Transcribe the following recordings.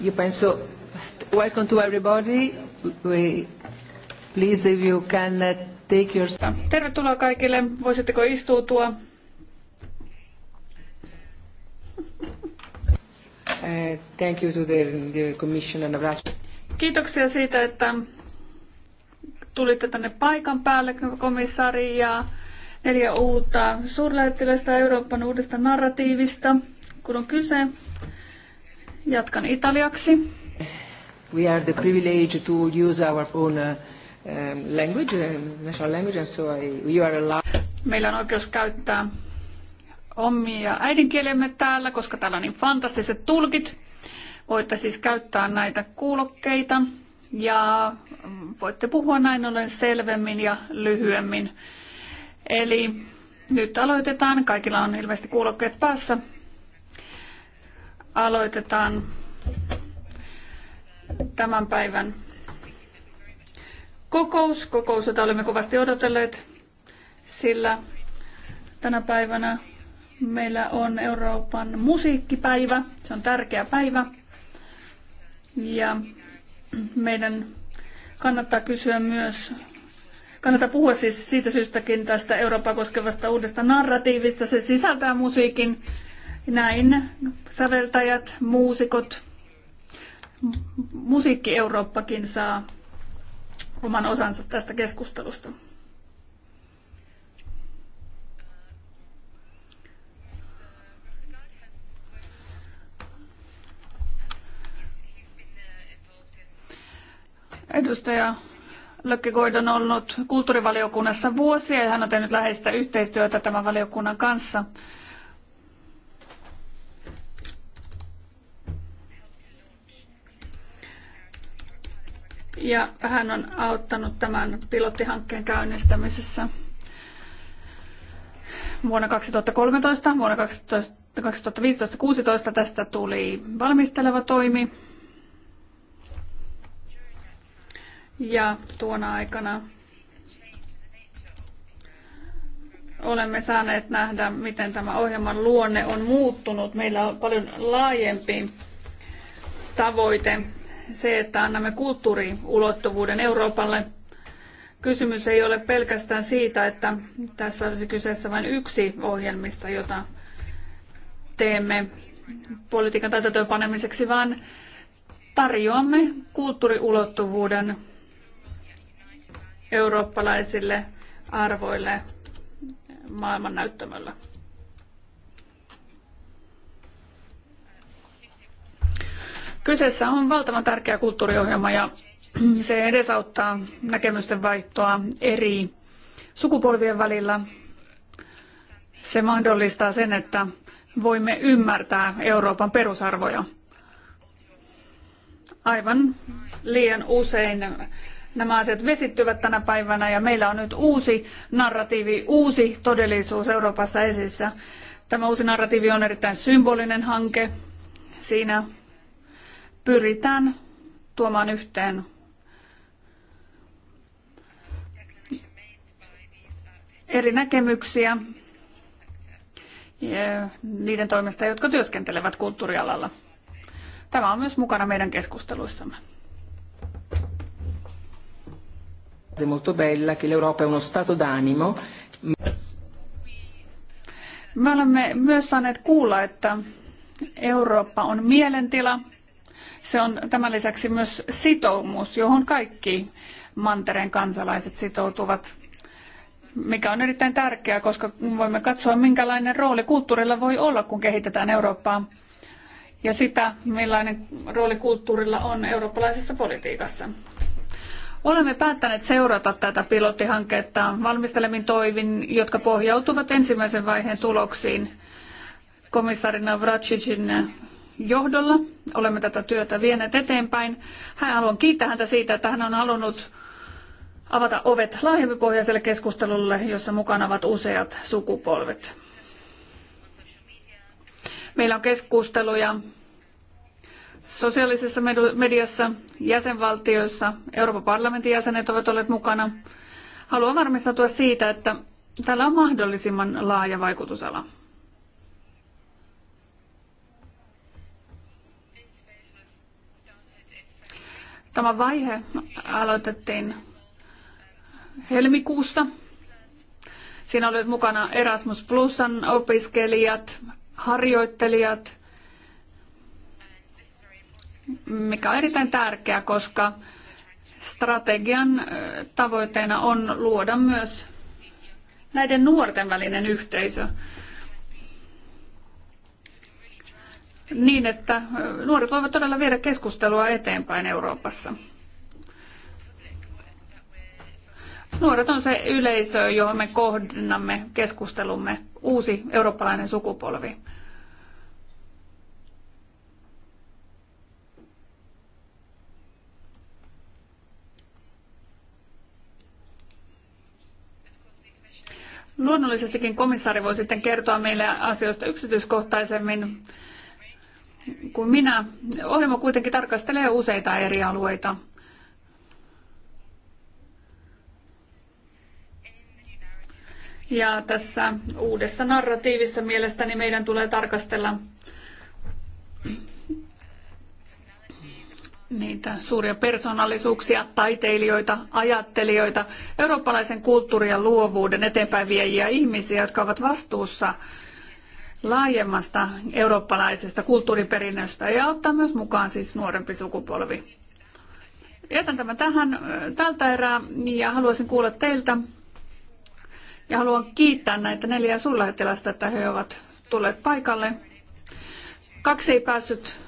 Io penso, welcome to everybody. We, please if you can uh, take your... Tervetuloa kaikille. Voisitteko istua? Uh, thank you to the, the Commissioner Navracki. Kiitoksia siitä, että tulitte tänne paikan päälle, komissaari, ja neljä uutta suurlähettilästä Euroopan uudesta narratiivista, kun on kyse Jatkan italiaksi. We are the privilege to use our own uh, um, language, uh, national language, and so I, you are allowed. Meillä on oikeus käyttää omia äidinkielemme täällä, koska täällä on niin fantastiset tulkit. Voitte siis käyttää näitä kuulokkeita ja voitte puhua näin ollen selvemmin ja lyhyemmin. Eli nyt aloitetaan. Kaikilla on ilmeisesti kuulokkeet päässä. Aloitetaan tämän päivän kokous, kokous, jota olemme kovasti odotelleet, sillä tänä päivänä meillä on Euroopan musiikkipäivä. Se on tärkeä päivä. Ja meidän kannattaa kysyä myös, kannattaa puhua siis siitä syystäkin tästä Eurooppaa koskevasta uudesta narratiivista. Se sisältää musiikin näin säveltäjät, muusikot, musiikki Eurooppakin saa oman osansa tästä keskustelusta. Edustaja Lökkikoid on ollut kulttuurivaliokunnassa vuosia ja hän on tehnyt läheistä yhteistyötä tämän valiokunnan kanssa. ja hän on auttanut tämän pilottihankkeen käynnistämisessä vuonna 2013, vuonna 2015-2016 tästä tuli valmisteleva toimi. Ja tuona aikana olemme saaneet nähdä, miten tämä ohjelman luonne on muuttunut. Meillä on paljon laajempi tavoite se, että annamme kulttuuriulottuvuuden Euroopalle. Kysymys ei ole pelkästään siitä, että tässä olisi kyseessä vain yksi ohjelmista, jota teemme politiikan täytäntöön panemiseksi, vaan tarjoamme kulttuuriulottuvuuden eurooppalaisille arvoille maailmannäyttämöllä. Kyseessä on valtavan tärkeä kulttuuriohjelma ja se edesauttaa näkemysten vaihtoa eri sukupolvien välillä. Se mahdollistaa sen, että voimme ymmärtää Euroopan perusarvoja. Aivan liian usein nämä asiat vesittyvät tänä päivänä ja meillä on nyt uusi narratiivi, uusi todellisuus Euroopassa esissä. Tämä uusi narratiivi on erittäin symbolinen hanke. Siinä pyritään tuomaan yhteen eri näkemyksiä niiden toimesta, jotka työskentelevät kulttuurialalla. Tämä on myös mukana meidän keskusteluissamme. molto bella che l'Europa è uno stato d'animo. Me olemme myös saaneet kuulla, että Eurooppa on mielentila, se on tämän lisäksi myös sitoumus, johon kaikki mantereen kansalaiset sitoutuvat, mikä on erittäin tärkeää, koska voimme katsoa, minkälainen rooli kulttuurilla voi olla, kun kehitetään Eurooppaa ja sitä, millainen rooli kulttuurilla on eurooppalaisessa politiikassa. Olemme päättäneet seurata tätä pilottihanketta valmistelemin toimin, jotka pohjautuvat ensimmäisen vaiheen tuloksiin komissaari Navracicin johdolla olemme tätä työtä vieneet eteenpäin. Hän haluan kiittää häntä siitä, että hän on halunnut avata ovet laajempipohjaiselle keskustelulle, jossa mukana ovat useat sukupolvet. Meillä on keskusteluja sosiaalisessa mediassa, jäsenvaltioissa, Euroopan parlamentin jäsenet ovat olleet mukana. Haluan varmistautua siitä, että tällä on mahdollisimman laaja vaikutusala. Tämä vaihe aloitettiin helmikuussa. Siinä olivat mukana Erasmus Plusan opiskelijat, harjoittelijat, mikä on erittäin tärkeää, koska strategian tavoitteena on luoda myös näiden nuorten välinen yhteisö. niin, että nuoret voivat todella viedä keskustelua eteenpäin Euroopassa. Nuoret on se yleisö, johon me kohdennamme keskustelumme, uusi eurooppalainen sukupolvi. Luonnollisestikin komissaari voi sitten kertoa meille asioista yksityiskohtaisemmin kuin minä. Ohjelma kuitenkin tarkastelee useita eri alueita. Ja tässä uudessa narratiivissa mielestäni meidän tulee tarkastella niitä suuria persoonallisuuksia, taiteilijoita, ajattelijoita, eurooppalaisen kulttuurin ja luovuuden eteenpäinviejiä ihmisiä, jotka ovat vastuussa laajemmasta eurooppalaisesta kulttuuriperinnöstä ja ottaa myös mukaan siis nuorempi sukupolvi. Jätän tämän tähän tältä erää ja haluaisin kuulla teiltä. Ja haluan kiittää näitä neljää suurlähettilasta, että he ovat tulleet paikalle. Kaksi ei päässyt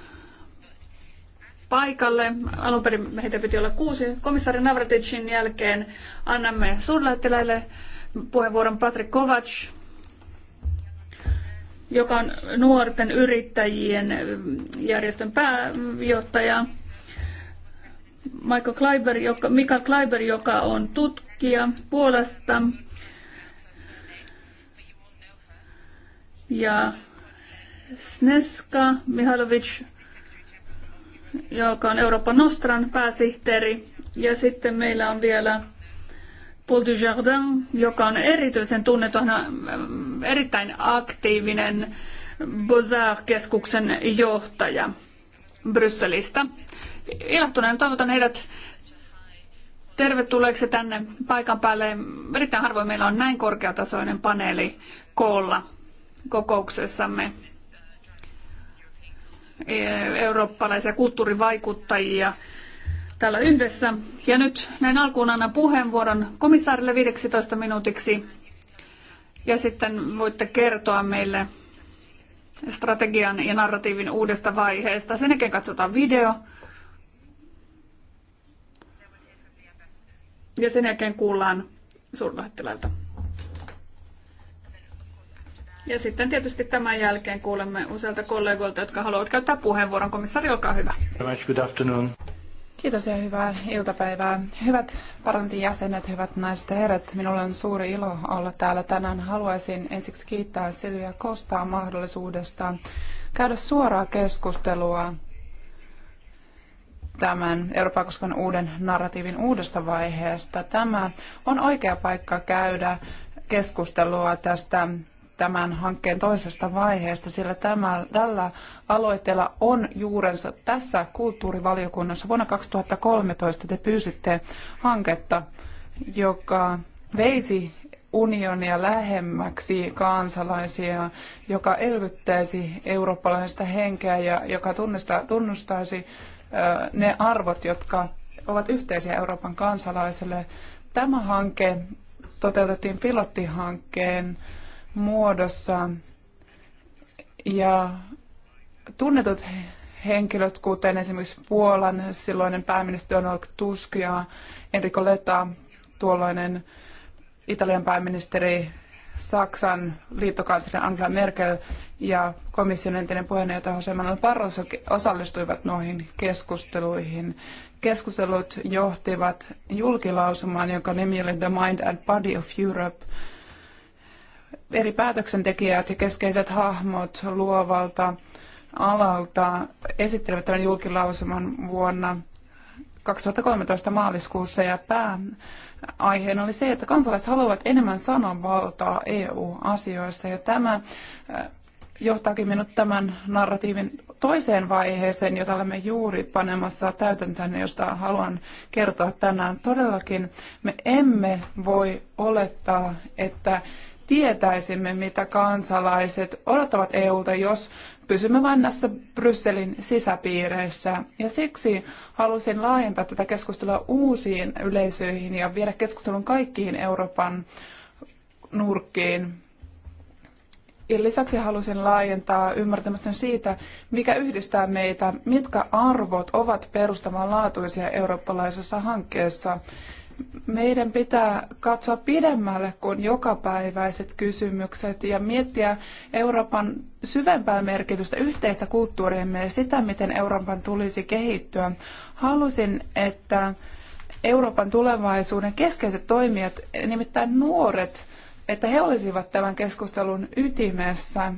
paikalle. Alun perin heitä piti olla kuusi. Komissaari Navraticin jälkeen annamme suurlähettiläille puheenvuoron Patrick Kovac, joka on nuorten yrittäjien mm, järjestön pääjohtaja, Michael Kleiber, joka, Mikael Kleiber, joka on tutkija puolesta. Ja Sneska Mihalovic, joka on Euroopan Nostran pääsihteeri. Ja sitten meillä on vielä Paul Dujardin, joka on erityisen tunnettu, on erittäin aktiivinen Bozar-keskuksen johtaja Brysselistä. Ilahtuneen toivotan heidät tervetulleeksi tänne paikan päälle. Erittäin harvoin meillä on näin korkeatasoinen paneeli koolla kokouksessamme eurooppalaisia kulttuurivaikuttajia täällä yhdessä. Ja nyt näin alkuun annan puheenvuoron komissaarille 15 minuutiksi. Ja sitten voitte kertoa meille strategian ja narratiivin uudesta vaiheesta. Sen jälkeen katsotaan video. Ja sen jälkeen kuullaan suurlähettiläiltä. Ja sitten tietysti tämän jälkeen kuulemme useilta kollegoilta, jotka haluavat käyttää puheenvuoron. Komissaari, olkaa hyvä. Good afternoon. Kiitos ja hyvää iltapäivää. Hyvät parantin jäsenet, hyvät naiset ja herrat, minulla on suuri ilo olla täällä tänään. Haluaisin ensiksi kiittää Silvia Kostaa mahdollisuudesta käydä suoraa keskustelua tämän Euroopan koskevan uuden narratiivin uudesta vaiheesta. Tämä on oikea paikka käydä keskustelua tästä tämän hankkeen toisesta vaiheesta, sillä tämä, tällä aloitteella on juurensa tässä kulttuurivaliokunnassa. Vuonna 2013 te pyysitte hanketta, joka veisi unionia lähemmäksi kansalaisia, joka elvyttäisi eurooppalaista henkeä ja joka tunnustaisi ne arvot, jotka ovat yhteisiä Euroopan kansalaisille. Tämä hanke toteutettiin pilottihankkeen muodossa. Ja tunnetut henkilöt, kuten esimerkiksi Puolan silloinen pääministeri Donald Tusk ja Enrico Letta, tuolloinen Italian pääministeri, Saksan liittokansleri Angela Merkel ja komission entinen puheenjohtaja Jose Manuel Barroso osallistuivat noihin keskusteluihin. Keskustelut johtivat julkilausumaan, jonka nimi oli The Mind and Body of Europe – eri päätöksentekijät ja keskeiset hahmot luovalta alalta esittelevät tämän julkilausuman vuonna 2013 maaliskuussa ja pääaiheena oli se, että kansalaiset haluavat enemmän sananvaltaa EU-asioissa ja tämä äh, johtaakin minut tämän narratiivin toiseen vaiheeseen, jota olemme juuri panemassa täytäntöön, josta haluan kertoa tänään. Todellakin me emme voi olettaa, että tietäisimme, mitä kansalaiset odottavat EUlta, jos pysymme vain näissä Brysselin sisäpiireissä. Ja siksi halusin laajentaa tätä keskustelua uusiin yleisöihin ja viedä keskustelun kaikkiin Euroopan nurkkiin. Ja lisäksi halusin laajentaa ymmärtämystä siitä, mikä yhdistää meitä, mitkä arvot ovat perustavanlaatuisia eurooppalaisessa hankkeessa meidän pitää katsoa pidemmälle kuin jokapäiväiset kysymykset ja miettiä Euroopan syvempää merkitystä yhteistä kulttuuriimme ja sitä, miten Euroopan tulisi kehittyä. Halusin, että Euroopan tulevaisuuden keskeiset toimijat, nimittäin nuoret, että he olisivat tämän keskustelun ytimessä.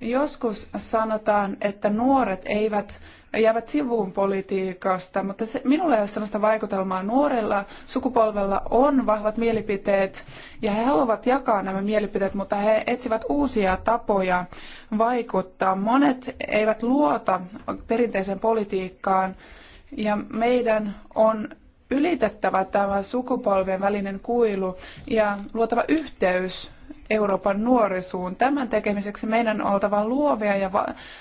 Joskus sanotaan, että nuoret eivät jäävät sivuun politiikasta, mutta se, minulla ei ole sellaista vaikutelmaa. Nuorella sukupolvella on vahvat mielipiteet ja he haluavat jakaa nämä mielipiteet, mutta he etsivät uusia tapoja vaikuttaa. Monet eivät luota perinteiseen politiikkaan ja meidän on ylitettävä tämä sukupolven välinen kuilu ja luotava yhteys Euroopan nuorisuun. Tämän tekemiseksi meidän on oltava luovia ja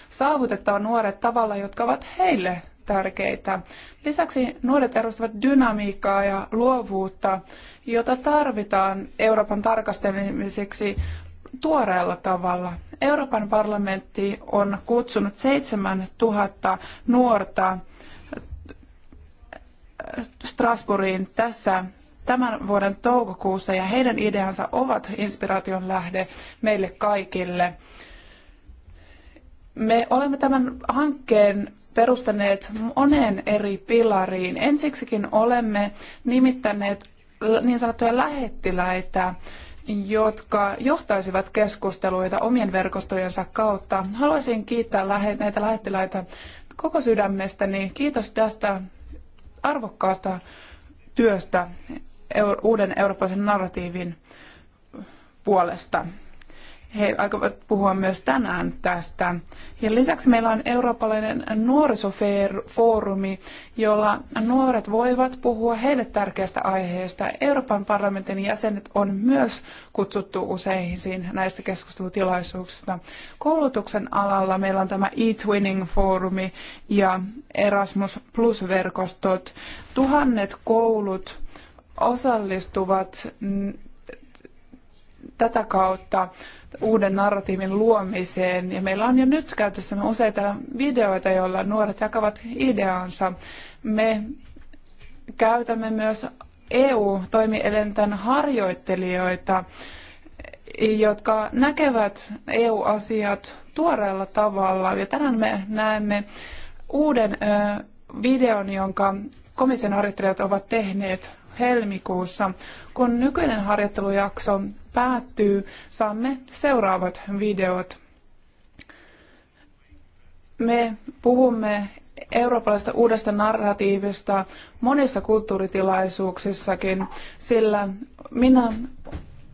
saavutettava nuoret tavalla, jotka ovat heille tärkeitä. Lisäksi nuoret edustavat dynamiikkaa ja luovuutta, jota tarvitaan Euroopan tarkastelemiseksi tuoreella tavalla. Euroopan parlamentti on kutsunut 7000 nuorta Strasbourgiin tässä tämän vuoden toukokuussa ja heidän ideansa ovat inspiraation lähde meille kaikille. Me olemme tämän hankkeen perustaneet moneen eri pilariin. Ensiksikin olemme nimittäneet niin sanottuja lähettiläitä, jotka johtaisivat keskusteluita omien verkostojensa kautta. Haluaisin kiittää näitä lähettiläitä koko sydämestäni. Kiitos tästä arvokkaasta työstä uuden eurooppalaisen narratiivin puolesta. He aikovat puhua myös tänään tästä. Ja lisäksi meillä on eurooppalainen nuorisofoorumi, jolla nuoret voivat puhua heille tärkeästä aiheesta. Euroopan parlamentin jäsenet on myös kutsuttu useisiin näistä keskustelutilaisuuksista. Koulutuksen alalla meillä on tämä e-twinning-foorumi ja Erasmus Plus-verkostot. Tuhannet koulut osallistuvat tätä kautta uuden narratiivin luomiseen. Ja meillä on jo nyt käytössä useita videoita, joilla nuoret jakavat ideansa. Me käytämme myös EU-toimielinten harjoittelijoita, jotka näkevät EU-asiat tuoreella tavalla. Ja tänään me näemme uuden videon, jonka komission harjoittelijat ovat tehneet helmikuussa. Kun nykyinen harjoittelujakso päättyy, saamme seuraavat videot. Me puhumme eurooppalaisesta uudesta narratiivista monissa kulttuuritilaisuuksissakin, sillä minä,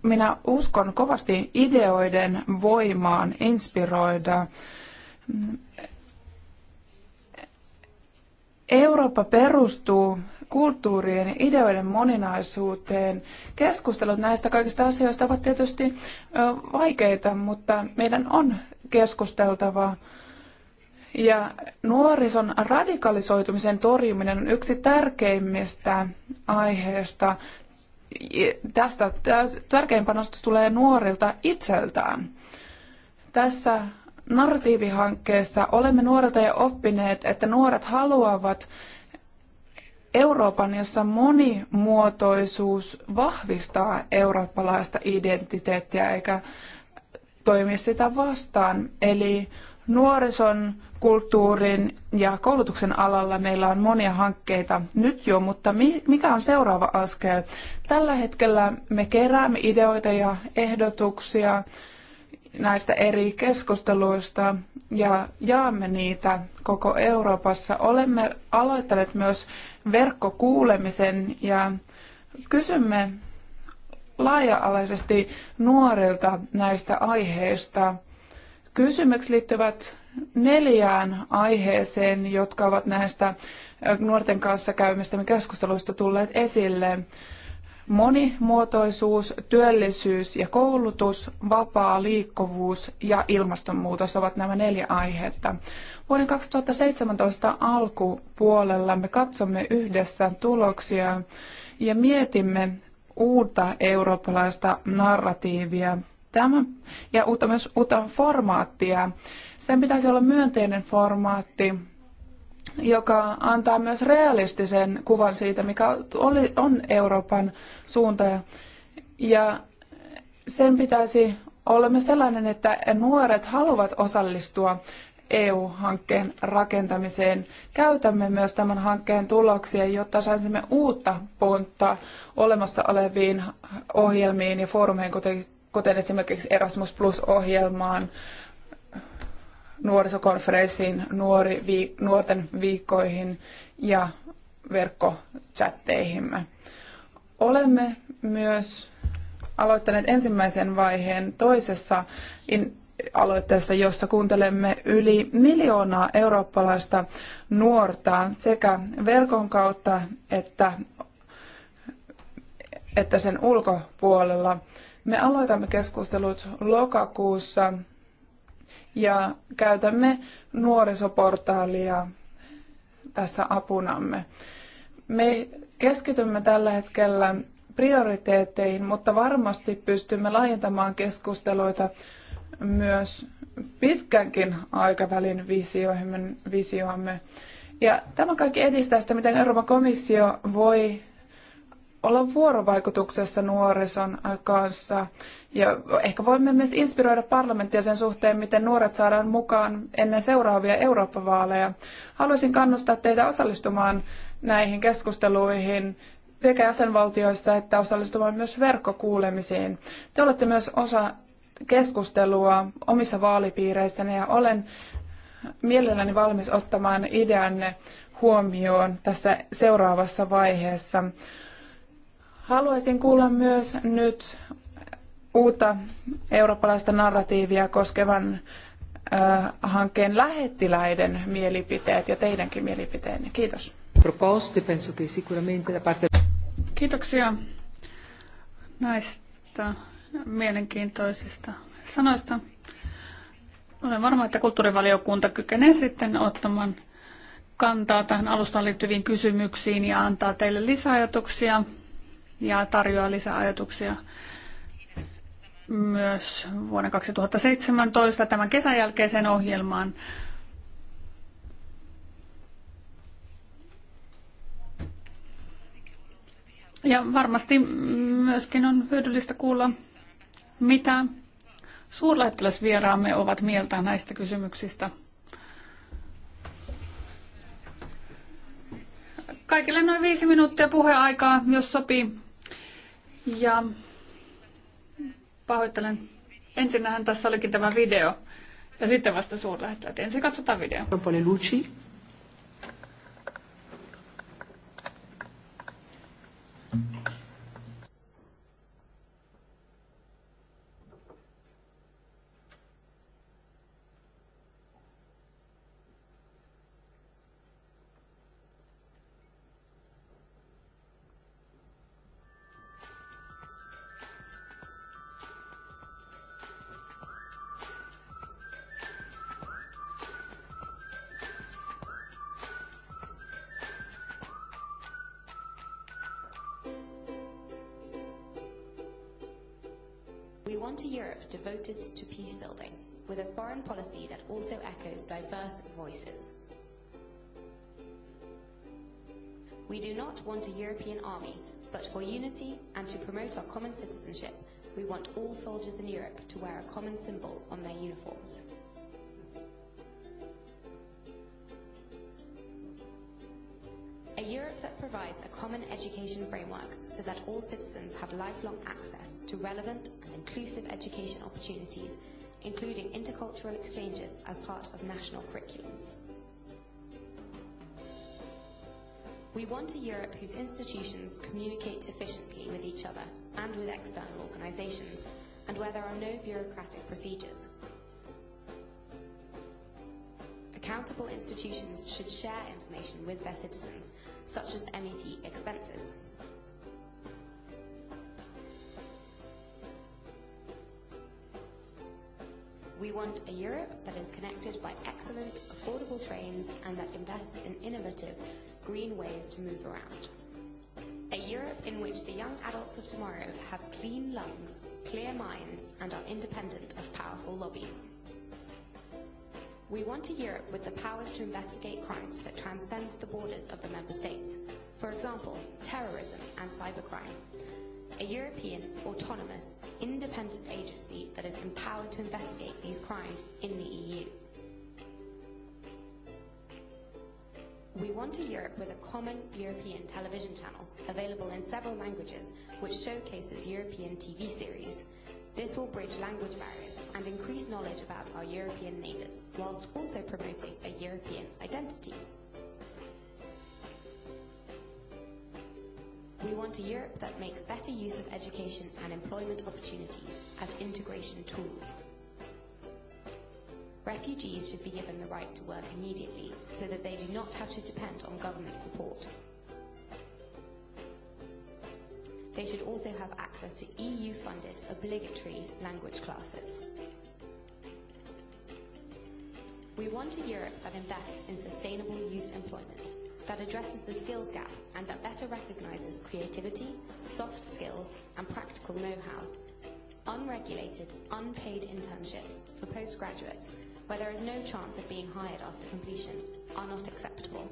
minä uskon kovasti ideoiden voimaan inspiroida. Eurooppa perustuu kulttuurien ja ideoiden moninaisuuteen. Keskustelut näistä kaikista asioista ovat tietysti vaikeita, mutta meidän on keskusteltava. Ja nuorison radikalisoitumisen torjuminen on yksi tärkeimmistä aiheista. Tässä tärkein panostus tulee nuorilta itseltään. Tässä narratiivihankkeessa olemme nuorilta jo oppineet, että nuoret haluavat Euroopan, jossa monimuotoisuus vahvistaa eurooppalaista identiteettiä eikä toimi sitä vastaan. Eli nuorison, kulttuurin ja koulutuksen alalla meillä on monia hankkeita nyt jo, mutta mikä on seuraava askel? Tällä hetkellä me keräämme ideoita ja ehdotuksia näistä eri keskusteluista ja jaamme niitä koko Euroopassa. Olemme aloittaneet myös verkkokuulemisen ja kysymme laaja-alaisesti nuorilta näistä aiheista. Kysymykset liittyvät neljään aiheeseen, jotka ovat näistä äh, nuorten kanssa käymistämme keskusteluista tulleet esille. Monimuotoisuus, työllisyys ja koulutus, vapaa liikkuvuus ja ilmastonmuutos ovat nämä neljä aihetta. Vuoden 2017 alkupuolella me katsomme yhdessä tuloksia ja mietimme uutta eurooppalaista narratiivia Tämä, ja uutta, myös uutta formaattia. Sen pitäisi olla myönteinen formaatti, joka antaa myös realistisen kuvan siitä, mikä oli, on Euroopan suunta. Ja sen pitäisi olla myös sellainen, että nuoret haluavat osallistua EU-hankkeen rakentamiseen. Käytämme myös tämän hankkeen tuloksia, jotta saisimme uutta pontta olemassa oleviin ohjelmiin ja foorumeihin, kuten, kuten esimerkiksi Erasmus Plus-ohjelmaan nuorisokonferenssiin, nuori nuorten viikkoihin ja verkkochatteihimme. Olemme myös aloittaneet ensimmäisen vaiheen toisessa aloitteessa, jossa kuuntelemme yli miljoonaa eurooppalaista nuorta sekä verkon kautta että, että sen ulkopuolella. Me aloitamme keskustelut lokakuussa ja käytämme nuorisoportaalia tässä apunamme. Me keskitymme tällä hetkellä prioriteetteihin, mutta varmasti pystymme laajentamaan keskusteluita myös pitkänkin aikavälin visioihin, visioamme. Ja tämä kaikki edistää sitä, miten Euroopan komissio voi olla vuorovaikutuksessa nuorison kanssa. Ja ehkä voimme myös inspiroida parlamenttia sen suhteen, miten nuoret saadaan mukaan ennen seuraavia Eurooppa-vaaleja. Haluaisin kannustaa teitä osallistumaan näihin keskusteluihin sekä jäsenvaltioissa että osallistumaan myös verkkokuulemisiin. Te olette myös osa keskustelua omissa vaalipiireissäni ja olen mielelläni valmis ottamaan ideanne huomioon tässä seuraavassa vaiheessa. Haluaisin kuulla myös nyt uutta eurooppalaista narratiivia koskevan hankkeen lähettiläiden mielipiteet ja teidänkin mielipiteenne. Kiitos. Kiitoksia näistä mielenkiintoisista sanoista. Olen varma, että kulttuurivaliokunta kykenee sitten ottamaan kantaa tähän alustaan liittyviin kysymyksiin ja antaa teille lisäajatuksia ja tarjoaa lisää ajatuksia myös vuonna 2017 tämän kesän jälkeiseen ohjelmaan. Ja varmasti myöskin on hyödyllistä kuulla, mitä suurlähettiläsvieraamme ovat mieltä näistä kysymyksistä. Kaikille noin viisi minuuttia puheaikaa, jos sopii. Ja pahoittelen. Ensinnähän tässä olikin tämä video ja sitten vasta suurlähettöä. Ensin katsotaan video. Luci. and to promote our common citizenship, we want all soldiers in Europe to wear a common symbol on their uniforms. A Europe that provides a common education framework so that all citizens have lifelong access to relevant and inclusive education opportunities, including intercultural exchanges as part of national curriculums. We want a Europe whose institutions communicate efficiently with each other and with external organisations, and where there are no bureaucratic procedures. Accountable institutions should share information with their citizens, such as MEP expenses. We want a Europe that is connected by excellent, affordable trains and that invests in innovative green ways to move around. A Europe in which the young adults of tomorrow have clean lungs, clear minds, and are independent of powerful lobbies. We want a Europe with the powers to investigate crimes that transcends the borders of the member states. For example, terrorism and cybercrime. A European, autonomous, independent agency that is empowered to investigate these crimes in the EU. We want a Europe with a common European television channel, available in several languages, which showcases European TV series. This will bridge language barriers and increase knowledge about our European neighbours, whilst also promoting a European identity. We want a Europe that makes better use of education and employment opportunities as integration tools. Refugees should be given the right to work immediately so that they do not have to depend on government support. They should also have access to EU-funded obligatory language classes. We want a Europe that invests in sustainable youth employment, that addresses the skills gap and that better recognises creativity, soft skills and practical know-how unregulated, unpaid internships for postgraduates where there is no chance of being hired after completion, are not acceptable.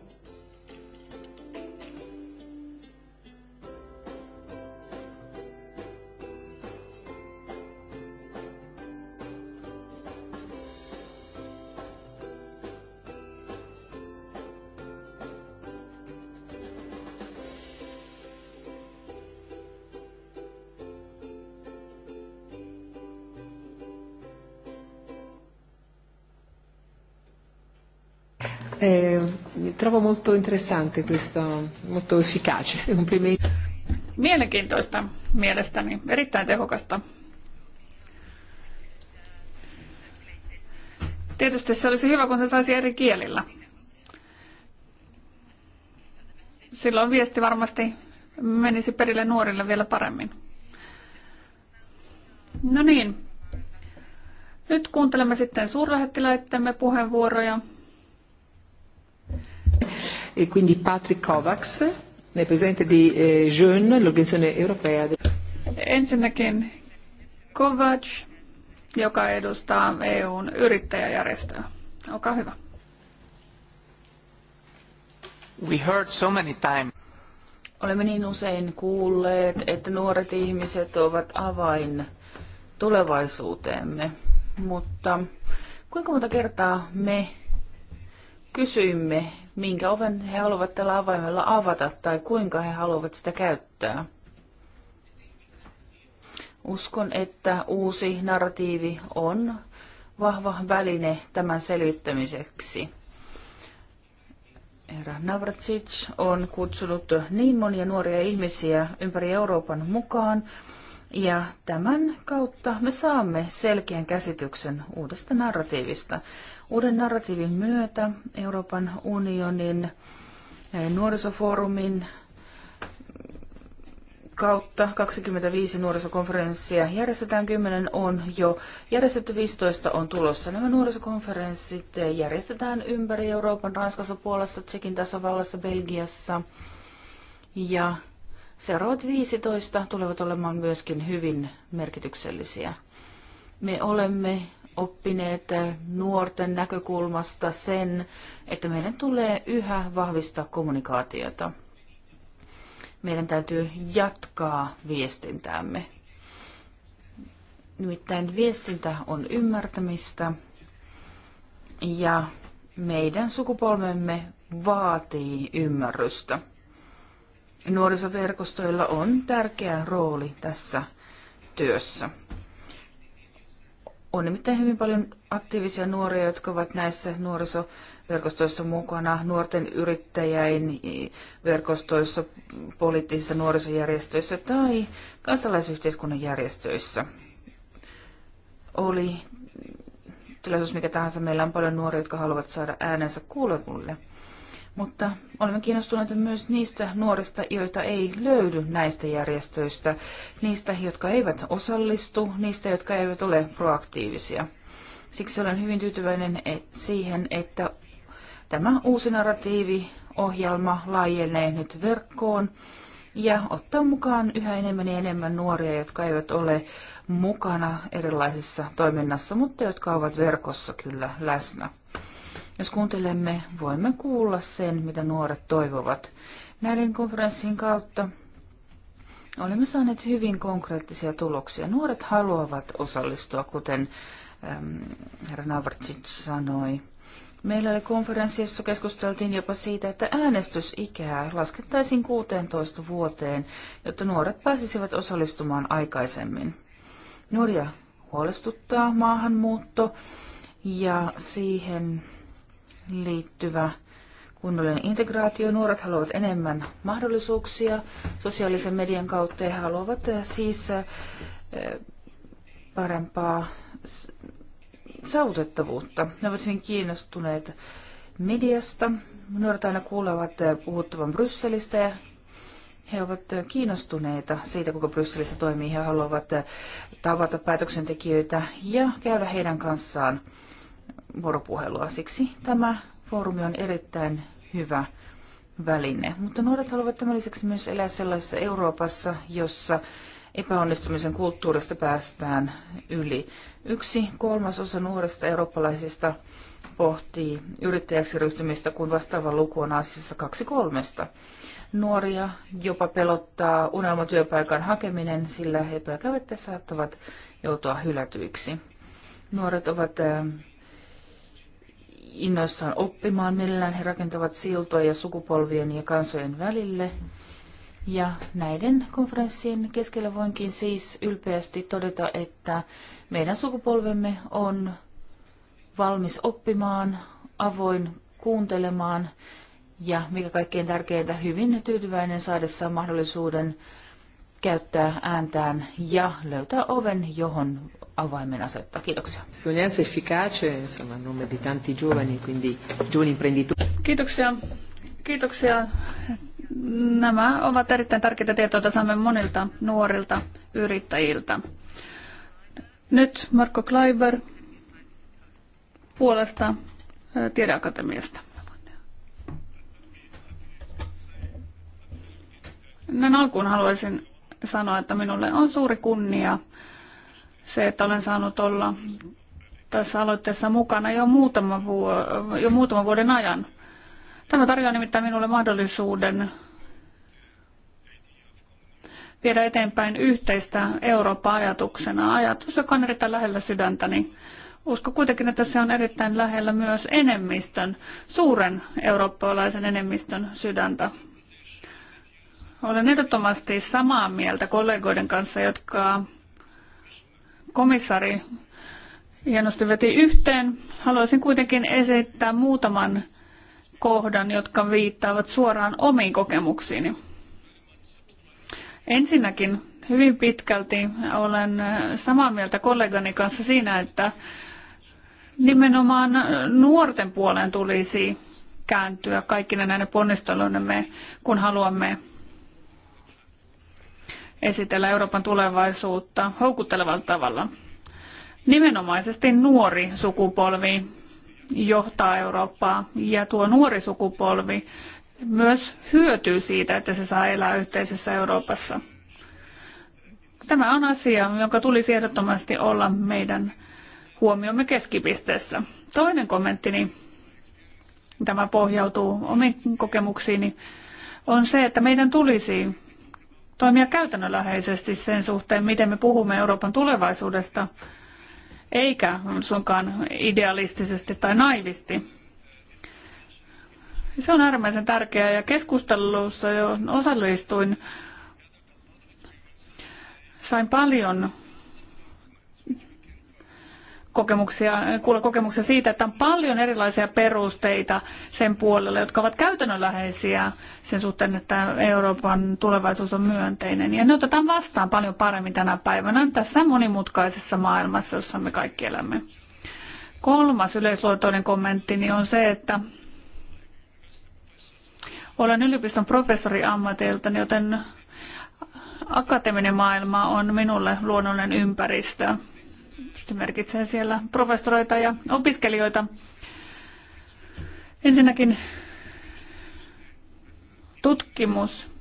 eh, trovo molto interessante questo, molto efficace. Complimenti. Mielenkiintoista mielestäni, erittäin tehokasta. Tietysti se olisi hyvä, kun se saisi eri kielillä. Silloin viesti varmasti menisi perille nuorille vielä paremmin. No niin, nyt kuuntelemme sitten suurlähettiläittemme puheenvuoroja e quindi Patrick Kovacs, nel presidente di eh, Jeune, l'organizzazione europea. Ensinnäkin Kovacs, joka edustaa EUn yrittäjäjärjestöä. Olkaa hyvä. We heard so many times. Olemme niin usein kuulleet, että nuoret ihmiset ovat avain tulevaisuuteemme, mutta kuinka monta kertaa me kysyimme minkä oven he haluavat tällä avaimella avata tai kuinka he haluavat sitä käyttää. Uskon, että uusi narratiivi on vahva väline tämän selvittämiseksi. Herra Navracic on kutsunut niin monia nuoria ihmisiä ympäri Euroopan mukaan, ja tämän kautta me saamme selkeän käsityksen uudesta narratiivista. Uuden narratiivin myötä Euroopan unionin eh, nuorisofoorumin kautta 25 nuorisokonferenssia järjestetään, 10 on jo järjestetty, 15 on tulossa. Nämä nuorisokonferenssit eh, järjestetään ympäri Euroopan, Ranskassa, Puolassa, Tsekin tasavallassa, Belgiassa ja seuraavat 15 tulevat olemaan myöskin hyvin merkityksellisiä. Me olemme oppineet nuorten näkökulmasta sen, että meidän tulee yhä vahvistaa kommunikaatiota. Meidän täytyy jatkaa viestintäämme. Nimittäin viestintä on ymmärtämistä ja meidän sukupolvemme vaatii ymmärrystä. Nuorisoverkostoilla on tärkeä rooli tässä työssä. On nimittäin hyvin paljon aktiivisia nuoria, jotka ovat näissä nuorisoverkostoissa mukana, nuorten yrittäjäin verkostoissa, poliittisissa nuorisojärjestöissä tai kansalaisyhteiskunnan järjestöissä. Oli tilaisuus mikä tahansa, meillä on paljon nuoria, jotka haluavat saada äänensä kuuluvulle mutta olemme kiinnostuneita myös niistä nuorista, joita ei löydy näistä järjestöistä, niistä, jotka eivät osallistu, niistä, jotka eivät ole proaktiivisia. Siksi olen hyvin tyytyväinen siihen, että tämä uusi narratiiviohjelma laajenee nyt verkkoon ja ottaa mukaan yhä enemmän ja enemmän nuoria, jotka eivät ole mukana erilaisessa toiminnassa, mutta jotka ovat verkossa kyllä läsnä. Jos kuuntelemme, voimme kuulla sen, mitä nuoret toivovat. Näiden konferenssin kautta olemme saaneet hyvin konkreettisia tuloksia. Nuoret haluavat osallistua, kuten ähm, herra Navarcic sanoi. Meillä oli konferenssi, jossa keskusteltiin jopa siitä, että äänestysikää laskettaisiin 16 vuoteen, jotta nuoret pääsisivät osallistumaan aikaisemmin. Nuoria huolestuttaa maahanmuutto ja siihen liittyvä kunnollinen integraatio. Nuoret haluavat enemmän mahdollisuuksia sosiaalisen median kautta ja haluavat eh, siis eh, parempaa saavutettavuutta. Ne ovat hyvin kiinnostuneet mediasta. Nuoret aina kuulevat eh, puhuttavan Brysselistä ja he ovat kiinnostuneita siitä, kuinka Brysselissä toimii. He haluavat tavata päätöksentekijöitä ja käydä heidän kanssaan vuoropuhelua. Siksi tämä foorumi on erittäin hyvä väline. Mutta nuoret haluavat tämän lisäksi myös elää sellaisessa Euroopassa, jossa epäonnistumisen kulttuurista päästään yli. Yksi kolmas osa nuorista eurooppalaisista pohtii yrittäjäksi ryhtymistä, kun vastaava luku on Aasiassa kaksi kolmesta. Nuoria jopa pelottaa unelmatyöpaikan hakeminen, sillä he pelkäävät, saattavat joutua hylätyiksi. Nuoret ovat innoissaan oppimaan. Millään he rakentavat siltoja sukupolvien ja kansojen välille. Ja näiden konferenssien keskellä voinkin siis ylpeästi todeta, että meidän sukupolvemme on valmis oppimaan, avoin kuuntelemaan ja mikä kaikkein tärkeintä, hyvin tyytyväinen saadessaan mahdollisuuden käyttää ääntään ja löytää oven, johon avaimen asettaa. Kiitoksia. Kiitoksia. Kiitoksia. Nämä ovat erittäin tärkeitä tietoja, joita saamme monilta nuorilta yrittäjiltä. Nyt Marko Kleiber puolesta Tiedeakatemiasta. Näin alkuun haluaisin sanoa, että minulle on suuri kunnia – se, että olen saanut olla tässä aloitteessa mukana jo muutaman, vuo- jo muutaman vuoden ajan. Tämä tarjoaa nimittäin minulle mahdollisuuden viedä eteenpäin yhteistä Euroopan ajatuksena. Ajatus, joka on erittäin lähellä sydäntäni. Usko kuitenkin, että se on erittäin lähellä myös enemmistön, suuren eurooppalaisen enemmistön sydäntä. Olen ehdottomasti samaa mieltä kollegoiden kanssa, jotka komissari hienosti veti yhteen. Haluaisin kuitenkin esittää muutaman kohdan, jotka viittaavat suoraan omiin kokemuksiini. Ensinnäkin hyvin pitkälti olen samaa mieltä kollegani kanssa siinä, että nimenomaan nuorten puoleen tulisi kääntyä kaikkina näinä ponnisteluinemme, kun haluamme esitellä Euroopan tulevaisuutta houkuttelevalla tavalla. Nimenomaisesti nuori sukupolvi johtaa Eurooppaa ja tuo nuori sukupolvi myös hyötyy siitä, että se saa elää yhteisessä Euroopassa. Tämä on asia, jonka tulisi ehdottomasti olla meidän huomiomme keskipisteessä. Toinen kommenttini, tämä pohjautuu omiin kokemuksiini, on se, että meidän tulisi toimia käytännönläheisesti sen suhteen, miten me puhumme Euroopan tulevaisuudesta, eikä suinkaan idealistisesti tai naivisti. Se on äärimmäisen tärkeää ja keskustelussa jo osallistuin. Sain paljon kokemuksia, kuulla kokemuksia siitä, että on paljon erilaisia perusteita sen puolelle, jotka ovat käytännönläheisiä sen suhteen, että Euroopan tulevaisuus on myönteinen. Ja ne otetaan vastaan paljon paremmin tänä päivänä tässä monimutkaisessa maailmassa, jossa me kaikki elämme. Kolmas yleisluontoinen kommenttini niin on se, että olen yliopiston professori ammatiltani, joten akateeminen maailma on minulle luonnollinen ympäristö se merkitsee siellä professoreita ja opiskelijoita. Ensinnäkin tutkimus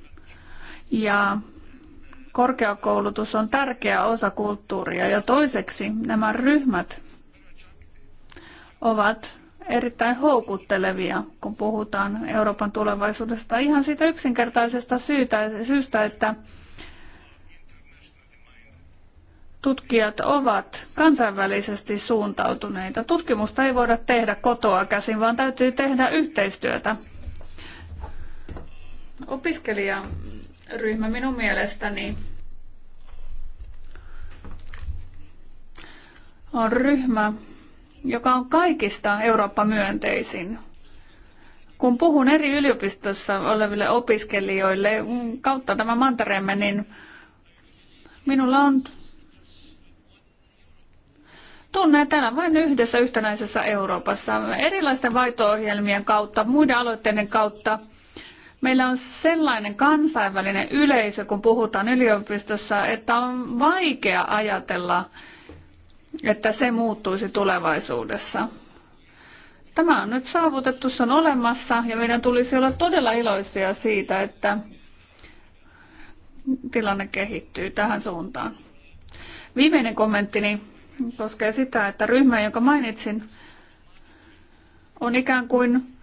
ja korkeakoulutus on tärkeä osa kulttuuria ja toiseksi nämä ryhmät ovat erittäin houkuttelevia, kun puhutaan Euroopan tulevaisuudesta. Ihan siitä yksinkertaisesta syystä, että tutkijat ovat kansainvälisesti suuntautuneita. Tutkimusta ei voida tehdä kotoa käsin, vaan täytyy tehdä yhteistyötä. Opiskelijaryhmä minun mielestäni on ryhmä, joka on kaikista Eurooppa-myönteisin. Kun puhun eri yliopistossa oleville opiskelijoille mm, kautta tämä mantereemme, niin minulla on tunnee tänään vain yhdessä yhtenäisessä Euroopassa erilaisten vaito-ohjelmien kautta, muiden aloitteiden kautta. Meillä on sellainen kansainvälinen yleisö, kun puhutaan yliopistossa, että on vaikea ajatella, että se muuttuisi tulevaisuudessa. Tämä on nyt saavutettu, se on olemassa ja meidän tulisi olla todella iloisia siitä, että tilanne kehittyy tähän suuntaan. Viimeinen kommenttini koskee sitä, että ryhmä, jonka mainitsin, on ikään kuin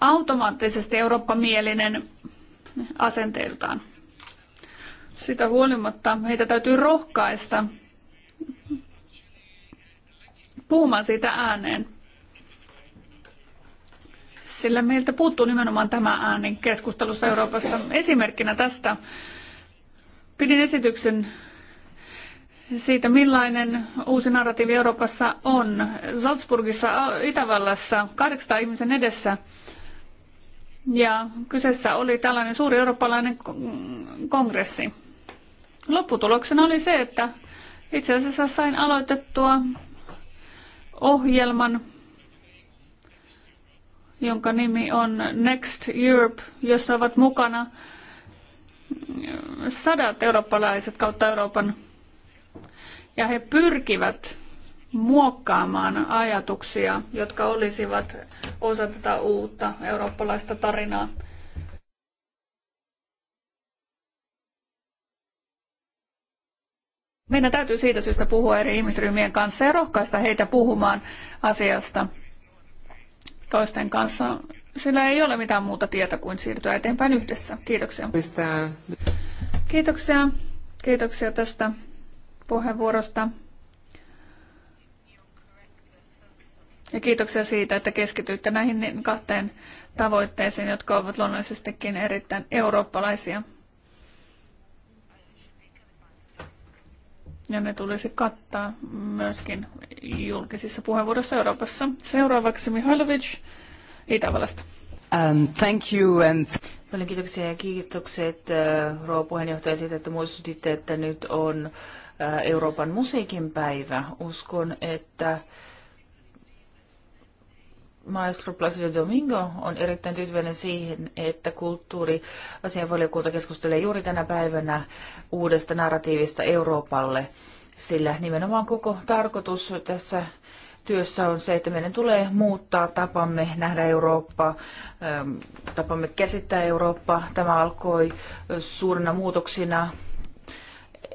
automaattisesti eurooppamielinen asenteiltaan. Sitä huolimatta heitä täytyy rohkaista puhumaan siitä ääneen. Sillä meiltä puuttuu nimenomaan tämä ääni keskustelussa Euroopasta. Esimerkkinä tästä pidin esityksen siitä, millainen uusi narratiivi Euroopassa on. Salzburgissa, Itävallassa, 800 ihmisen edessä. Ja kyseessä oli tällainen suuri eurooppalainen kongressi. Lopputuloksena oli se, että itse asiassa sain aloitettua ohjelman, jonka nimi on Next Europe, jossa ovat mukana sadat eurooppalaiset kautta Euroopan ja he pyrkivät muokkaamaan ajatuksia, jotka olisivat osa tätä uutta eurooppalaista tarinaa. Meidän täytyy siitä syystä puhua eri ihmisryhmien kanssa ja rohkaista heitä puhumaan asiasta toisten kanssa, sillä ei ole mitään muuta tietä kuin siirtyä eteenpäin yhdessä. Kiitoksia. Kiitoksia. Kiitoksia tästä puheenvuorosta. Ja kiitoksia siitä, että keskityitte näihin kahteen tavoitteeseen, jotka ovat luonnollisestikin erittäin eurooppalaisia. Ja ne tulisi kattaa myöskin julkisissa puheenvuoroissa Euroopassa. Seuraavaksi Mihailovic Itävallasta. Um, thank you and... Paljon kiitoksia ja kiitokset äh, rouva puheenjohtaja siitä, että muistutitte, että nyt on Euroopan musiikin päivä. Uskon, että Maestro Placido Domingo on erittäin tyytyväinen siihen, että kulttuuriasianvaliokunta keskustelee juuri tänä päivänä uudesta narratiivista Euroopalle, sillä nimenomaan koko tarkoitus tässä työssä on se, että meidän tulee muuttaa tapamme nähdä Eurooppa, tapamme käsittää Eurooppa. Tämä alkoi suurina muutoksina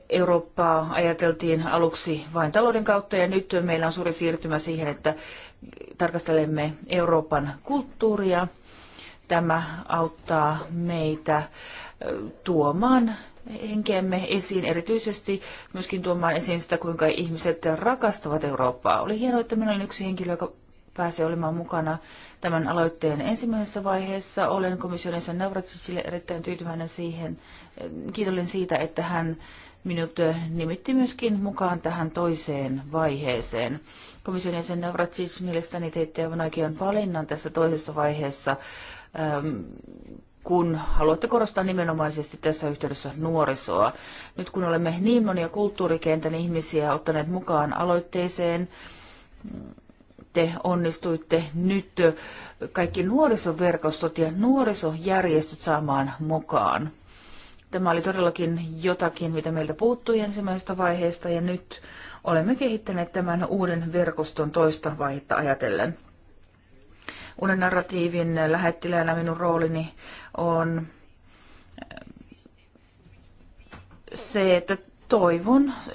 Eurooppaa ajateltiin aluksi vain talouden kautta ja nyt meillä on suuri siirtymä siihen, että tarkastelemme Euroopan kulttuuria. Tämä auttaa meitä tuomaan henkeämme esiin, erityisesti myöskin tuomaan esiin sitä, kuinka ihmiset rakastavat Eurooppaa. Oli hienoa, että minä olin yksi henkilö, joka pääsi olemaan mukana tämän aloitteen ensimmäisessä vaiheessa. Olen komission jäsen Navracicille erittäin tyytyväinen siihen. Kiitollinen siitä, että hän minut eh, nimitti myöskin mukaan tähän toiseen vaiheeseen. Komission jäsen Navracic mielestäni teitte aivan oikean valinnan tässä toisessa vaiheessa, ehm, kun haluatte korostaa nimenomaisesti tässä yhteydessä nuorisoa. Nyt kun olemme niin monia kulttuurikentän ihmisiä ottaneet mukaan aloitteeseen, te onnistuitte nyt kaikki nuorisoverkostot ja nuorisojärjestöt saamaan mukaan. Tämä oli todellakin jotakin, mitä meiltä puuttui ensimmäisestä vaiheesta ja nyt olemme kehittäneet tämän uuden verkoston toista vaihetta ajatellen. Uuden narratiivin lähettiläänä minun roolini on äh, se, että toivon äh,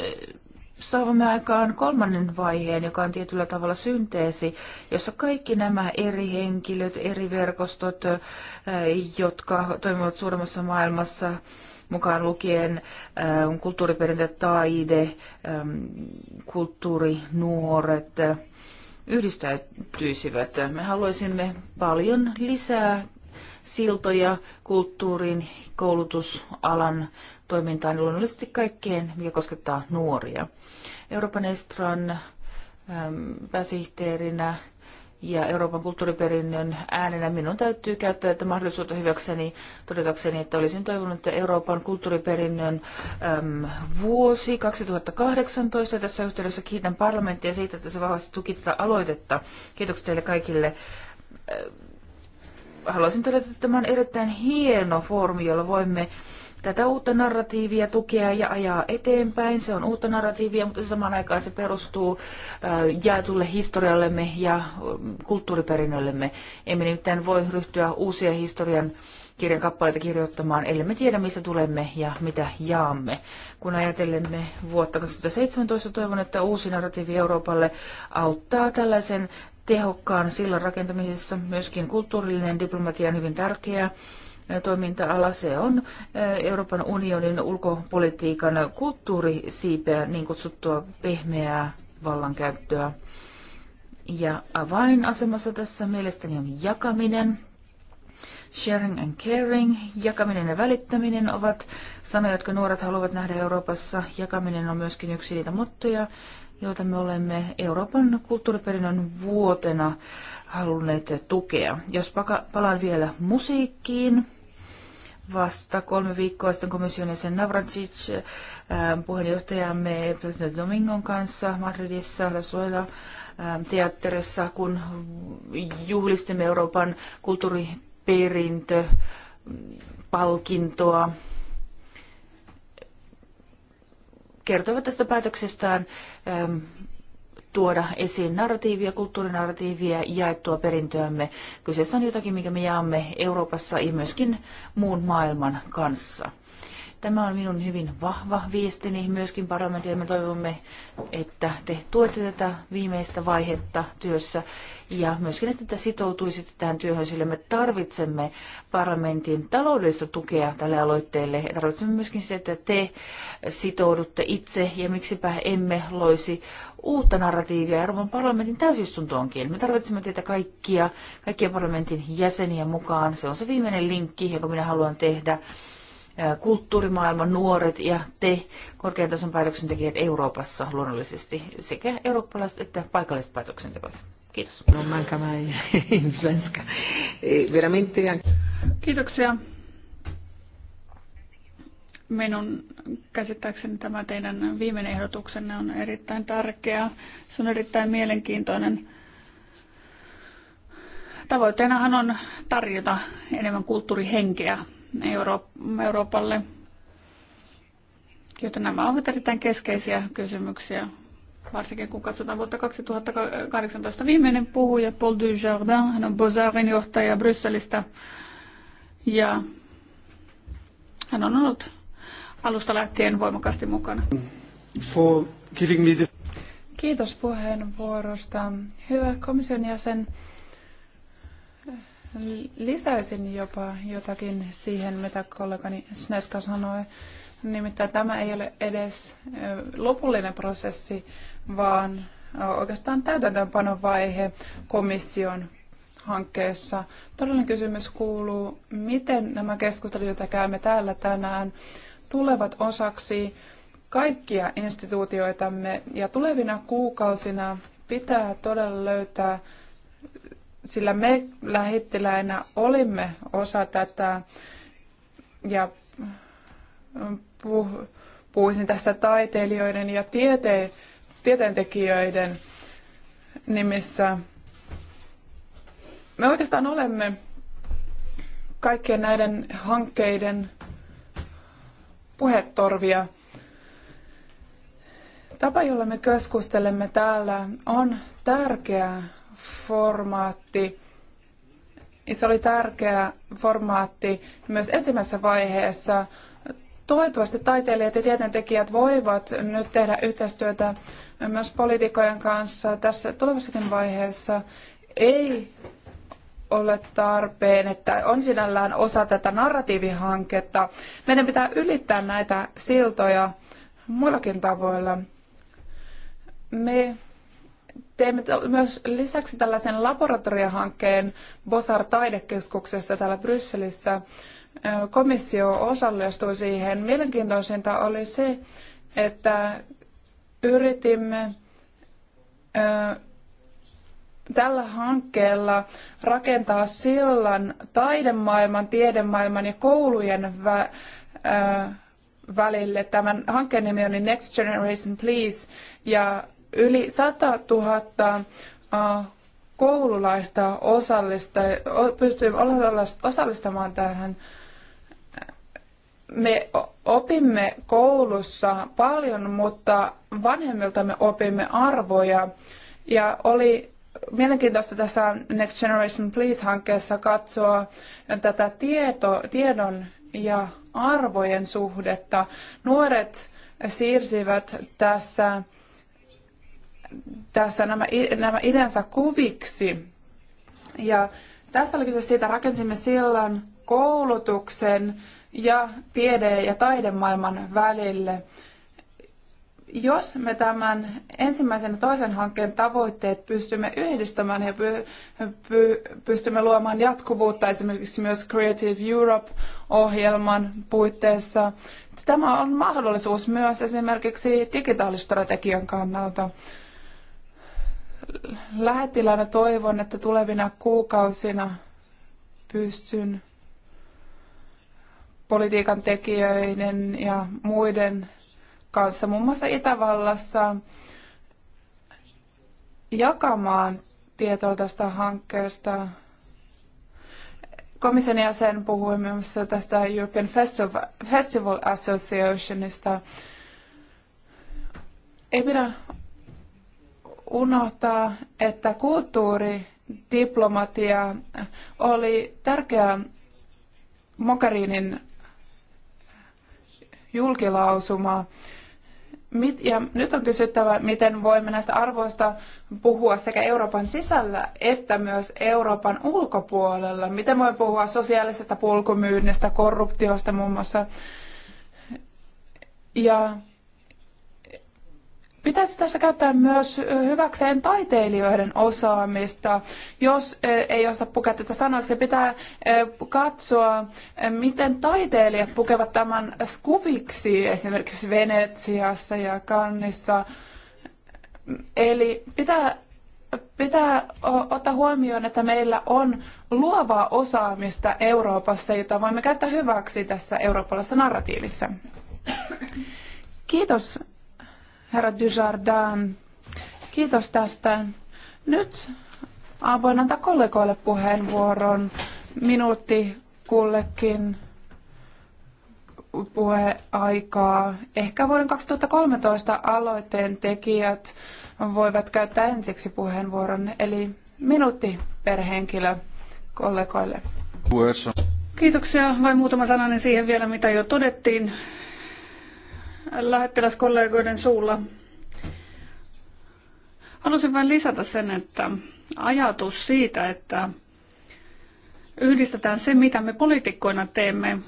saavamme aikaan kolmannen vaiheen, joka on tietyllä tavalla synteesi, jossa kaikki nämä eri henkilöt, eri verkostot, jotka toimivat suuremmassa maailmassa, mukaan lukien kulttuuriperintö, taide, kulttuuri, nuoret, yhdistäytyisivät. Me haluaisimme paljon lisää siltoja kulttuurin, koulutusalan toimintaan luonnollisesti kaikkeen, mikä koskettaa nuoria. Euroopan Estran pääsihteerinä ja Euroopan kulttuuriperinnön äänenä minun täytyy käyttää tätä mahdollisuutta hyväkseni todetakseni, että olisin toivonut, että Euroopan kulttuuriperinnön äm, vuosi 2018 tässä yhteydessä kiitän parlamenttia siitä, että se vahvasti tuki tätä aloitetta. Kiitoksia teille kaikille. Haluaisin todeta, että tämä on erittäin hieno foorumi, jolla voimme tätä uutta narratiivia tukea ja ajaa eteenpäin. Se on uutta narratiivia, mutta samaan aikaan se perustuu äh, jaetulle historiallemme ja äh, kulttuuriperinnöllemme. Emme nimittäin voi ryhtyä uusia historian kirjan kappaleita kirjoittamaan, ellei me tiedä, missä tulemme ja mitä jaamme. Kun ajatellemme vuotta 2017, toivon, että uusi narratiivi Euroopalle auttaa tällaisen tehokkaan sillan rakentamisessa. Myöskin kulttuurillinen diplomatia on hyvin tärkeää toiminta-ala. Se on eh, Euroopan unionin ulkopolitiikan kulttuurisiipeä, niin kutsuttua pehmeää vallankäyttöä. Ja avainasemassa tässä mielestäni on jakaminen. Sharing and caring, jakaminen ja välittäminen ovat sanoja, jotka nuoret haluavat nähdä Euroopassa. Jakaminen on myöskin yksi niitä mottoja, joita me olemme Euroopan kulttuuriperinnön vuotena halunneet tukea. Jos palaan vielä musiikkiin, vasta kolme viikkoa sitten komission jäsen Navracic ähm, puheenjohtajamme President Domingon kanssa Madridissa Lasuela ähm, teatterissa, kun juhlistimme Euroopan kulttuuriperintöpalkintoa. Mm, Kertoivat tästä päätöksestään ähm, tuoda esiin narratiivia, kulttuurinarratiivia, jaettua perintöämme. Kyseessä on jotakin, mikä me jaamme Euroopassa ja myöskin muun maailman kanssa. Tämä on minun hyvin vahva viestini myöskin parlamentille. Me toivomme, että te tuette tätä viimeistä vaihetta työssä ja myöskin, että te sitoutuisitte tähän työhön, sillä me tarvitsemme parlamentin taloudellista tukea tälle aloitteelle. Tarvitsemme myöskin sitä, että te sitoudutte itse ja miksipä emme loisi uutta narratiivia Euroopan parlamentin täysistuntoonkin. Me tarvitsemme teitä kaikkia, kaikkia parlamentin jäseniä mukaan. Se on se viimeinen linkki, jonka minä haluan tehdä kulttuurimaailman nuoret ja te korkean tason päätöksentekijät Euroopassa luonnollisesti, sekä eurooppalaiset että paikalliset päätöksentekijät. Kiitos. No manca mai in svenska. Eh, veramente Kiitoksia. Minun käsittääkseni tämä teidän viimeinen ehdotuksenne on erittäin tärkeä. Se on erittäin mielenkiintoinen. Tavoitteenahan on tarjota enemmän kulttuurihenkeä Euro- Euroopalle. Joten nämä ovat erittäin keskeisiä kysymyksiä, varsinkin kun katsotaan vuotta 2018. Viimeinen puhuja Paul Dujardin, hän on Bozarin johtaja Brysselistä ja hän on ollut alusta lähtien voimakkaasti mukana. Kiitos puheenvuorosta. Hyvä komission jäsen lisäisin jopa jotakin siihen, mitä kollegani Sneska sanoi. Nimittäin tämä ei ole edes lopullinen prosessi, vaan oikeastaan täytäntöönpanovaihe vaihe komission hankkeessa. Todellinen kysymys kuuluu, miten nämä keskustelut, joita käymme täällä tänään, tulevat osaksi kaikkia instituutioitamme ja tulevina kuukausina pitää todella löytää sillä me lähettiläinä olimme osa tätä ja mm, puh- puhuisin tässä taiteilijoiden ja tiete- tieteentekijöiden nimissä. Me oikeastaan olemme kaikkien näiden hankkeiden puhetorvia. Tapa, jolla me keskustelemme täällä, on tärkeää formaatti. Se oli tärkeä formaatti myös ensimmäisessä vaiheessa. Toivottavasti taiteilijat ja tieteentekijät voivat nyt tehdä yhteistyötä myös poliitikojen kanssa tässä tulevassakin vaiheessa. Ei ole tarpeen, että on sinällään osa tätä narratiivihanketta. Meidän pitää ylittää näitä siltoja muillakin tavoilla. Me Teimme myös lisäksi tällaisen laboratoriohankkeen Bosar taidekeskuksessa täällä Brysselissä. Komissio osallistui siihen. Mielenkiintoisinta oli se, että yritimme tällä hankkeella rakentaa sillan taidemaailman, tiedemaailman ja koulujen vä- välille. Tämän hankkeen nimi oli Next Generation Please ja Yli 100 000 koululaista osallista, pystyy osallistamaan tähän. Me opimme koulussa paljon, mutta vanhemmilta me opimme arvoja. Ja oli mielenkiintoista tässä Next Generation Please-hankkeessa katsoa tätä tieto, tiedon ja arvojen suhdetta. Nuoret siirsivät tässä tässä nämä, nämä ideansa kuviksi. Ja tässä oli kyse siitä, rakensimme sillan koulutuksen ja tiede- ja taidemaailman välille. Jos me tämän ensimmäisen ja toisen hankkeen tavoitteet pystymme yhdistämään ja py, py, pystymme luomaan jatkuvuutta esimerkiksi myös Creative Europe-ohjelman puitteissa, tämä on mahdollisuus myös esimerkiksi digitaalistrategian kannalta lähettiläänä toivon, että tulevina kuukausina pystyn politiikan tekijöiden ja muiden kanssa, muun muassa Itävallassa, jakamaan tietoa tästä hankkeesta. Komission jäsen puhui myös tästä European Festival, Festival Associationista. Ei pidä unohtaa, että kulttuuridiplomatia oli tärkeä Mokarinin julkilausuma. ja nyt on kysyttävä, miten voimme näistä arvoista puhua sekä Euroopan sisällä että myös Euroopan ulkopuolella. Miten voimme puhua sosiaalisesta polkumyynnistä, korruptiosta muun muassa. Ja Pitäisi tässä käyttää myös hyväkseen taiteilijoiden osaamista. Jos ei osaa pukea tätä sanoiksi, pitää katsoa, miten taiteilijat pukevat tämän kuviksi esimerkiksi Venetsiassa ja Kannissa. Eli pitää, pitää ottaa huomioon, että meillä on luovaa osaamista Euroopassa, jota voimme käyttää hyväksi tässä eurooppalaisessa narratiivissa. Kiitos herra Dujardin. Kiitos tästä. Nyt voin antaa kollegoille puheenvuoron. Minuutti kullekin puheaikaa. Ehkä vuoden 2013 aloitteen tekijät voivat käyttää ensiksi puheenvuoron, eli minuutti per henkilö kollegoille. Kiitoksia. Vain muutama sananen siihen vielä, mitä jo todettiin lähettiläskollegoiden suulla. Halusin vain lisätä sen, että ajatus siitä, että yhdistetään se, mitä me poliitikkoina teemme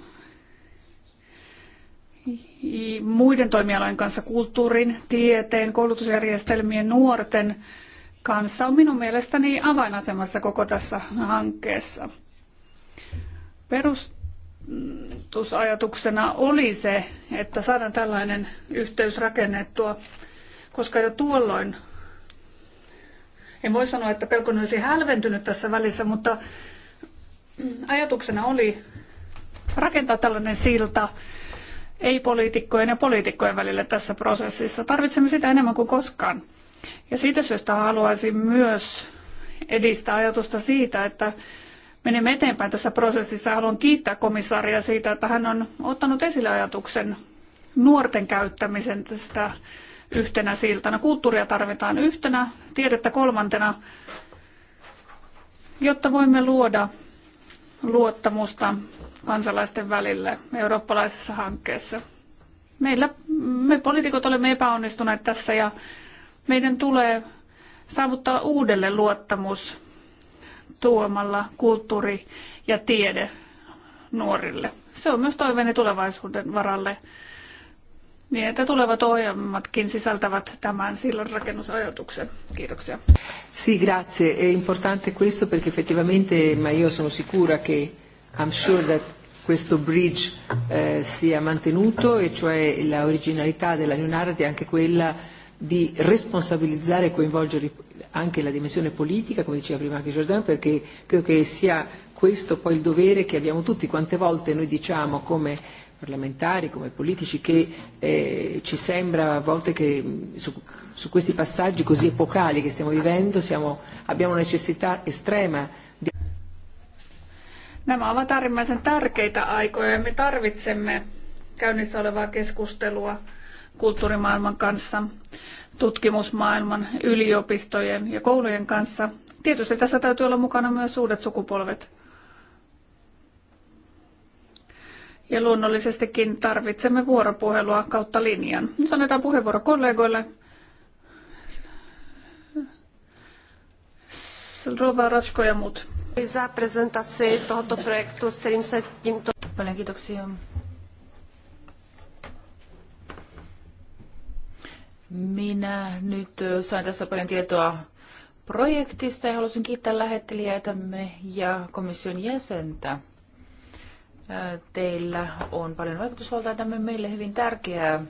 muiden toimialojen kanssa, kulttuurin, tieteen, koulutusjärjestelmien, nuorten kanssa, on minun mielestäni avainasemassa koko tässä hankkeessa. Perus ajatusajatuksena oli se, että saadaan tällainen yhteys rakennettua, koska jo tuolloin, en voi sanoa, että pelkoni olisi hälventynyt tässä välissä, mutta ajatuksena oli rakentaa tällainen silta ei-poliitikkojen ja poliitikkojen välille tässä prosessissa. Tarvitsemme sitä enemmän kuin koskaan. Ja siitä syystä haluaisin myös edistää ajatusta siitä, että menemme eteenpäin tässä prosessissa. Haluan kiittää komissaaria siitä, että hän on ottanut esille ajatuksen nuorten käyttämisestä yhtenä siltana. Kulttuuria tarvitaan yhtenä, tiedettä kolmantena, jotta voimme luoda luottamusta kansalaisten välille eurooppalaisessa hankkeessa. Meillä, me poliitikot olemme epäonnistuneet tässä ja meidän tulee saavuttaa uudelleen luottamus tuomalla kulttuuri ja tiede nuorille. Se on myös toiveeni tulevaisuuden varalle, niin että tulevat ohjelmatkin sisältävät tämän sillan rakennusajatuksen. Kiitoksia. Sì, grazie. È importante questo perché effettivamente, ma io sono sicura che, I'm sure that questo bridge eh, sia mantenuto, e cioè la originalità della Leonardo è anche quella di responsabilizzare e coinvolgere anche la dimensione politica, come diceva prima anche Giordano, perché credo che sia questo poi il dovere che abbiamo tutti. Quante volte noi diciamo come parlamentari, come politici, che eh, ci sembra a volte che mm, su, su questi passaggi così epocali che stiamo vivendo siamo, abbiamo una necessità estrema di. Nämä ovat äärimmäisen tärkeitä aikoja ja me tarvitsemme käynnissä olevaa keskustelua kulttuurimaailman kanssa, tutkimusmaailman, yliopistojen ja koulujen kanssa. Tietysti tässä täytyy olla mukana myös uudet sukupolvet. Ja luonnollisestikin tarvitsemme vuoropuhelua kautta linjan. Nyt annetaan puheenvuoro kollegoille. Rova Ratsko ja muut. Za prezentaci tohoto projektu, s kterým se tímto... Paljon kiitoksia Minä nyt sain tässä paljon tietoa projektista ja haluaisin kiittää lähettelijäitämme ja komission jäsentä. Teillä on paljon vaikutusvaltaa. Tämä meille hyvin tärkeää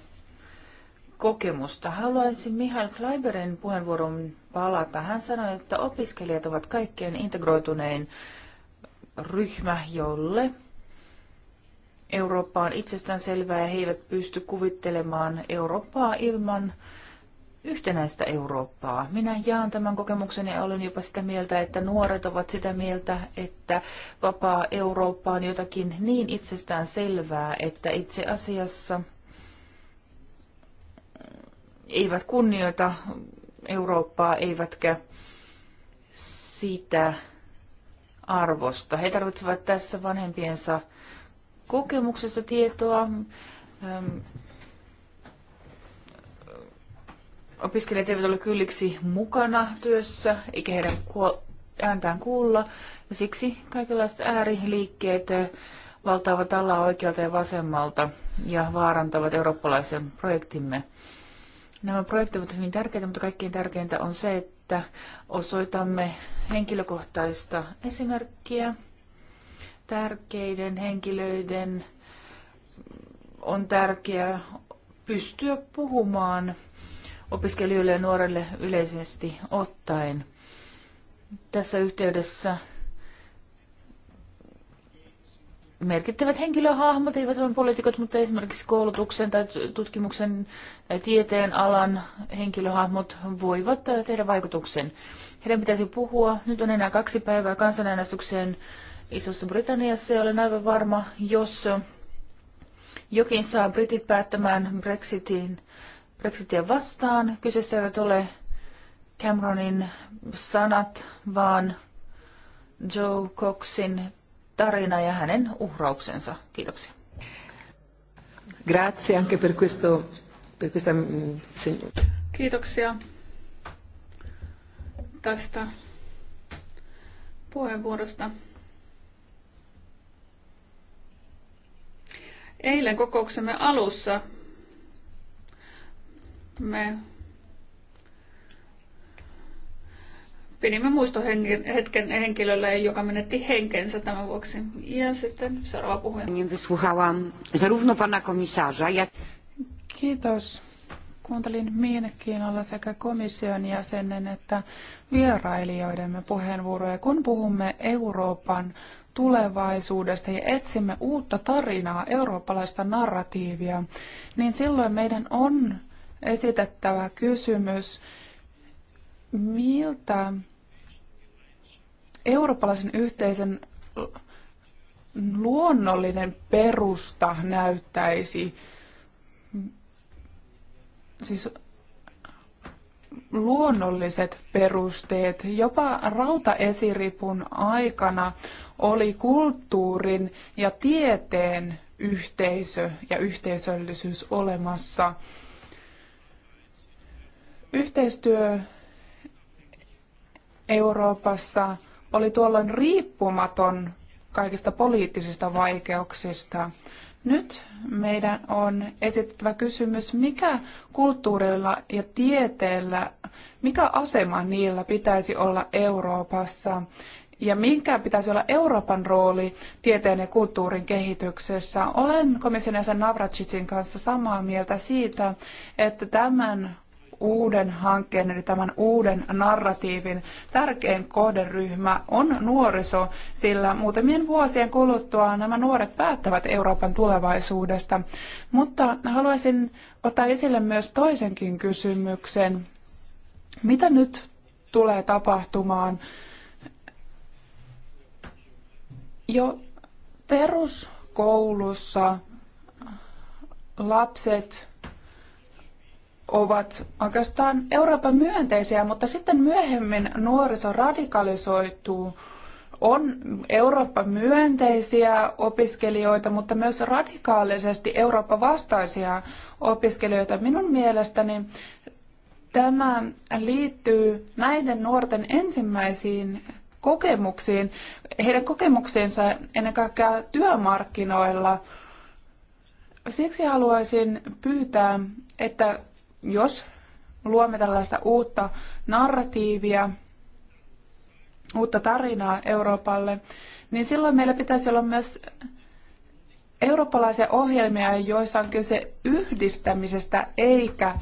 kokemusta. Haluaisin Mihail Kleiberin puheenvuoron palata. Hän sanoi, että opiskelijat ovat kaikkein integroitunein ryhmä, jolle Eurooppa on itsestään selvää ja he eivät pysty kuvittelemaan Eurooppaa ilman yhtenäistä Eurooppaa. Minä jaan tämän kokemuksen ja olen jopa sitä mieltä, että nuoret ovat sitä mieltä, että vapaa Eurooppa on jotakin niin itsestään selvää, että itse asiassa eivät kunnioita Eurooppaa eivätkä sitä arvosta. He tarvitsevat tässä vanhempiensa kokemuksesta tietoa. Ähm, opiskelijat eivät ole kylliksi mukana työssä, eikä heidän ääntään kuulla. Ja siksi kaikenlaiset ääriliikkeet äh, valtaavat alla oikealta ja vasemmalta ja vaarantavat eurooppalaisen projektimme. Nämä projektit ovat hyvin tärkeitä, mutta kaikkein tärkeintä on se, että osoitamme henkilökohtaista esimerkkiä tärkeiden henkilöiden on tärkeää pystyä puhumaan opiskelijoille ja nuorille yleisesti ottaen. Tässä yhteydessä merkittävät henkilöhahmot, eivät vain poliitikot, mutta esimerkiksi koulutuksen tai tutkimuksen tai tieteen alan henkilöhahmot voivat äh, tehdä vaikutuksen. Heidän pitäisi puhua. Nyt on enää kaksi päivää kansanäänestykseen Isossa Britanniassa ei ole aivan varma, jos jokin saa britit päättämään Brexitin, Brexitia vastaan. Kyseessä eivät ole Cameronin sanat, vaan Joe Coxin tarina ja hänen uhrauksensa. Kiitoksia. Grazie anche per questo, per questa... Mm, Kiitoksia tästä puheenvuorosta. Eilen kokouksemme alussa me pidimme muistohetken henkilölle, joka menetti henkensä tämän vuoksi. Ja sitten seuraava puhuja. Wysłuchałam zarówno pana komisarza, jak... Kiitos. Kuuntelin mielenkiinnolla sekä komission jäsenen että vierailijoidemme puheenvuoroja. Kun puhumme Euroopan tulevaisuudesta ja etsimme uutta tarinaa, eurooppalaista narratiivia, niin silloin meidän on esitettävä kysymys, miltä eurooppalaisen yhteisen luonnollinen perusta näyttäisi. Siis luonnolliset perusteet. Jopa rautaesiripun aikana oli kulttuurin ja tieteen yhteisö ja yhteisöllisyys olemassa. Yhteistyö Euroopassa oli tuolloin riippumaton kaikista poliittisista vaikeuksista. Nyt meidän on esitettävä kysymys, mikä kulttuurilla ja tieteellä, mikä asema niillä pitäisi olla Euroopassa ja minkä pitäisi olla Euroopan rooli tieteen ja kulttuurin kehityksessä. Olen komission jäsen Navracicin kanssa samaa mieltä siitä, että tämän uuden hankkeen, eli tämän uuden narratiivin tärkein kohderyhmä on nuoriso, sillä muutamien vuosien kuluttua nämä nuoret päättävät Euroopan tulevaisuudesta. Mutta haluaisin ottaa esille myös toisenkin kysymyksen. Mitä nyt tulee tapahtumaan? Jo peruskoulussa lapset ovat oikeastaan Euroopan myönteisiä, mutta sitten myöhemmin nuoriso radikalisoituu. On Eurooppa myönteisiä opiskelijoita, mutta myös radikaalisesti Eurooppa vastaisia opiskelijoita. Minun mielestäni tämä liittyy näiden nuorten ensimmäisiin kokemuksiin, heidän kokemuksiinsa ennen kaikkea työmarkkinoilla. Siksi haluaisin pyytää, että jos luomme tällaista uutta narratiivia, uutta tarinaa Euroopalle, niin silloin meillä pitäisi olla myös eurooppalaisia ohjelmia, joissa on kyse yhdistämisestä eikä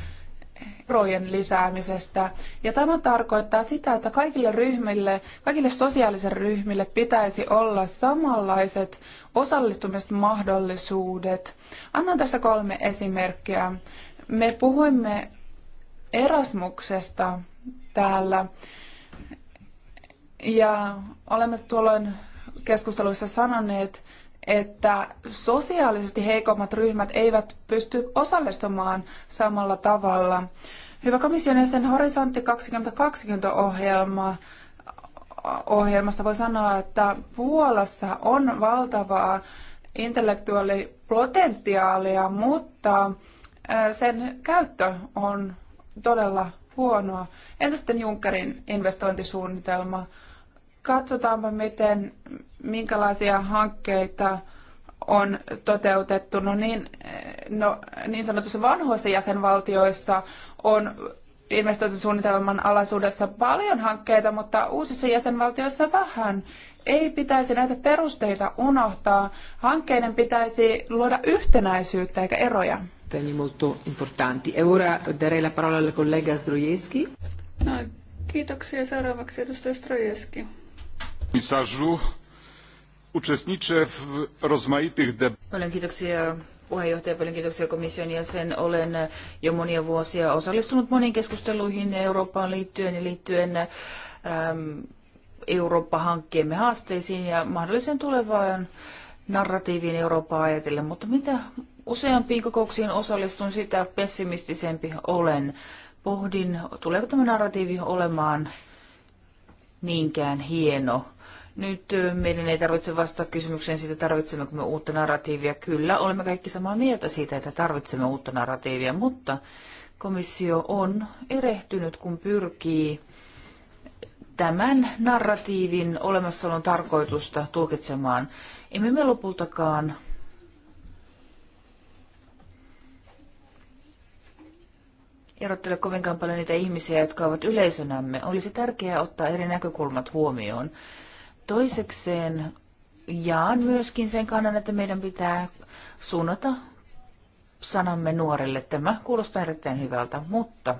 erojen lisäämisestä. Ja tämä tarkoittaa sitä, että kaikille ryhmille, kaikille sosiaalisille ryhmille pitäisi olla samanlaiset osallistumismahdollisuudet. Annan tässä kolme esimerkkiä. Me puhuimme Erasmuksesta täällä ja olemme tuolloin keskusteluissa sanoneet, että sosiaalisesti heikommat ryhmät eivät pysty osallistumaan samalla tavalla. Hyvä komission jäsen, Horisontti 2020-ohjelma ohjelmasta voi sanoa, että Puolassa on valtavaa intellektuaalipotentiaalia, mutta sen käyttö on todella huonoa. Entä sitten Junckerin investointisuunnitelma? Katsotaanpa, miten, minkälaisia hankkeita on toteutettu. No niin, no, niin sanotussa vanhoissa jäsenvaltioissa on investointisuunnitelman alaisuudessa paljon hankkeita, mutta uusissa jäsenvaltioissa vähän. Ei pitäisi näitä perusteita unohtaa. Hankkeiden pitäisi luoda yhtenäisyyttä eikä eroja. molto importanti. E ora darei la parola al collega Zdrojewski. No, kiitoksia. Seuraavaksi edustaja Strojewski. Komisarzu, uczestniczę w rozmaitych debatach. Olen kiitoksia puheenjohtaja, paljon kiitoksia komission jäsen. Olen jo monia vuosia osallistunut moniin keskusteluihin Eurooppaan liittyen ja liittyen äm, Eurooppa-hankkeemme haasteisiin ja mahdolliseen tulevaan narratiiviin Eurooppaa ajatellen. Mutta mitä useampiin kokouksiin osallistun, sitä pessimistisempi olen. Pohdin, tuleeko tämä narratiivi olemaan niinkään hieno. Nyt meidän ei tarvitse vastata kysymykseen siitä, tarvitsemmeko me uutta narratiivia. Kyllä, olemme kaikki samaa mieltä siitä, että tarvitsemme uutta narratiivia, mutta komissio on erehtynyt, kun pyrkii tämän narratiivin olemassaolon tarkoitusta tulkitsemaan. Emme me lopultakaan erottele kovinkaan paljon niitä ihmisiä, jotka ovat yleisönämme. Olisi tärkeää ottaa eri näkökulmat huomioon. Toisekseen jaan myöskin sen kannan, että meidän pitää suunnata sanamme nuorille. Tämä kuulostaa erittäin hyvältä, mutta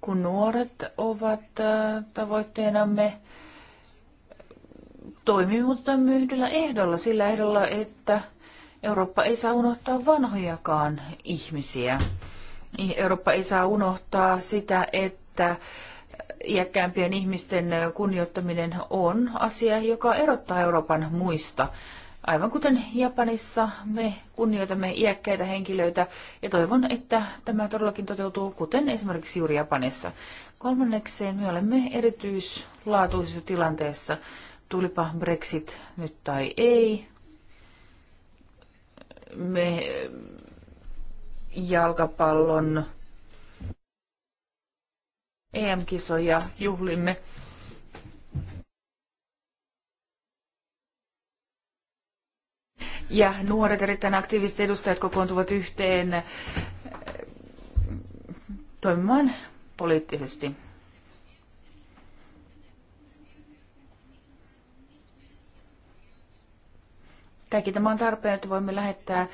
kun nuoret ovat äh, tavoitteenamme, toimimutta mutta ehdolla, sillä ehdolla, että Eurooppa ei saa unohtaa vanhojakaan ihmisiä. Eurooppa ei saa unohtaa sitä, että iäkkäämpien ihmisten kunnioittaminen on asia, joka erottaa Euroopan muista. Aivan kuten Japanissa, me kunnioitamme iäkkäitä henkilöitä ja toivon, että tämä todellakin toteutuu, kuten esimerkiksi juuri Japanissa. Kolmannekseen me olemme erityislaatuisessa tilanteessa, tulipa Brexit nyt tai ei. Me jalkapallon EM-kisoja juhlimme. Ja nuoret erittäin aktiiviset edustajat kokoontuvat yhteen äh, toimimaan poliittisesti. Kaikki tämä on tarpeen, että voimme lähettää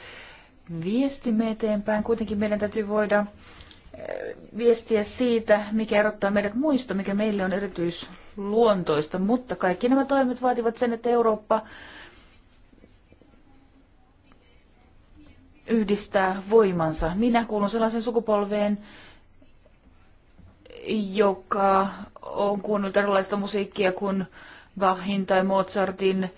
viestimme eteenpäin. Kuitenkin meidän täytyy voida viestiä siitä, mikä erottaa meidät muista, mikä meille on erityisluontoista, mutta kaikki nämä toimet vaativat sen, että Eurooppa yhdistää voimansa. Minä kuulun sellaisen sukupolveen, joka on kuunnellut erilaista musiikkia kuin Bachin tai Mozartin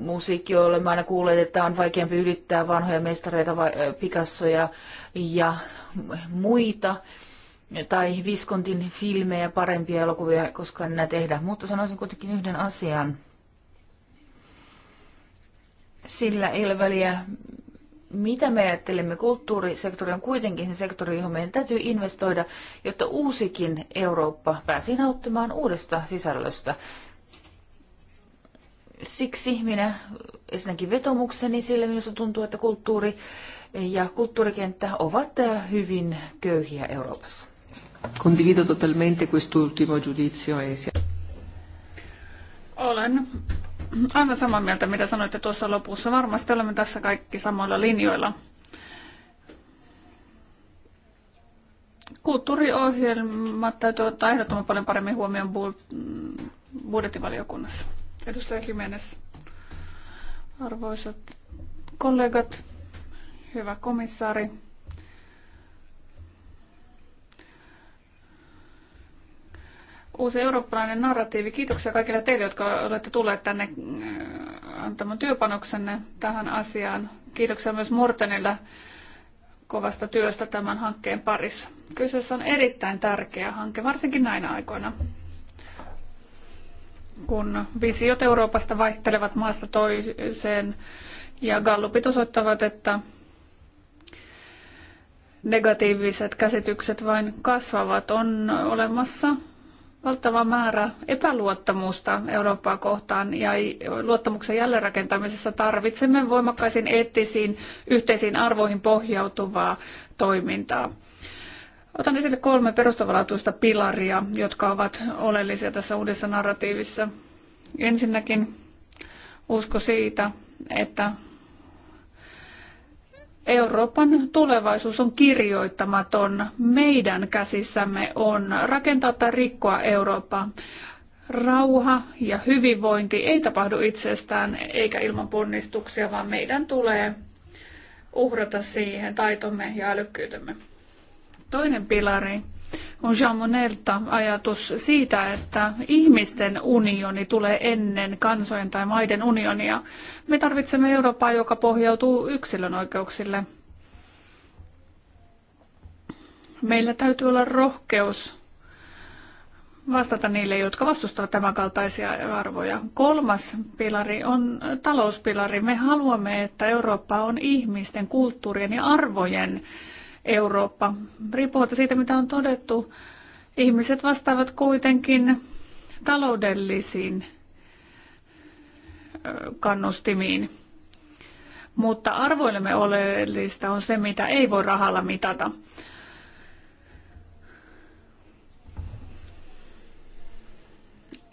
musiikki, jolle mä aina kuulet, että on vaikeampi ylittää vanhoja mestareita, Picassoja ja muita tai Viskontin filmejä, parempia elokuvia en enää tehdä. Mutta sanoisin kuitenkin yhden asian. Sillä ei ole väliä, mitä me ajattelemme. Kulttuurisektori on kuitenkin se sektori, johon meidän täytyy investoida, jotta uusikin Eurooppa pääsi nauttimaan uudesta sisällöstä. Siksi minä ensinnäkin vetomukseni, sillä minusta tuntuu, että kulttuuri ja kulttuurikenttä ovat hyvin köyhiä Euroopassa. Condivido totalmente questo ultimo giudizio. E Olen aivan samaa mieltä, mitä sanoitte tuossa lopussa. Varmasti olemme tässä kaikki samoilla linjoilla. Kulttuuriohjelmat täytyy ottaa ehdottoman paljon paremmin huomioon budjettivaliokunnassa. Edustaja Jimenez, arvoisat kollegat, hyvä komissaari. Uusi eurooppalainen narratiivi. Kiitoksia kaikille teille, jotka olette tulleet tänne äh, antamaan työpanoksenne tähän asiaan. Kiitoksia myös Mortenille kovasta työstä tämän hankkeen parissa. Kyseessä on erittäin tärkeä hanke, varsinkin näinä aikoina kun visiot Euroopasta vaihtelevat maasta toiseen ja gallupit osoittavat, että negatiiviset käsitykset vain kasvavat. On olemassa valtava määrä epäluottamusta Eurooppaa kohtaan ja luottamuksen jälleenrakentamisessa tarvitsemme voimakkaisiin eettisiin yhteisiin arvoihin pohjautuvaa toimintaa. Otan esille kolme perustavanlaatuista pilaria, jotka ovat oleellisia tässä uudessa narratiivissa. Ensinnäkin usko siitä, että Euroopan tulevaisuus on kirjoittamaton. Meidän käsissämme on rakentaa tai rikkoa Eurooppaa. Rauha ja hyvinvointi ei tapahdu itsestään eikä ilman ponnistuksia, vaan meidän tulee uhrata siihen taitomme ja älykkyytemme. Toinen pilari on Jean Monelta ajatus siitä, että ihmisten unioni tulee ennen kansojen tai maiden unionia. Me tarvitsemme Eurooppaa, joka pohjautuu yksilön oikeuksille. Meillä täytyy olla rohkeus vastata niille, jotka vastustavat tämän kaltaisia arvoja. Kolmas pilari on talouspilari. Me haluamme, että Eurooppa on ihmisten, kulttuurien ja arvojen Eurooppa. Riippumatta siitä, mitä on todettu, ihmiset vastaavat kuitenkin taloudellisiin kannustimiin. Mutta arvoillemme oleellista on se, mitä ei voi rahalla mitata.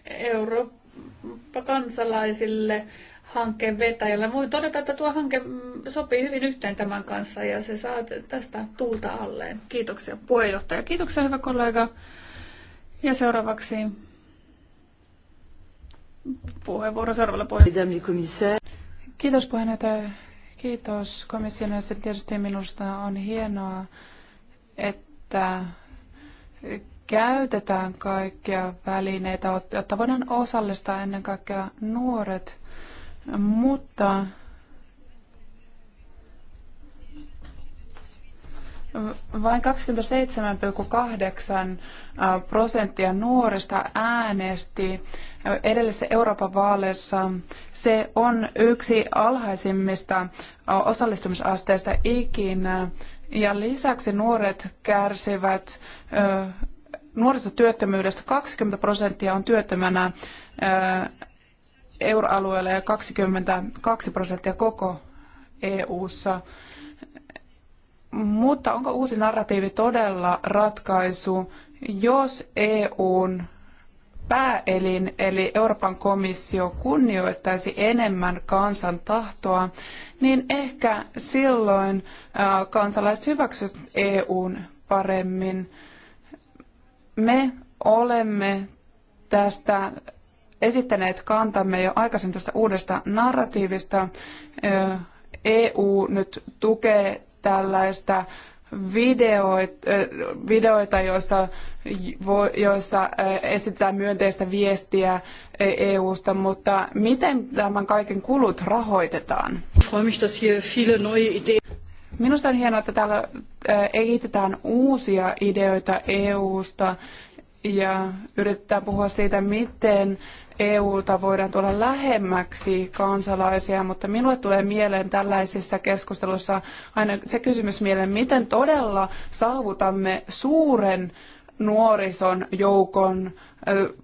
Eurooppa kansalaisille hankkeen vetäjällä. Voin todeta, että tuo hanke sopii hyvin yhteen tämän kanssa ja se saa tästä tuulta alleen. Kiitoksia puheenjohtaja. Kiitoksia hyvä kollega. Ja seuraavaksi puheenvuoro seuraavalle puheenjohtajalle. Kiitos puheenjohtaja. Kiitos komission jäsen. Tietysti minusta on hienoa, että käytetään kaikkia välineitä, jotta voidaan osallistaa ennen kaikkea nuoret – mutta vain 27,8 äh, prosenttia nuorista äänesti edellisessä Euroopan vaaleissa. Se on yksi alhaisimmista äh, osallistumisasteista ikinä. Ja lisäksi nuoret kärsivät äh, nuorisotyöttömyydestä. 20 prosenttia on työttömänä euroalueella ja 22 prosenttia koko EU:ssa. Mutta onko uusi narratiivi todella ratkaisu, jos EUn pääelin eli Euroopan komissio kunnioittaisi enemmän kansan tahtoa, niin ehkä silloin kansalaiset hyväksyisivät EUn paremmin. Me olemme tästä esittäneet kantamme jo aikaisemmin tästä uudesta narratiivista. EU nyt tukee tällaista videoita, joissa, joissa esitetään myönteistä viestiä EUsta, e mutta miten tämän kaiken kulut rahoitetaan? Minusta on hienoa, että täällä esitetään uusia ideoita EUsta ja yritetään puhua siitä, miten EUta voidaan tulla lähemmäksi kansalaisia, mutta minulle tulee mieleen tällaisissa keskusteluissa aina se kysymys mieleen, miten todella saavutamme suuren nuorison joukon,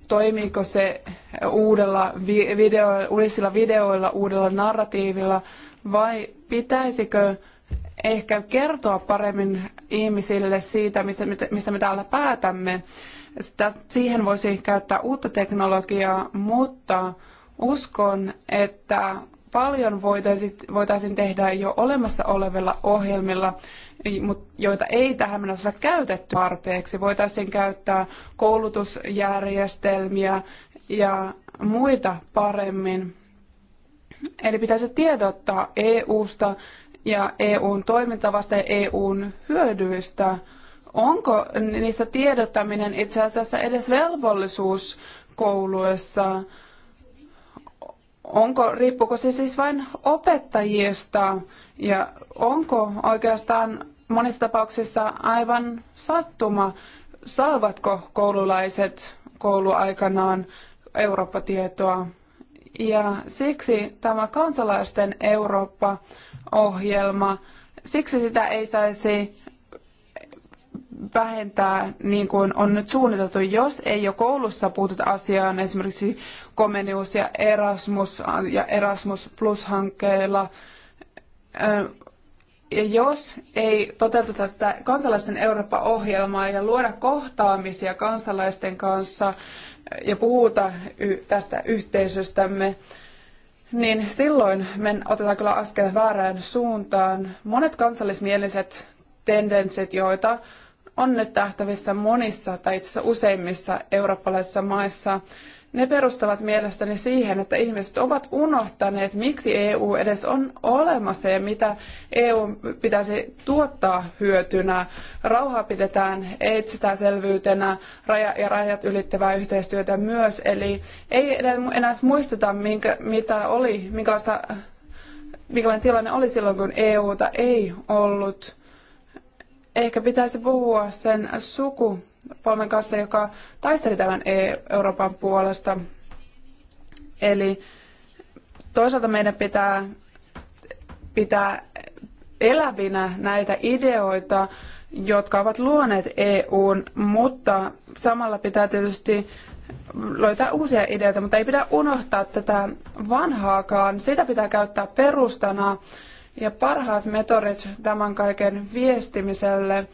toimiiko se uudella video, uudisilla videoilla, uudella narratiivilla vai pitäisikö ehkä kertoa paremmin ihmisille siitä, mistä, mistä me täällä päätämme. Sitä, siihen voisi käyttää uutta teknologiaa, mutta uskon, että paljon voitaisiin tehdä jo olemassa olevilla ohjelmilla, joita ei tähän mennessä ole käytetty tarpeeksi. Voitaisiin käyttää koulutusjärjestelmiä ja muita paremmin. Eli pitäisi tiedottaa EU-sta ja EUn toimintavasta ja EUn hyödyistä. Onko niistä tiedottaminen itse asiassa edes velvollisuus kouluissa? Onko, riippuuko se siis vain opettajista ja onko oikeastaan monissa tapauksissa aivan sattuma, saavatko koululaiset kouluaikanaan Eurooppa-tietoa. Ja siksi tämä kansalaisten Eurooppa-ohjelma, siksi sitä ei saisi vähentää niin kuin on nyt suunniteltu, jos ei jo koulussa puututa asiaan esimerkiksi Komenius ja Erasmus ja Erasmus Plus-hankkeilla. Ja jos ei toteuteta tätä kansalaisten Eurooppa-ohjelmaa ja luoda kohtaamisia kansalaisten kanssa ja puhuta tästä yhteisöstämme, niin silloin me otetaan kyllä askel väärään suuntaan. Monet kansallismieliset tendenssit, joita on nyt nähtävissä monissa tai itse asiassa useimmissa eurooppalaisissa maissa. Ne perustavat mielestäni siihen, että ihmiset ovat unohtaneet, miksi EU edes on olemassa ja mitä EU pitäisi tuottaa hyötynä. Rauhaa pidetään itsestäänselvyytenä raja- ja rajat ylittävää yhteistyötä myös. Eli ei enää muisteta, minkä, mitä oli, minkälaista, minkälainen tilanne oli silloin, kun EUta ei ollut ehkä pitäisi puhua sen sukupolven kanssa, joka taisteli tämän e- Euroopan puolesta. Eli toisaalta meidän pitää pitää elävinä näitä ideoita, jotka ovat luoneet EUn, mutta samalla pitää tietysti löytää uusia ideoita, mutta ei pidä unohtaa tätä vanhaakaan. Sitä pitää käyttää perustana ja parhaat metodit tämän kaiken viestimiselle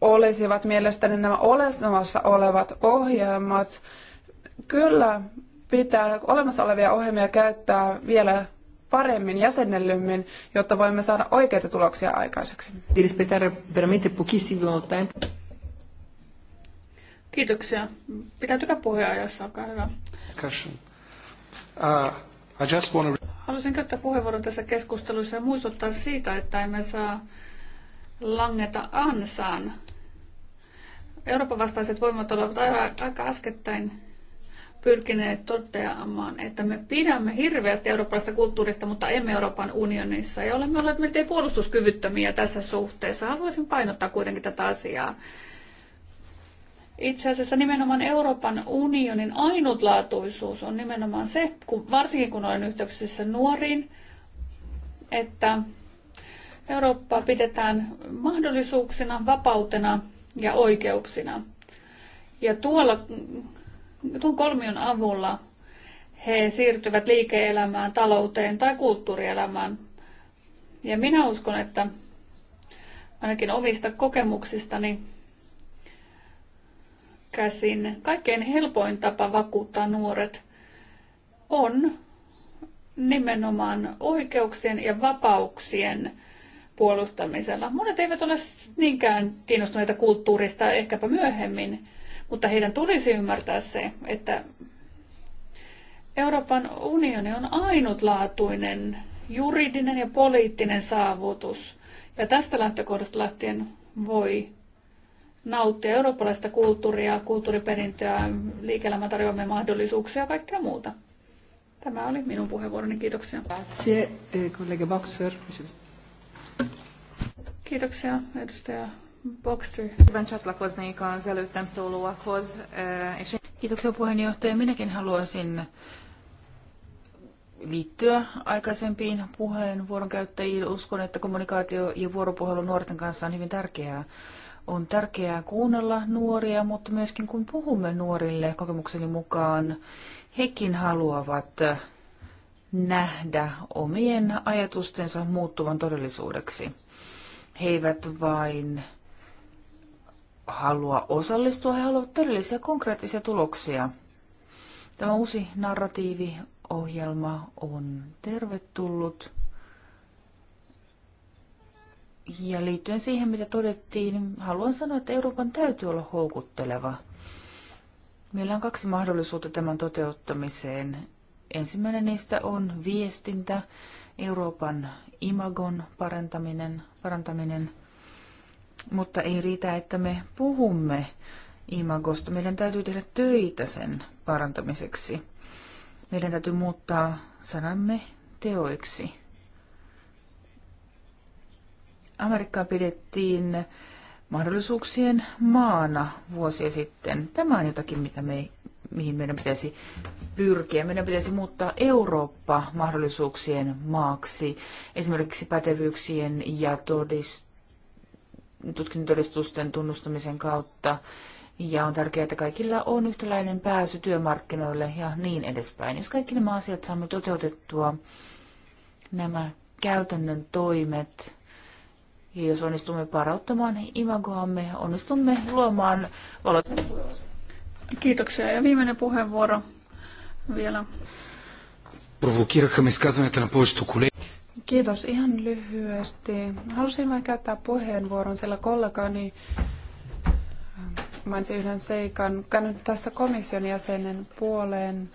olisivat mielestäni nämä olemassa olevat ohjelmat. Kyllä pitää olemassa olevia ohjelmia käyttää vielä paremmin, jäsennellymmin, jotta voimme saada oikeita tuloksia aikaiseksi. Kiitoksia. Pitäytykää puheenajassa, olkaa hyvä. Uh, I just want halusin käyttää puheenvuoron tässä keskustelussa ja muistuttaa siitä, että emme saa langeta ansaan. Euroopan vastaiset voimat ovat aika äskettäin pyrkineet toteamaan, että me pidämme hirveästi eurooppalaisesta kulttuurista, mutta emme Euroopan unionissa. Ja olemme olleet miltei puolustuskyvyttömiä tässä suhteessa. Haluaisin painottaa kuitenkin tätä asiaa. Itse asiassa nimenomaan Euroopan unionin ainutlaatuisuus on nimenomaan se, kun, varsinkin kun olen yhteyksissä nuoriin, että Eurooppaa pidetään mahdollisuuksina, vapautena ja oikeuksina. Ja tuolla, tuon kolmion avulla he siirtyvät liike-elämään, talouteen tai kulttuurielämään. Ja minä uskon, että ainakin omista kokemuksistani käsin kaikkein helpoin tapa vakuuttaa nuoret on nimenomaan oikeuksien ja vapauksien puolustamisella. Monet eivät ole niinkään kiinnostuneita kulttuurista ehkäpä myöhemmin, mutta heidän tulisi ymmärtää se, että Euroopan unioni on ainutlaatuinen juridinen ja poliittinen saavutus. Ja tästä lähtökohdasta lähtien voi nauttia eurooppalaista kulttuuria, kulttuuriperintöä, liike-elämän tarjoamia mahdollisuuksia ja kaikkea muuta. Tämä oli minun puheenvuoroni. Kiitoksia. kollega eh, Boxer. Kiitoksia, edustaja Boxer. Eh, Kiitoksia puheenjohtaja. Minäkin haluaisin liittyä aikaisempiin puheenvuoron käyttäjiin. Uskon, että kommunikaatio ja vuoropuhelu nuorten kanssa on hyvin tärkeää. On tärkeää kuunnella nuoria, mutta myöskin kun puhumme nuorille kokemukseni mukaan, hekin haluavat nähdä omien ajatustensa muuttuvan todellisuudeksi. He eivät vain halua osallistua, he haluavat todellisia konkreettisia tuloksia. Tämä uusi narratiiviohjelma on tervetullut. Ja liittyen siihen, mitä todettiin, haluan sanoa, että Euroopan täytyy olla houkutteleva. Meillä on kaksi mahdollisuutta tämän toteuttamiseen. Ensimmäinen niistä on viestintä, Euroopan imagon parantaminen, parantaminen. Mutta ei riitä, että me puhumme imagosta. Meidän täytyy tehdä töitä sen parantamiseksi. Meidän täytyy muuttaa sanamme teoiksi. Amerikkaa pidettiin mahdollisuuksien maana vuosia sitten. Tämä on jotakin, mitä me, mihin meidän pitäisi pyrkiä. Meidän pitäisi muuttaa Eurooppa mahdollisuuksien maaksi, esimerkiksi pätevyyksien ja todist- tutkintotodistusten tunnustamisen kautta. Ja on tärkeää, että kaikilla on yhtäläinen pääsy työmarkkinoille ja niin edespäin. Jos kaikki nämä asiat saamme toteutettua, nämä käytännön toimet, ja jos onnistumme parauttamaan imagoamme, onnistumme luomaan valoisen Kiitoksia. Ja viimeinen puheenvuoro vielä. Provokirahamme изказванията на Kiitos. Ihan lyhyesti. Halusin vain käyttää puheenvuoron, sillä kollegani mainitsi yhden seikan. Käyn tässä komission jäsenen puoleen.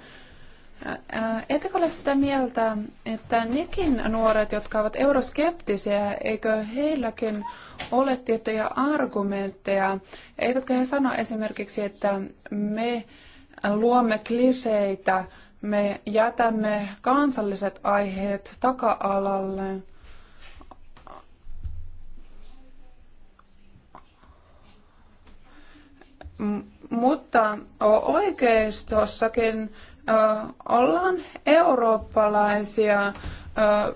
Ettekö ole sitä mieltä, että nekin nuoret, jotka ovat euroskeptisiä, eikö heilläkin ole tiettyjä argumentteja? Eivätkö he sano esimerkiksi, että me luomme kliseitä, me jätämme kansalliset aiheet taka-alalle? mutta oikeistossakin ollaan eurooppalaisia.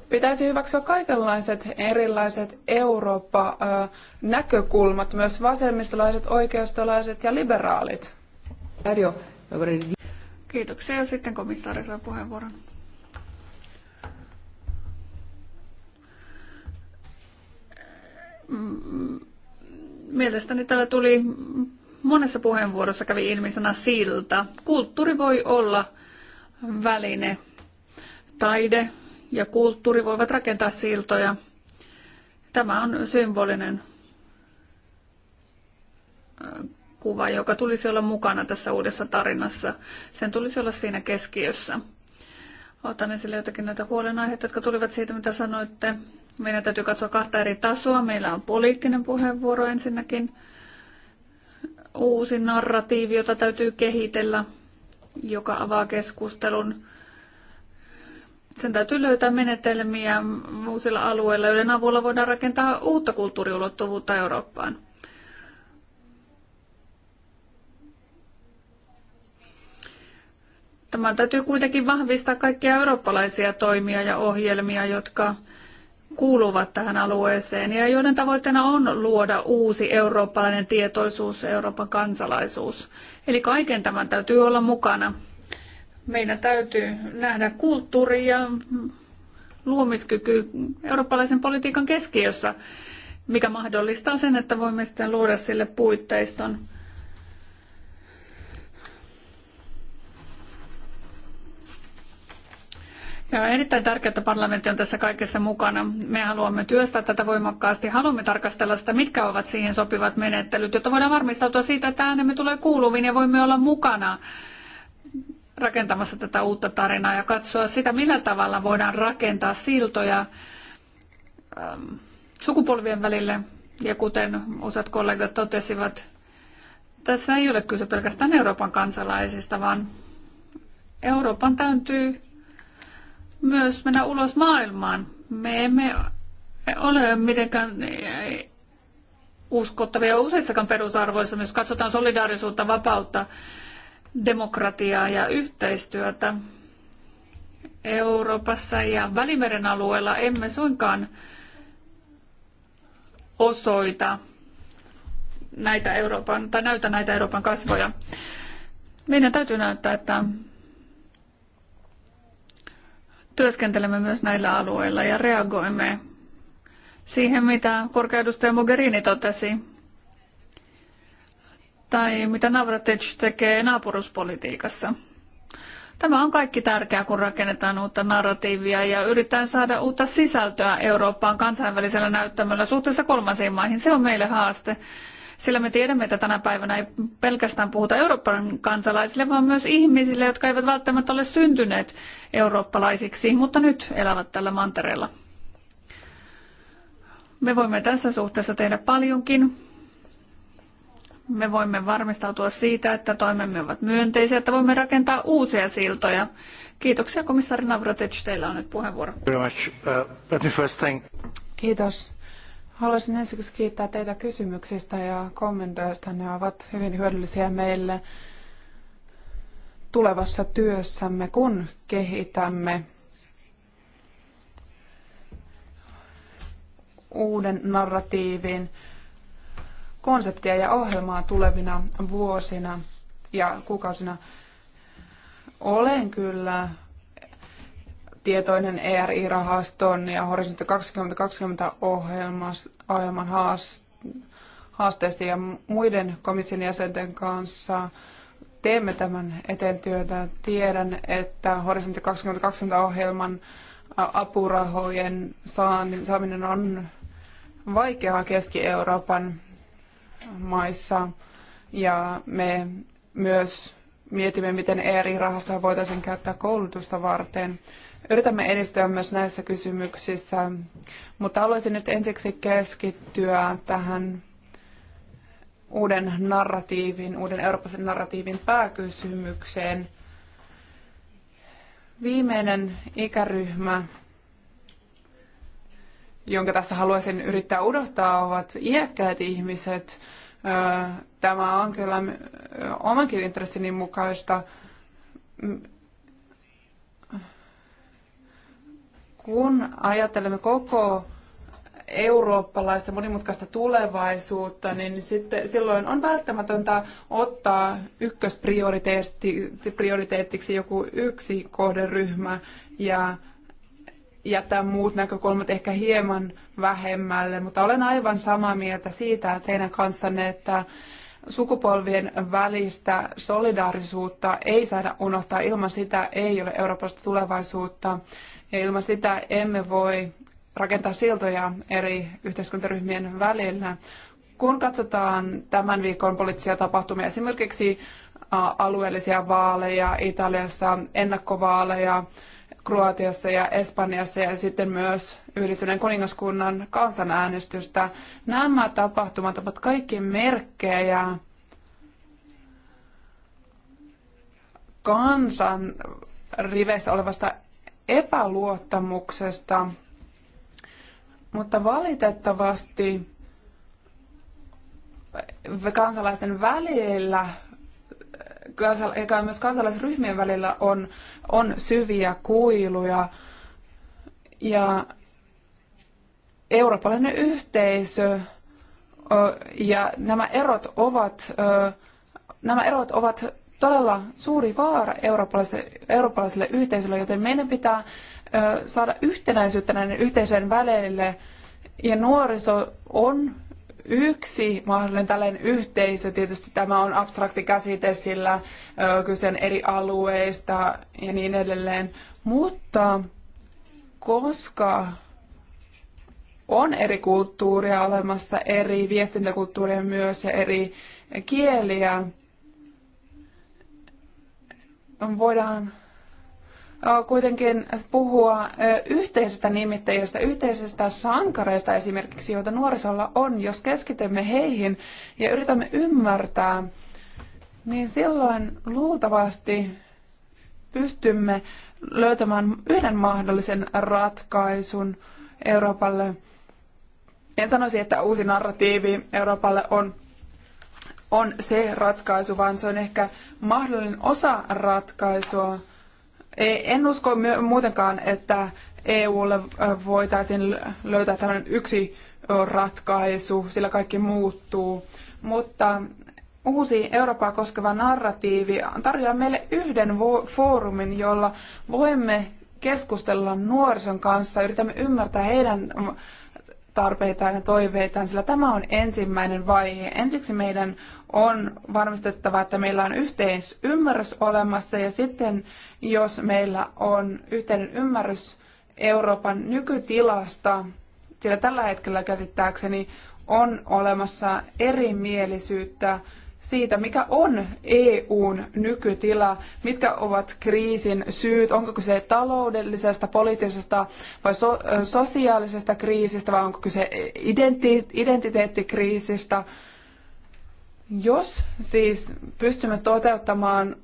Pitäisi hyväksyä kaikenlaiset erilaiset Eurooppa-näkökulmat, myös vasemmistolaiset, oikeistolaiset ja liberaalit. Kiitoksia ja sitten komissaari saa puheenvuoron. Mielestäni täällä tuli monessa puheenvuorossa kävi ilmi sana silta. Kulttuuri voi olla väline. Taide ja kulttuuri voivat rakentaa siltoja. Tämä on symbolinen äh, kuva, joka tulisi olla mukana tässä uudessa tarinassa. Sen tulisi olla siinä keskiössä. Otan esille jotakin näitä huolenaiheita, jotka tulivat siitä, mitä sanoitte. Meidän täytyy katsoa kahta eri tasoa. Meillä on poliittinen puheenvuoro ensinnäkin, uusi narratiivi, jota täytyy kehitellä joka avaa keskustelun. Sen täytyy löytää menetelmiä uusilla alueilla, joiden avulla voidaan rakentaa uutta kulttuuriulottuvuutta Eurooppaan. Tämän täytyy kuitenkin vahvistaa kaikkia eurooppalaisia toimia ja ohjelmia, jotka kuuluvat tähän alueeseen ja joiden tavoitteena on luoda uusi eurooppalainen tietoisuus, Euroopan kansalaisuus. Eli kaiken tämän täytyy olla mukana. Meidän täytyy nähdä kulttuuri ja luomiskyky eurooppalaisen politiikan keskiössä, mikä mahdollistaa sen, että voimme sitten luoda sille puitteiston Ja on erittäin tärkeää, että parlamentti on tässä kaikessa mukana. Me haluamme työstää tätä voimakkaasti. Haluamme tarkastella sitä, mitkä ovat siihen sopivat menettelyt, jotta voidaan varmistautua siitä, että äänemme tulee kuuluviin ja voimme olla mukana rakentamassa tätä uutta tarinaa ja katsoa sitä, millä tavalla voidaan rakentaa siltoja ähm, sukupolvien välille. Ja kuten useat kollegat totesivat, tässä ei ole kyse pelkästään Euroopan kansalaisista, vaan Euroopan täytyy myös mennä ulos maailmaan. Me emme ole mitenkään uskottavia useissakaan perusarvoissa, jos katsotaan solidaarisuutta, vapautta, demokratiaa ja yhteistyötä. Euroopassa ja Välimeren alueella emme suinkaan osoita näitä Euroopan, tai näytä näitä Euroopan kasvoja. Meidän täytyy näyttää, että työskentelemme myös näillä alueilla ja reagoimme siihen, mitä korkeudustaja Mogherini totesi tai mitä Navratic tekee naapuruspolitiikassa. Tämä on kaikki tärkeää, kun rakennetaan uutta narratiivia ja yritetään saada uutta sisältöä Eurooppaan kansainvälisellä näyttämöllä suhteessa kolmansiin maihin. Se on meille haaste. Sillä me tiedämme, että tänä päivänä ei pelkästään puhuta Euroopan kansalaisille, vaan myös ihmisille, jotka eivät välttämättä ole syntyneet eurooppalaisiksi, mutta nyt elävät tällä mantereella. Me voimme tässä suhteessa tehdä paljonkin. Me voimme varmistautua siitä, että toimemme ovat myönteisiä, että voimme rakentaa uusia siltoja. Kiitoksia komissaari Navratic, teillä on nyt puheenvuoro. Uh, Kiitos. Haluaisin ensiksi kiittää teitä kysymyksistä ja kommentoista. Ne ovat hyvin hyödyllisiä meille tulevassa työssämme, kun kehitämme uuden narratiivin konseptia ja ohjelmaa tulevina vuosina ja kuukausina. Olen kyllä tietoinen ERI-rahaston ja Horisontti 2020 ohjelman haasteista ja muiden komission jäsenten kanssa teemme tämän eteen työtä. Tiedän, että Horisontti 2020 ohjelman apurahojen saaminen on vaikeaa Keski-Euroopan maissa ja me myös mietimme, miten eri rahastoa voitaisiin käyttää koulutusta varten. Yritämme edistyä myös näissä kysymyksissä, mutta haluaisin nyt ensiksi keskittyä tähän uuden narratiivin, uuden eurooppalaisen narratiivin pääkysymykseen. Viimeinen ikäryhmä, jonka tässä haluaisin yrittää unohtaa, ovat iäkkäät ihmiset. Tämä on kyllä omankin intressini mukaista kun ajattelemme koko eurooppalaista monimutkaista tulevaisuutta, niin sitten, silloin on välttämätöntä ottaa ykkösprioriteettiksi joku yksi kohderyhmä ja jättää muut näkökulmat ehkä hieman vähemmälle, mutta olen aivan samaa mieltä siitä teidän kanssanne, että sukupolvien välistä solidaarisuutta ei saada unohtaa. Ilman sitä ei ole eurooppalaista tulevaisuutta. Ja ilman sitä emme voi rakentaa siltoja eri yhteiskuntaryhmien välillä. Kun katsotaan tämän viikon poliittisia tapahtumia, esimerkiksi alueellisia vaaleja Italiassa, ennakkovaaleja Kroatiassa ja Espanjassa ja sitten myös Yhdistyneen kuningaskunnan kansanäänestystä, nämä tapahtumat ovat kaikki merkkejä kansan riveissä olevasta epäluottamuksesta, mutta valitettavasti kansalaisten välillä ja myös kansalaisryhmien välillä on, on syviä kuiluja. Ja eurooppalainen yhteisö ja nämä erot ovat, nämä erot ovat todella suuri vaara eurooppalaiselle, eurooppalaiselle yhteisölle, joten meidän pitää saada yhtenäisyyttä näiden yhteisöjen välille. Ja nuoriso on yksi mahdollinen tällainen yhteisö. Tietysti tämä on abstrakti käsite, sillä kyse on eri alueista ja niin edelleen. Mutta koska on eri kulttuuria olemassa, eri viestintäkulttuuria myös ja eri kieliä, voidaan kuitenkin puhua yhteisestä nimittäjistä, yhteisestä sankareista esimerkiksi, joita nuorisolla on. Jos keskitymme heihin ja yritämme ymmärtää, niin silloin luultavasti pystymme löytämään yhden mahdollisen ratkaisun Euroopalle. En sanoisi, että uusi narratiivi Euroopalle on on se ratkaisu, vaan se on ehkä mahdollinen osa ratkaisua. E, en usko muutenkaan, että EUlle voitaisiin löytää tämmöinen yksi ratkaisu, sillä kaikki muuttuu. Mutta uusi Eurooppaa koskeva narratiivi tarjoaa meille yhden foorumin, jolla voimme keskustella nuorison kanssa, yritämme ymmärtää heidän tarpeitaan ja toiveitaan, sillä tämä on ensimmäinen vaihe. Ensiksi meidän on varmistettava, että meillä on yhteisymmärrys olemassa ja sitten jos meillä on yhteinen ymmärrys Euroopan nykytilasta, sillä tällä hetkellä käsittääkseni on olemassa erimielisyyttä siitä, mikä on EUn nykytila, mitkä ovat kriisin syyt, onko kyse taloudellisesta, poliittisesta vai so sosiaalisesta kriisistä vai onko kyse identi identiteettikriisistä. Jos siis pystymme toteuttamaan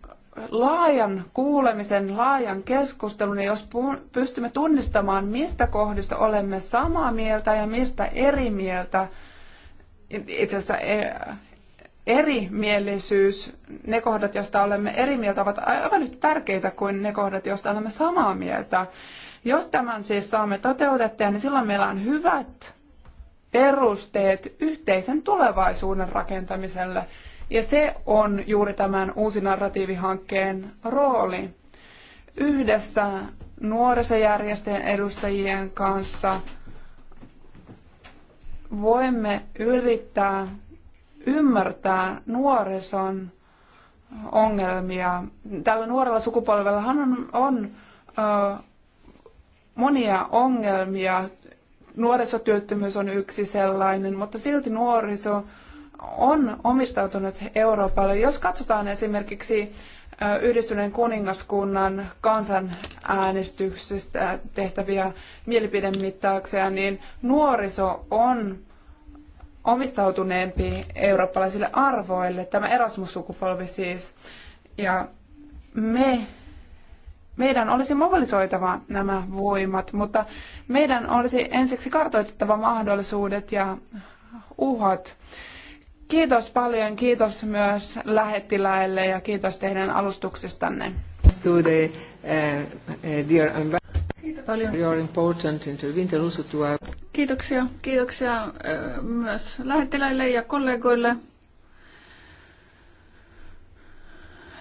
laajan kuulemisen, laajan keskustelun, niin jos pystymme tunnistamaan, mistä kohdista olemme samaa mieltä ja mistä eri mieltä, itse asiassa e, erimielisyys, ne kohdat, joista olemme eri mieltä, ovat aivan nyt tärkeitä kuin ne kohdat, joista olemme samaa mieltä. Jos tämän siis saamme toteutettua, niin silloin meillä on hyvät perusteet yhteisen tulevaisuuden rakentamiselle. Ja se on juuri tämän uusi narratiivihankkeen rooli. Yhdessä nuorisojärjestöjen edustajien kanssa voimme yrittää ymmärtää nuorison ongelmia. Tällä nuorella sukupolvellahan on, on ö, monia ongelmia. Nuorisotyöttömyys on yksi sellainen, mutta silti nuoriso on omistautunut Euroopalle. Jos katsotaan esimerkiksi Yhdistyneen kuningaskunnan kansanäänestyksestä tehtäviä mielipidemittauksia, niin nuoriso on omistautuneempi eurooppalaisille arvoille, tämä Erasmus-sukupolvi siis. Ja me, meidän olisi mobilisoitava nämä voimat, mutta meidän olisi ensiksi kartoitettava mahdollisuudet ja uhat. Kiitos paljon, kiitos myös lähettiläille ja kiitos teidän alustuksestanne. To the, uh, uh, dear Kiitos paljon. Your important also to our... Kiitoksia, kiitoksia uh, myös lähettiläille ja kollegoille.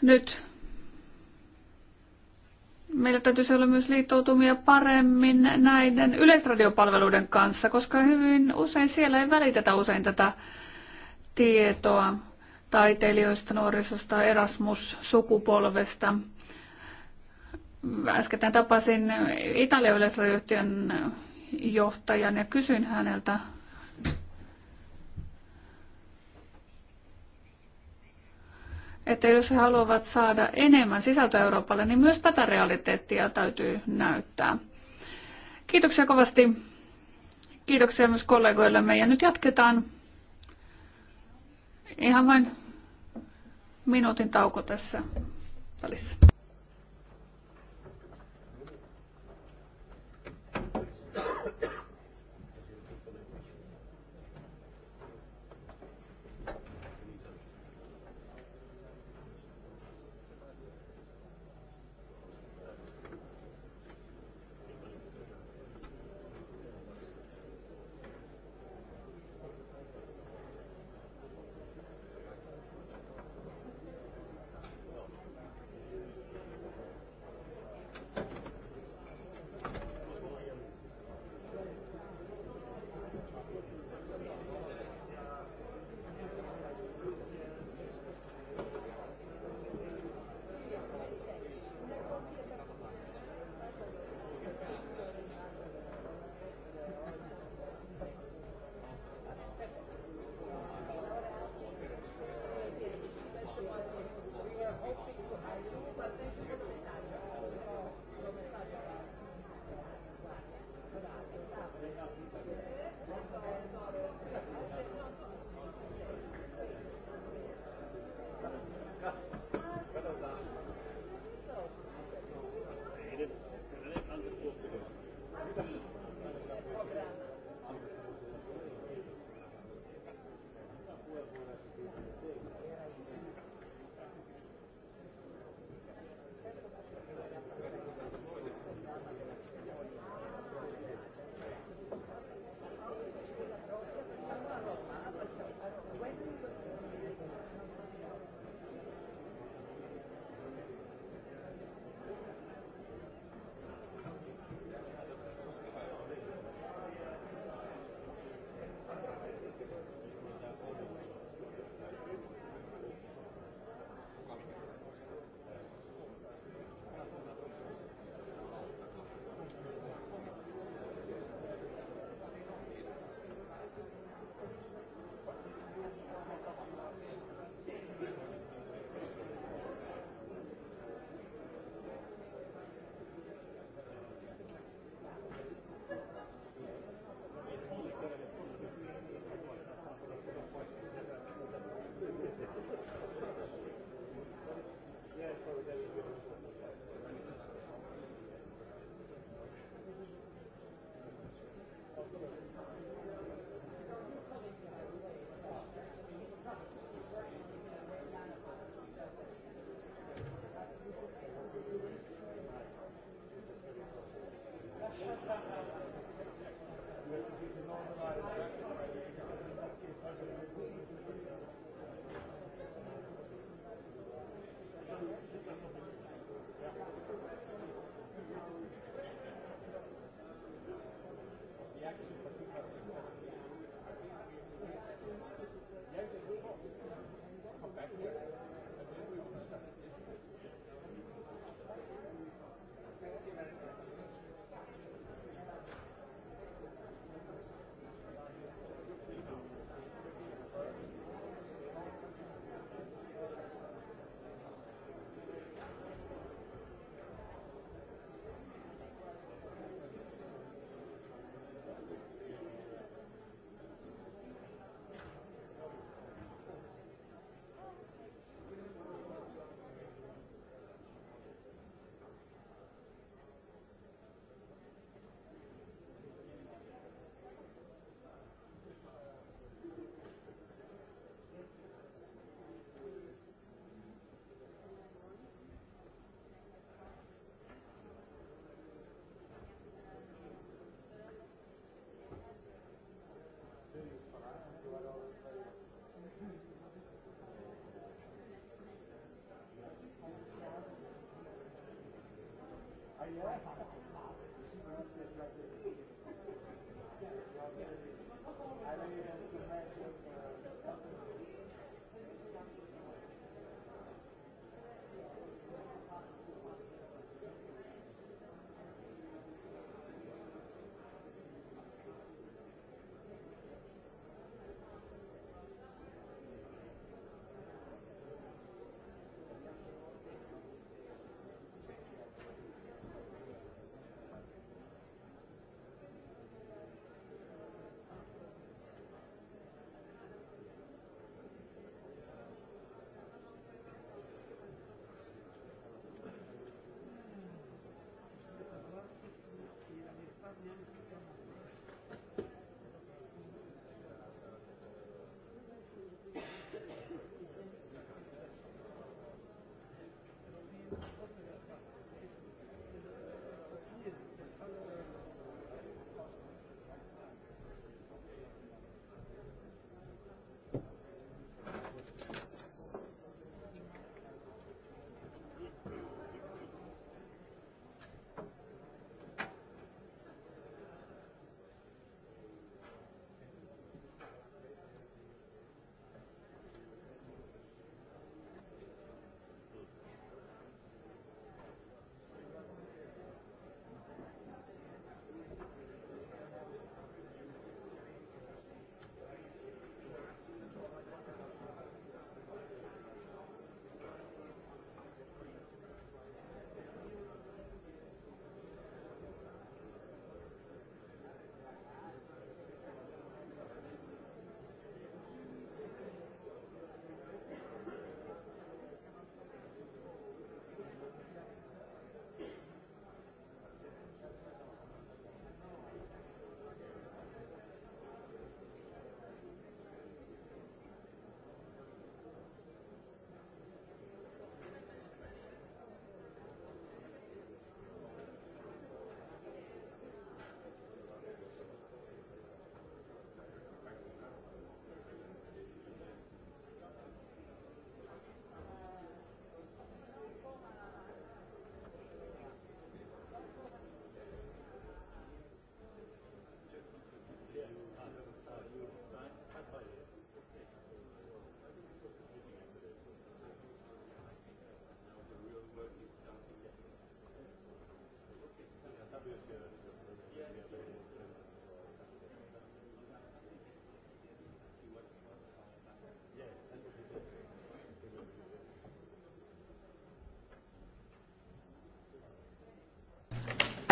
Nyt meillä täytyisi olla myös liittoutumia paremmin näiden yleisradiopalveluiden kanssa, koska hyvin usein siellä ei välitetä usein tätä tietoa taiteilijoista, nuorisosta, Erasmus-sukupolvesta. äsken tapasin Italian yleisradioyhtiön johtajan ja kysyin häneltä että jos he haluavat saada enemmän sisältöä Euroopalle, niin myös tätä realiteettia täytyy näyttää. Kiitoksia kovasti. Kiitoksia myös kollegoillemme ja nyt jatketaan Ihan vain minuutin tauko tässä välissä. Ahí va.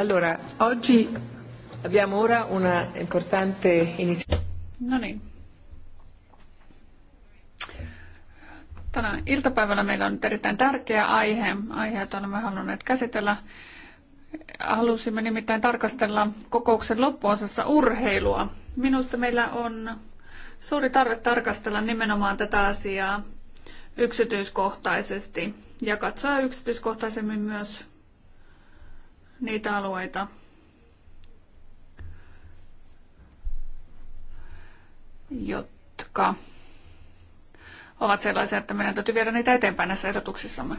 Allora, oggi abbiamo ora una importante iniziativa. No niin. Tänä iltapäivänä meillä on nyt erittäin tärkeä aihe, aihe jota olemme halunneet käsitellä. Halusimme nimittäin tarkastella kokouksen loppuosassa urheilua. Minusta meillä on suuri tarve tarkastella nimenomaan tätä asiaa yksityiskohtaisesti ja katsoa yksityiskohtaisemmin myös niitä alueita, jotka ovat sellaisia, että meidän täytyy viedä niitä eteenpäin näissä ehdotuksissamme.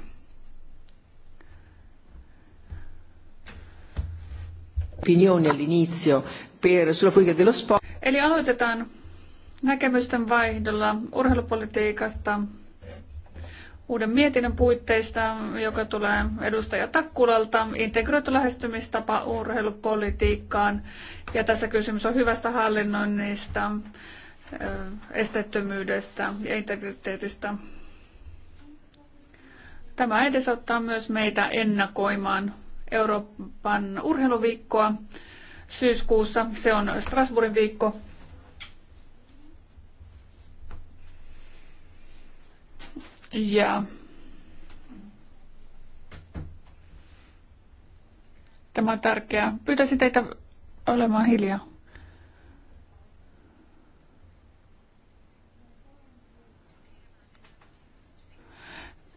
Opinioni all'inizio per sulla politica dello sport. Eli aloitetaan näkemysten vaihdolla urheilupolitiikasta, uuden mietinnön puitteista, joka tulee edustaja Takkulalta, integroitu lähestymistapa urheilupolitiikkaan. Ja tässä kysymys on hyvästä hallinnoinnista, estettömyydestä ja integriteetistä. Tämä edesauttaa myös meitä ennakoimaan Euroopan urheiluviikkoa syyskuussa. Se on Strasbourgin viikko Ja Tämä on tärkeää. Pyytäisin teitä olemaan hiljaa.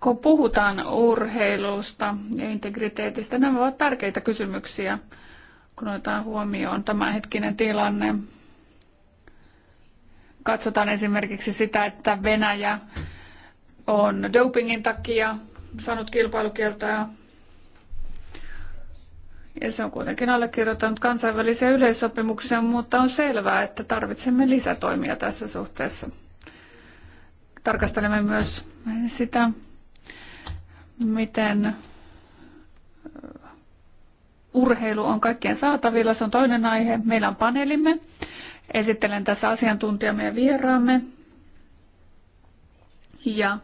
Kun puhutaan urheilusta ja integriteetistä, nämä ovat tärkeitä kysymyksiä, kun otetaan huomioon tämänhetkinen tilanne. Katsotaan esimerkiksi sitä, että Venäjä on dopingin takia saanut kilpailukieltoja. Ja se on kuitenkin allekirjoittanut kansainvälisiä yleissopimuksia, mutta on selvää, että tarvitsemme lisätoimia tässä suhteessa. Tarkastelemme myös sitä, miten urheilu on kaikkien saatavilla. Se on toinen aihe. Meillä on paneelimme. Esittelen tässä asiantuntijamme ja vieraamme. Ja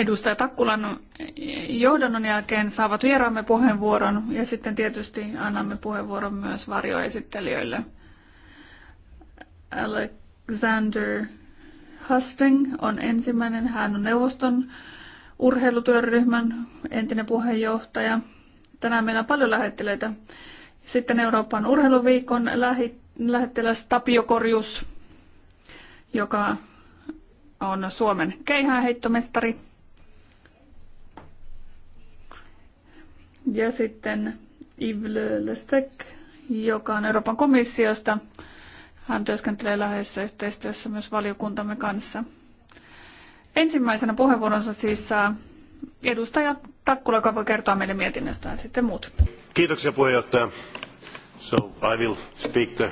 edustaja Takkulan johdannon jälkeen saavat vieraamme puheenvuoron ja sitten tietysti annamme puheenvuoron myös varjoesittelijöille. Alexander Husting on ensimmäinen. Hän on neuvoston urheilutyöryhmän entinen puheenjohtaja. Tänään meillä on paljon lähettilöitä. Sitten Euroopan urheiluviikon lähettiläs Tapio Korjus, joka on Suomen keihäänheittomestari. Ja sitten Yves Le Lestec, joka on Euroopan komissiosta. Hän työskentelee läheisessä yhteistyössä myös valiokuntamme kanssa. Ensimmäisenä puheenvuoronsa siis saa edustaja Takkula, joka voi kertoa meille mietinnöstään sitten muut. Kiitoksia puheenjohtaja. So I will speak the,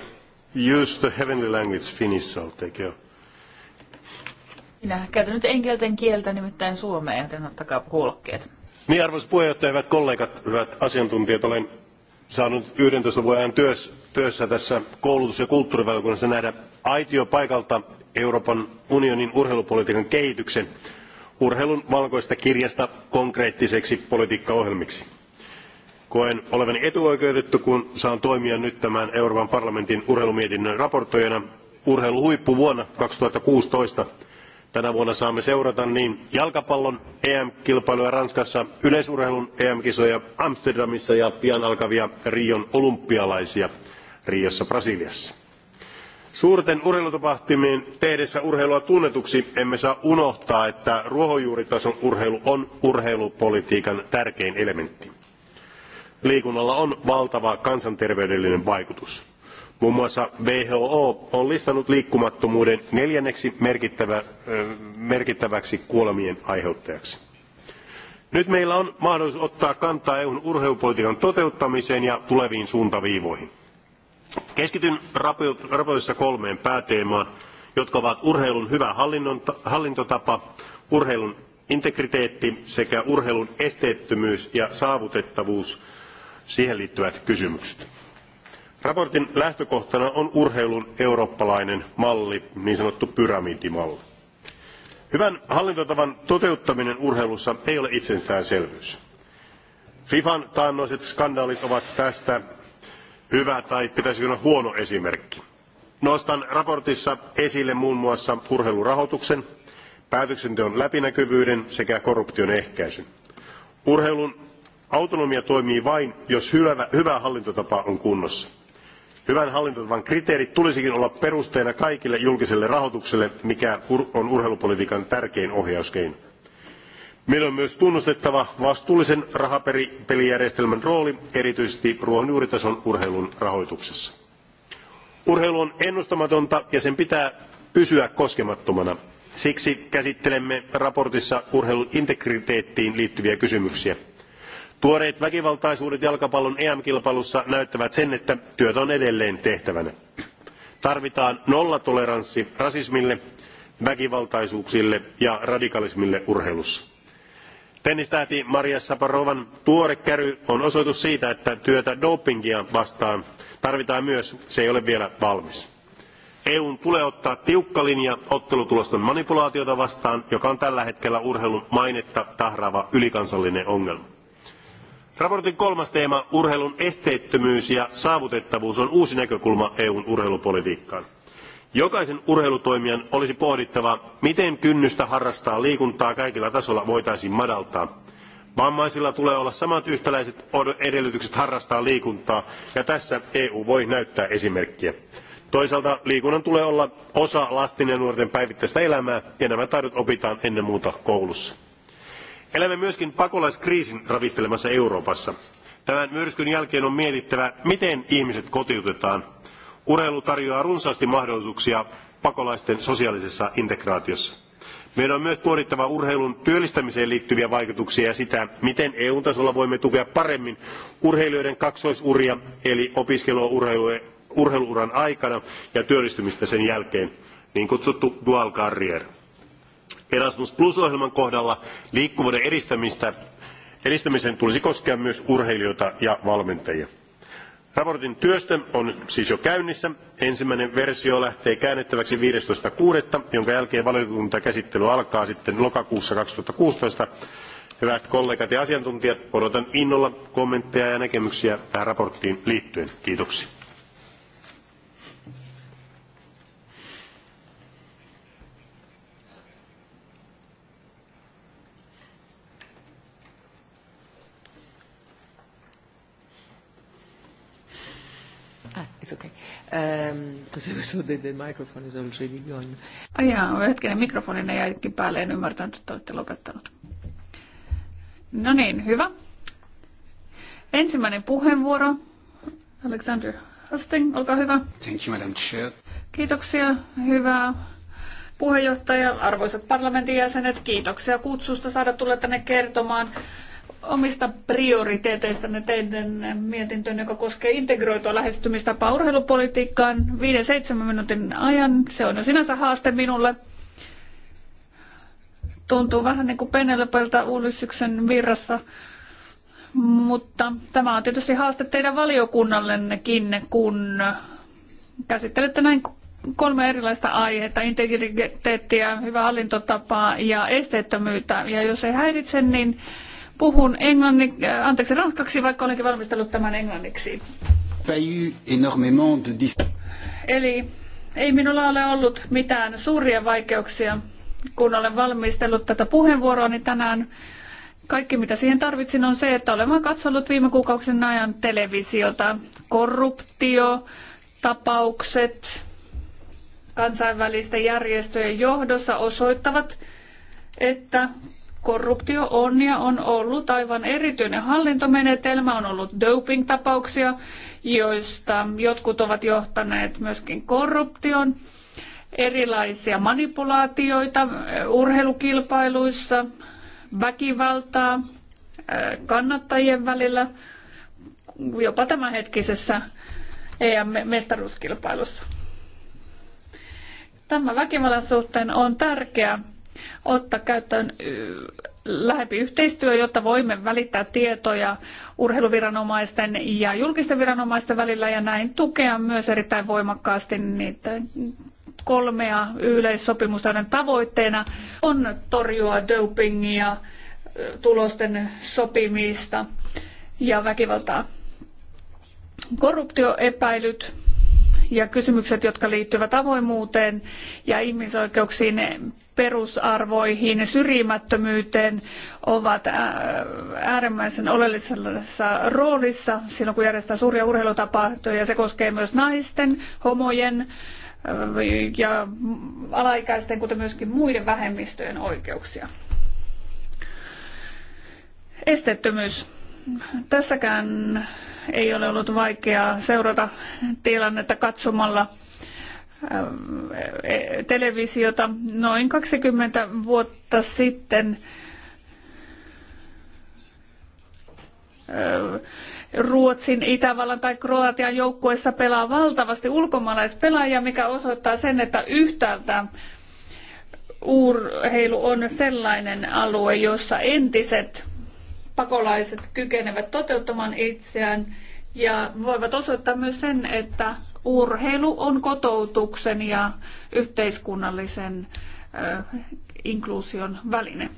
use the heavenly language Finnish, so take care. Minä käytän nyt enkelten kieltä, nimittäin suomea, joten ottakaa kuulokkeet. Niin, arvoisa puheenjohtaja, hyvät kollegat, hyvät asiantuntijat, olen saanut 11 vuoden ajan työssä tässä koulutus- ja kulttuurivaliokunnassa nähdä aitiopaikalta Euroopan unionin urheilupolitiikan kehityksen urheilun valkoista kirjasta konkreettiseksi politiikkaohjelmiksi. Koen olevani etuoikeutettu, kun saan toimia nyt tämän Euroopan parlamentin urheilumietinnön raportoijana urheiluhuippuvuonna 2016 – tänä vuonna saamme seurata niin jalkapallon em kilpailuja ranskassa yleisurheilun em kisoja amsterdamissa ja pian alkavia rion olympialaisia riossa brasiliassa. suurten urheilutapahtumien tehdessä urheilua tunnetuksi emme saa unohtaa että ruohonjuuritason urheilu on urheilupolitiikan tärkein elementti. liikunnalla on valtava kansanterveydellinen vaikutus Muun muassa WHO on listannut liikkumattomuuden neljänneksi merkittävä, merkittäväksi kuolemien aiheuttajaksi. Nyt meillä on mahdollisuus ottaa kantaa EUn urheilupolitiikan toteuttamiseen ja tuleviin suuntaviivoihin. Keskityn raportissa kolmeen pääteemaan, jotka ovat urheilun hyvä hallintotapa, urheilun integriteetti sekä urheilun esteettömyys ja saavutettavuus, siihen liittyvät kysymykset mietinnön lähtökohtana on urheilun eurooppalainen malli niin sanottu pyramidimalli. hyvän hallintotavan toteuttaminen urheilussa ei ole itsestäänselvyys. fifan taannoiset skandaalit ovat tästä hyvä tai pitäisikö sanoa huono esimerkki. nostan mietinnössä esille muun muassa urheilurahoituksen päätöksenteon läpinäkyvyyden sekä korruption ehkäisyn. urheilun autonomia toimii vain jos hyvä hallintotapa on kunnossa hyvän hallintotavan kriteerit tulisikin olla perusteena kaikille julkiselle rahoitukselle mikä on urheilupolitiikan tärkein ohjauskeino. meidän on myös tunnustettava vastuullisen rahapelijärjestelmän rooli erityisesti ruohonjuuritason urheilun rahoituksessa. urheilu on ennustamatonta ja sen pitää pysyä koskemattomana. siksi käsittelemme mietinnössä urheilun integriteettiin liittyviä kysymyksiä Tuoreet väkivaltaisuudet jalkapallon EM-kilpailussa näyttävät sen, että työtä on edelleen tehtävänä. Tarvitaan nollatoleranssi rasismille, väkivaltaisuuksille ja radikalismille urheilussa. Tennistähti Maria Saparovan tuore käry on osoitus siitä, että työtä dopingia vastaan tarvitaan myös, se ei ole vielä valmis. EUn tulee ottaa tiukka linja ottelutuloston manipulaatiota vastaan, joka on tällä hetkellä urheilun mainetta tahraava ylikansallinen ongelma Raportin kolmas teema, urheilun esteettömyys ja saavutettavuus, on uusi näkökulma EUn urheilupolitiikkaan. Jokaisen urheilutoimijan olisi pohdittava, miten kynnystä harrastaa liikuntaa kaikilla tasolla voitaisiin madaltaa. Vammaisilla tulee olla samat yhtäläiset edellytykset harrastaa liikuntaa, ja tässä EU voi näyttää esimerkkiä. Toisaalta liikunnan tulee olla osa lasten ja nuorten päivittäistä elämää, ja nämä taidot opitaan ennen muuta koulussa Elämme myöskin pakolaiskriisin ravistelemassa Euroopassa. Tämän myrskyn jälkeen on mietittävä, miten ihmiset kotiutetaan. Urheilu tarjoaa runsaasti mahdollisuuksia pakolaisten sosiaalisessa integraatiossa. Meidän on myös pohdittava urheilun työllistämiseen liittyviä vaikutuksia ja sitä, miten EU-tasolla voimme tukea paremmin urheilijoiden kaksoisuria, eli opiskelua urheiluuran aikana ja työllistymistä sen jälkeen, niin kutsuttu dual career. Erasmus Plus-ohjelman kohdalla liikkuvuuden edistämistä, edistämisen tulisi koskea myös urheilijoita ja valmentajia. Raportin työstö on siis jo käynnissä. Ensimmäinen versio lähtee käännettäväksi 15.6., jonka jälkeen valiokuntakäsittely alkaa sitten lokakuussa 2016. Hyvät kollegat ja asiantuntijat, odotan innolla kommentteja ja näkemyksiä tähän raporttiin liittyen. Kiitoksia. Because um, so the, the microphone is already gone. Oh, jaa, hetkinen mikrofonin jäikin päälle, en ymmärtänyt, että olette lopettanut. No niin, hyvä. Ensimmäinen puheenvuoro. Alexander Husting. olkaa hyvä. Thank you, Madam Chair. Kiitoksia, hyvää puheenjohtaja, arvoisat parlamentin jäsenet, kiitoksia kutsusta saada tulla tänne kertomaan omista prioriteeteista teidän mietintöön, joka koskee integroitua lähestymistapaa urheilupolitiikkaan 5-7 minuutin ajan. Se on jo sinänsä haaste minulle. Tuntuu vähän niin kuin Penelopelta uudistuksen virrassa. Mutta tämä on tietysti haaste teidän valiokunnallennekin, kun käsittelette näin kolme erilaista aihetta, integriteettiä, hyvää hallintotapaa ja esteettömyyttä. Ja jos ei häiritse, niin puhun englanni, äh, anteeksi, ranskaksi, vaikka olenkin valmistellut tämän englanniksi. Eli ei minulla ole ollut mitään suuria vaikeuksia, kun olen valmistellut tätä puheenvuoroani tänään. Kaikki mitä siihen tarvitsin on se, että olen katsellut viime kuukauksen ajan televisiota, korruptio, tapaukset, kansainvälisten järjestöjen johdossa osoittavat, että korruptio on ja on ollut aivan erityinen hallintomenetelmä, on ollut doping-tapauksia, joista jotkut ovat johtaneet myöskin korruption, erilaisia manipulaatioita eh, urheilukilpailuissa, väkivaltaa eh, kannattajien välillä, jopa tämänhetkisessä EM-mestaruuskilpailussa. Tämä väkivallan suhteen on tärkeää, ottaa käyttöön lähempi yhteistyö, jotta voimme välittää tietoja urheiluviranomaisten ja julkisten viranomaisten välillä ja näin tukea myös erittäin voimakkaasti niitä kolmea yleissopimusta, joiden tavoitteena on torjua dopingia, tulosten sopimista ja väkivaltaa. Korruptioepäilyt ja kysymykset, jotka liittyvät avoimuuteen ja ihmisoikeuksiin perusarvoihin ja syrjimättömyyteen ovat äh, äärimmäisen oleellisessa roolissa silloin, kun järjestetään suuria urheilutapahtumia. Se koskee myös naisten, homojen äh, ja alaikäisten, kuten myöskin muiden vähemmistöjen oikeuksia. Estettömyys. Tässäkään ei ole ollut vaikeaa seurata tilannetta katsomalla – televisiota noin 20 vuotta sitten Ruotsin, Itävallan tai Kroatian joukkueessa pelaa valtavasti ulkomaalaispelaajia, mikä osoittaa sen, että yhtäältä urheilu on sellainen alue, jossa entiset pakolaiset kykenevät toteuttamaan itseään ja voivat osoittaa myös sen, että urheilu on kotoutuksen ja yhteiskunnallisen inkluusion väline.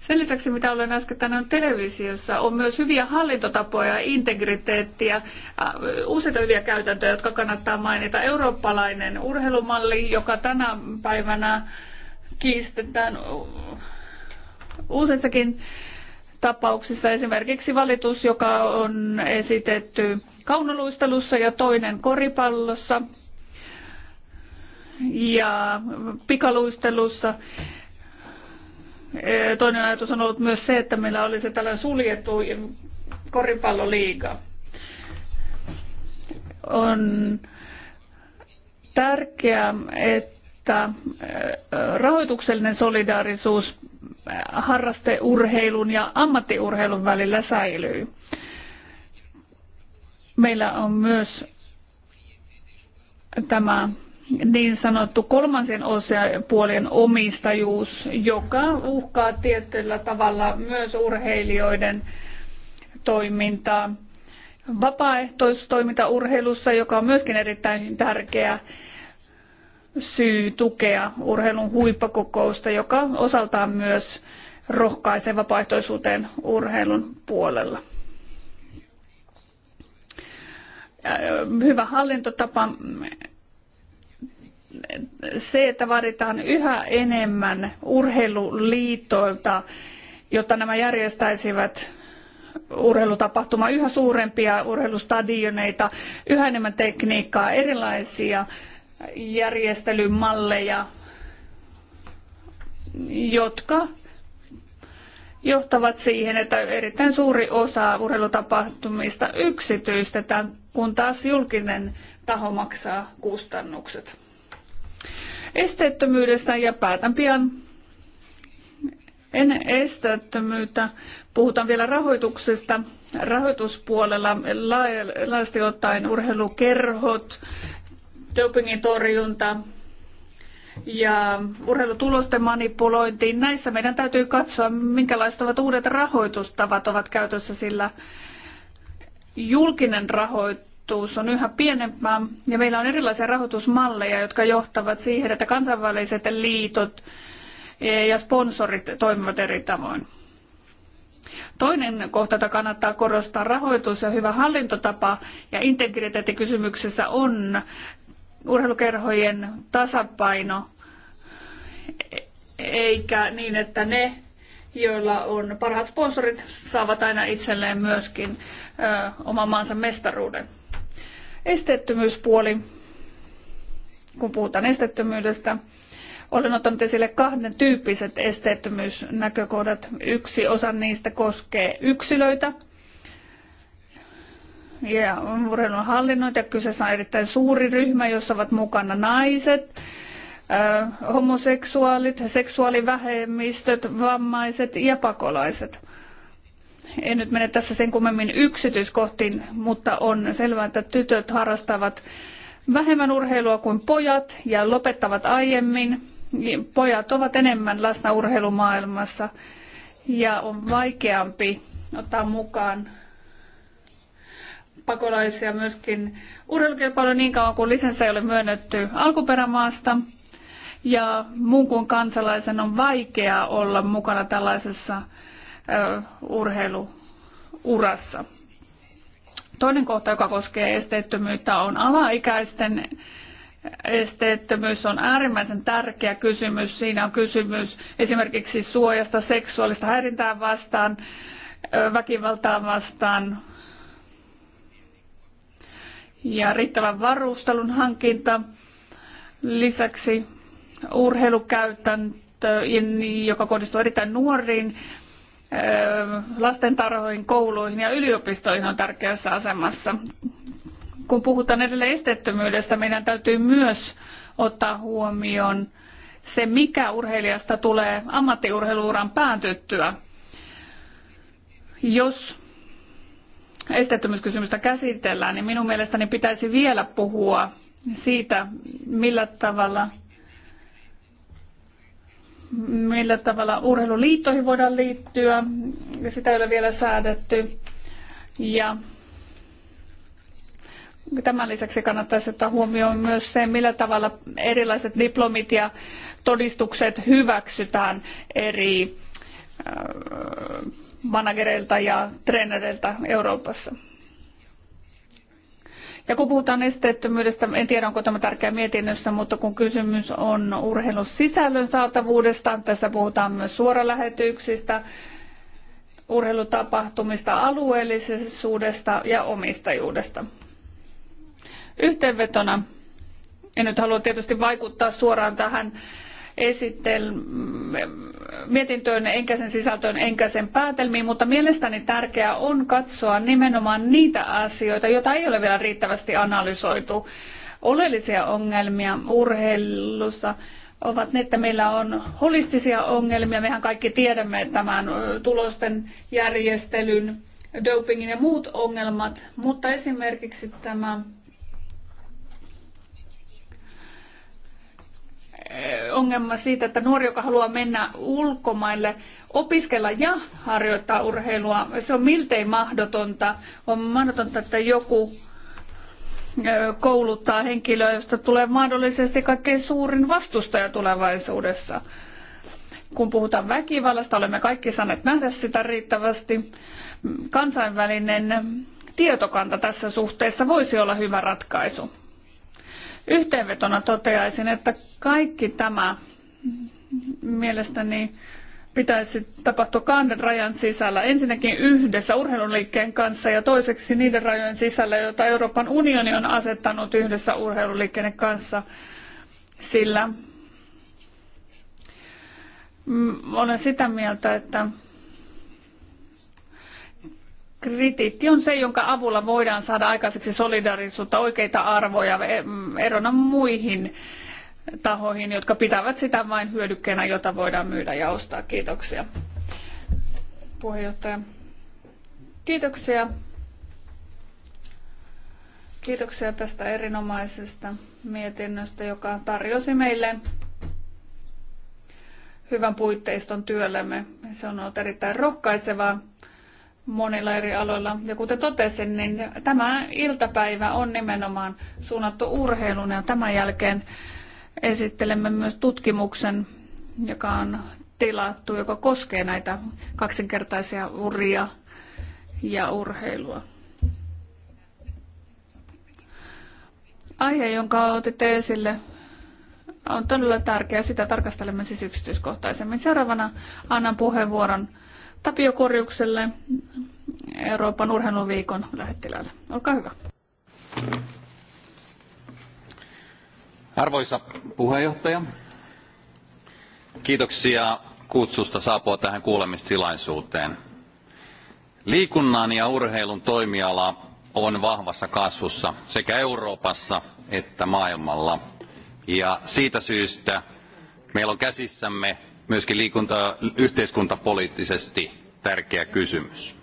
Sen lisäksi, mitä olen äsken tänään televisiossa, on myös hyviä hallintotapoja integriteettiä, useita hyviä käytäntöjä, jotka kannattaa mainita. Eurooppalainen urheilumalli, joka tänä päivänä kiistetään useissakin tapauksissa. Esimerkiksi valitus, joka on esitetty kaunoluistelussa ja toinen koripallossa ja pikaluistelussa. Toinen ajatus on ollut myös se, että meillä olisi tällainen suljettu koripalloliiga. On tärkeää, että että rahoituksellinen solidaarisuus harrasteurheilun ja ammattiurheilun välillä säilyy. Meillä on myös tämä niin sanottu kolmansien osapuolien omistajuus, joka uhkaa tietyllä tavalla myös urheilijoiden toimintaa. Vapaaehtoistoiminta urheilussa, joka on myöskin erittäin tärkeä syy tukea urheilun huippakokousta, joka osaltaan myös rohkaisee vapaaehtoisuuteen urheilun puolella. Äh, hyvä hallintotapa, se, että vaaditaan yhä enemmän urheiluliitoilta, jotta nämä järjestäisivät urheilutapahtuma, yhä suurempia urheilustadioneita, yhä enemmän tekniikkaa, erilaisia järjestelymalleja, jotka johtavat siihen, että erittäin suuri osa urheilutapahtumista yksityistetään, kun taas julkinen taho maksaa kustannukset. Esteettömyydestä ja päätän pian en esteettömyyttä. Puhutaan vielä rahoituksesta. Rahoituspuolella laajasti ottaen urheilukerhot dopingin torjunta ja urheilutulosten manipulointiin. Näissä meidän täytyy katsoa, minkälaiset ovat uudet rahoitustavat ovat käytössä, sillä julkinen rahoitus on yhä pienempää ja meillä on erilaisia rahoitusmalleja, jotka johtavat siihen, että kansainväliset liitot ja sponsorit toimivat eri tavoin. Toinen kohta, jota kannattaa korostaa, rahoitus ja hyvä hallintotapa ja integriteettikysymyksessä on urheilukerhojen tasapaino, eikä niin, että ne, joilla on parhaat sponsorit, saavat aina itselleen myöskin ö, oman maansa mestaruuden. Esteettömyyspuoli, kun puhutaan esteettömyydestä, olen ottanut esille kahden tyyppiset esteettömyysnäkökohdat. Yksi osa niistä koskee yksilöitä, ja urheilun hallinnointi. Kyseessä on erittäin suuri ryhmä, jossa ovat mukana naiset, homoseksuaalit, seksuaalivähemmistöt, vammaiset ja pakolaiset. En nyt mene tässä sen kummemmin yksityiskohtiin, mutta on selvää, että tytöt harrastavat vähemmän urheilua kuin pojat ja lopettavat aiemmin. Pojat ovat enemmän läsnä urheilumaailmassa ja on vaikeampi ottaa mukaan pakolaisia myöskin urheilukilpailu niin kauan kuin lisenssi ei ole myönnetty alkuperämaasta. Ja muun kuin kansalaisen on vaikea olla mukana tällaisessa ö, urheiluurassa. Toinen kohta, joka koskee esteettömyyttä, on alaikäisten esteettömyys on äärimmäisen tärkeä kysymys. Siinä on kysymys esimerkiksi suojasta seksuaalista häirintää vastaan, väkivaltaa vastaan, ja riittävän varustelun hankinta. Lisäksi urheilukäytäntö, joka kohdistuu erittäin nuoriin, lastentarhoihin, kouluihin ja yliopistoihin on tärkeässä asemassa. Kun puhutaan edelleen esteettömyydestä, meidän täytyy myös ottaa huomioon se, mikä urheilijasta tulee ammattiurheiluuran päätyttyä. Jos esteettömyyskysymystä käsitellään, niin minun mielestäni pitäisi vielä puhua siitä, millä tavalla millä tavalla urheiluliittoihin voidaan liittyä, sitä ei ole vielä säädetty. Ja tämän lisäksi kannattaisi ottaa huomioon myös se, millä tavalla erilaiset diplomit ja todistukset hyväksytään eri äh, managereilta ja treenereiltä Euroopassa. Ja kun puhutaan esteettömyydestä, en tiedä onko tämä tärkeä mietinnössä, mutta kun kysymys on urheilusisällön saatavuudesta, tässä puhutaan myös suoralähetyksistä, urheilutapahtumista, alueellisuudesta ja omistajuudesta. Yhteenvetona, en nyt halua tietysti vaikuttaa suoraan tähän mietintöön, enkä sen sisältöön, enkä sen päätelmiin, mutta mielestäni tärkeää on katsoa nimenomaan niitä asioita, joita ei ole vielä riittävästi analysoitu. Oleellisia ongelmia urheilussa ovat ne, että meillä on holistisia ongelmia. Mehän kaikki tiedämme tämän tulosten järjestelyn, dopingin ja muut ongelmat, mutta esimerkiksi tämä ongelma siitä, että nuori, joka haluaa mennä ulkomaille opiskella ja harjoittaa urheilua, se on miltei mahdotonta. On mahdotonta, että joku kouluttaa henkilöä, josta tulee mahdollisesti kaikkein suurin vastustaja tulevaisuudessa. Kun puhutaan väkivallasta, olemme kaikki saaneet nähdä sitä riittävästi. Kansainvälinen tietokanta tässä suhteessa voisi olla hyvä ratkaisu. Yhteenvetona toteaisin, että kaikki tämä mielestäni pitäisi tapahtua kahden rajan sisällä. Ensinnäkin yhdessä urheiluliikkeen kanssa ja toiseksi niiden rajojen sisällä, joita Euroopan unioni on asettanut yhdessä urheiluliikkeiden kanssa. Sillä mm, olen sitä mieltä, että Kritiikki on se, jonka avulla voidaan saada aikaiseksi solidaarisuutta, oikeita arvoja eh, mm, erona muihin tahoihin, jotka pitävät sitä vain hyödykkeenä, jota voidaan myydä ja ostaa. Kiitoksia. Puheenjohtaja. Kiitoksia. Kiitoksia tästä erinomaisesta mietinnöstä, joka tarjosi meille hyvän puitteiston työllemme. Se on ollut erittäin rohkaisevaa monilla eri aloilla. Ja kuten totesin, niin tämä iltapäivä on nimenomaan suunnattu urheiluun ja tämän jälkeen esittelemme myös tutkimuksen, joka on tilattu, joka koskee näitä kaksinkertaisia uria ja urheilua. Aihe, jonka otitte esille, on todella tärkeä. Sitä tarkastelemme siis yksityiskohtaisemmin. Seuraavana annan puheenvuoron Tapio Korjukselle, Euroopan urheiluviikon lähettiläälle. Olkaa hyvä. Arvoisa puheenjohtaja, kiitoksia kutsusta saapua tähän kuulemistilaisuuteen. Liikunnan ja urheilun toimiala on vahvassa kasvussa sekä Euroopassa että maailmalla. Ja siitä syystä meillä on käsissämme Myöskin liikunta yhteiskuntapoliittisesti tärkeä kysymys.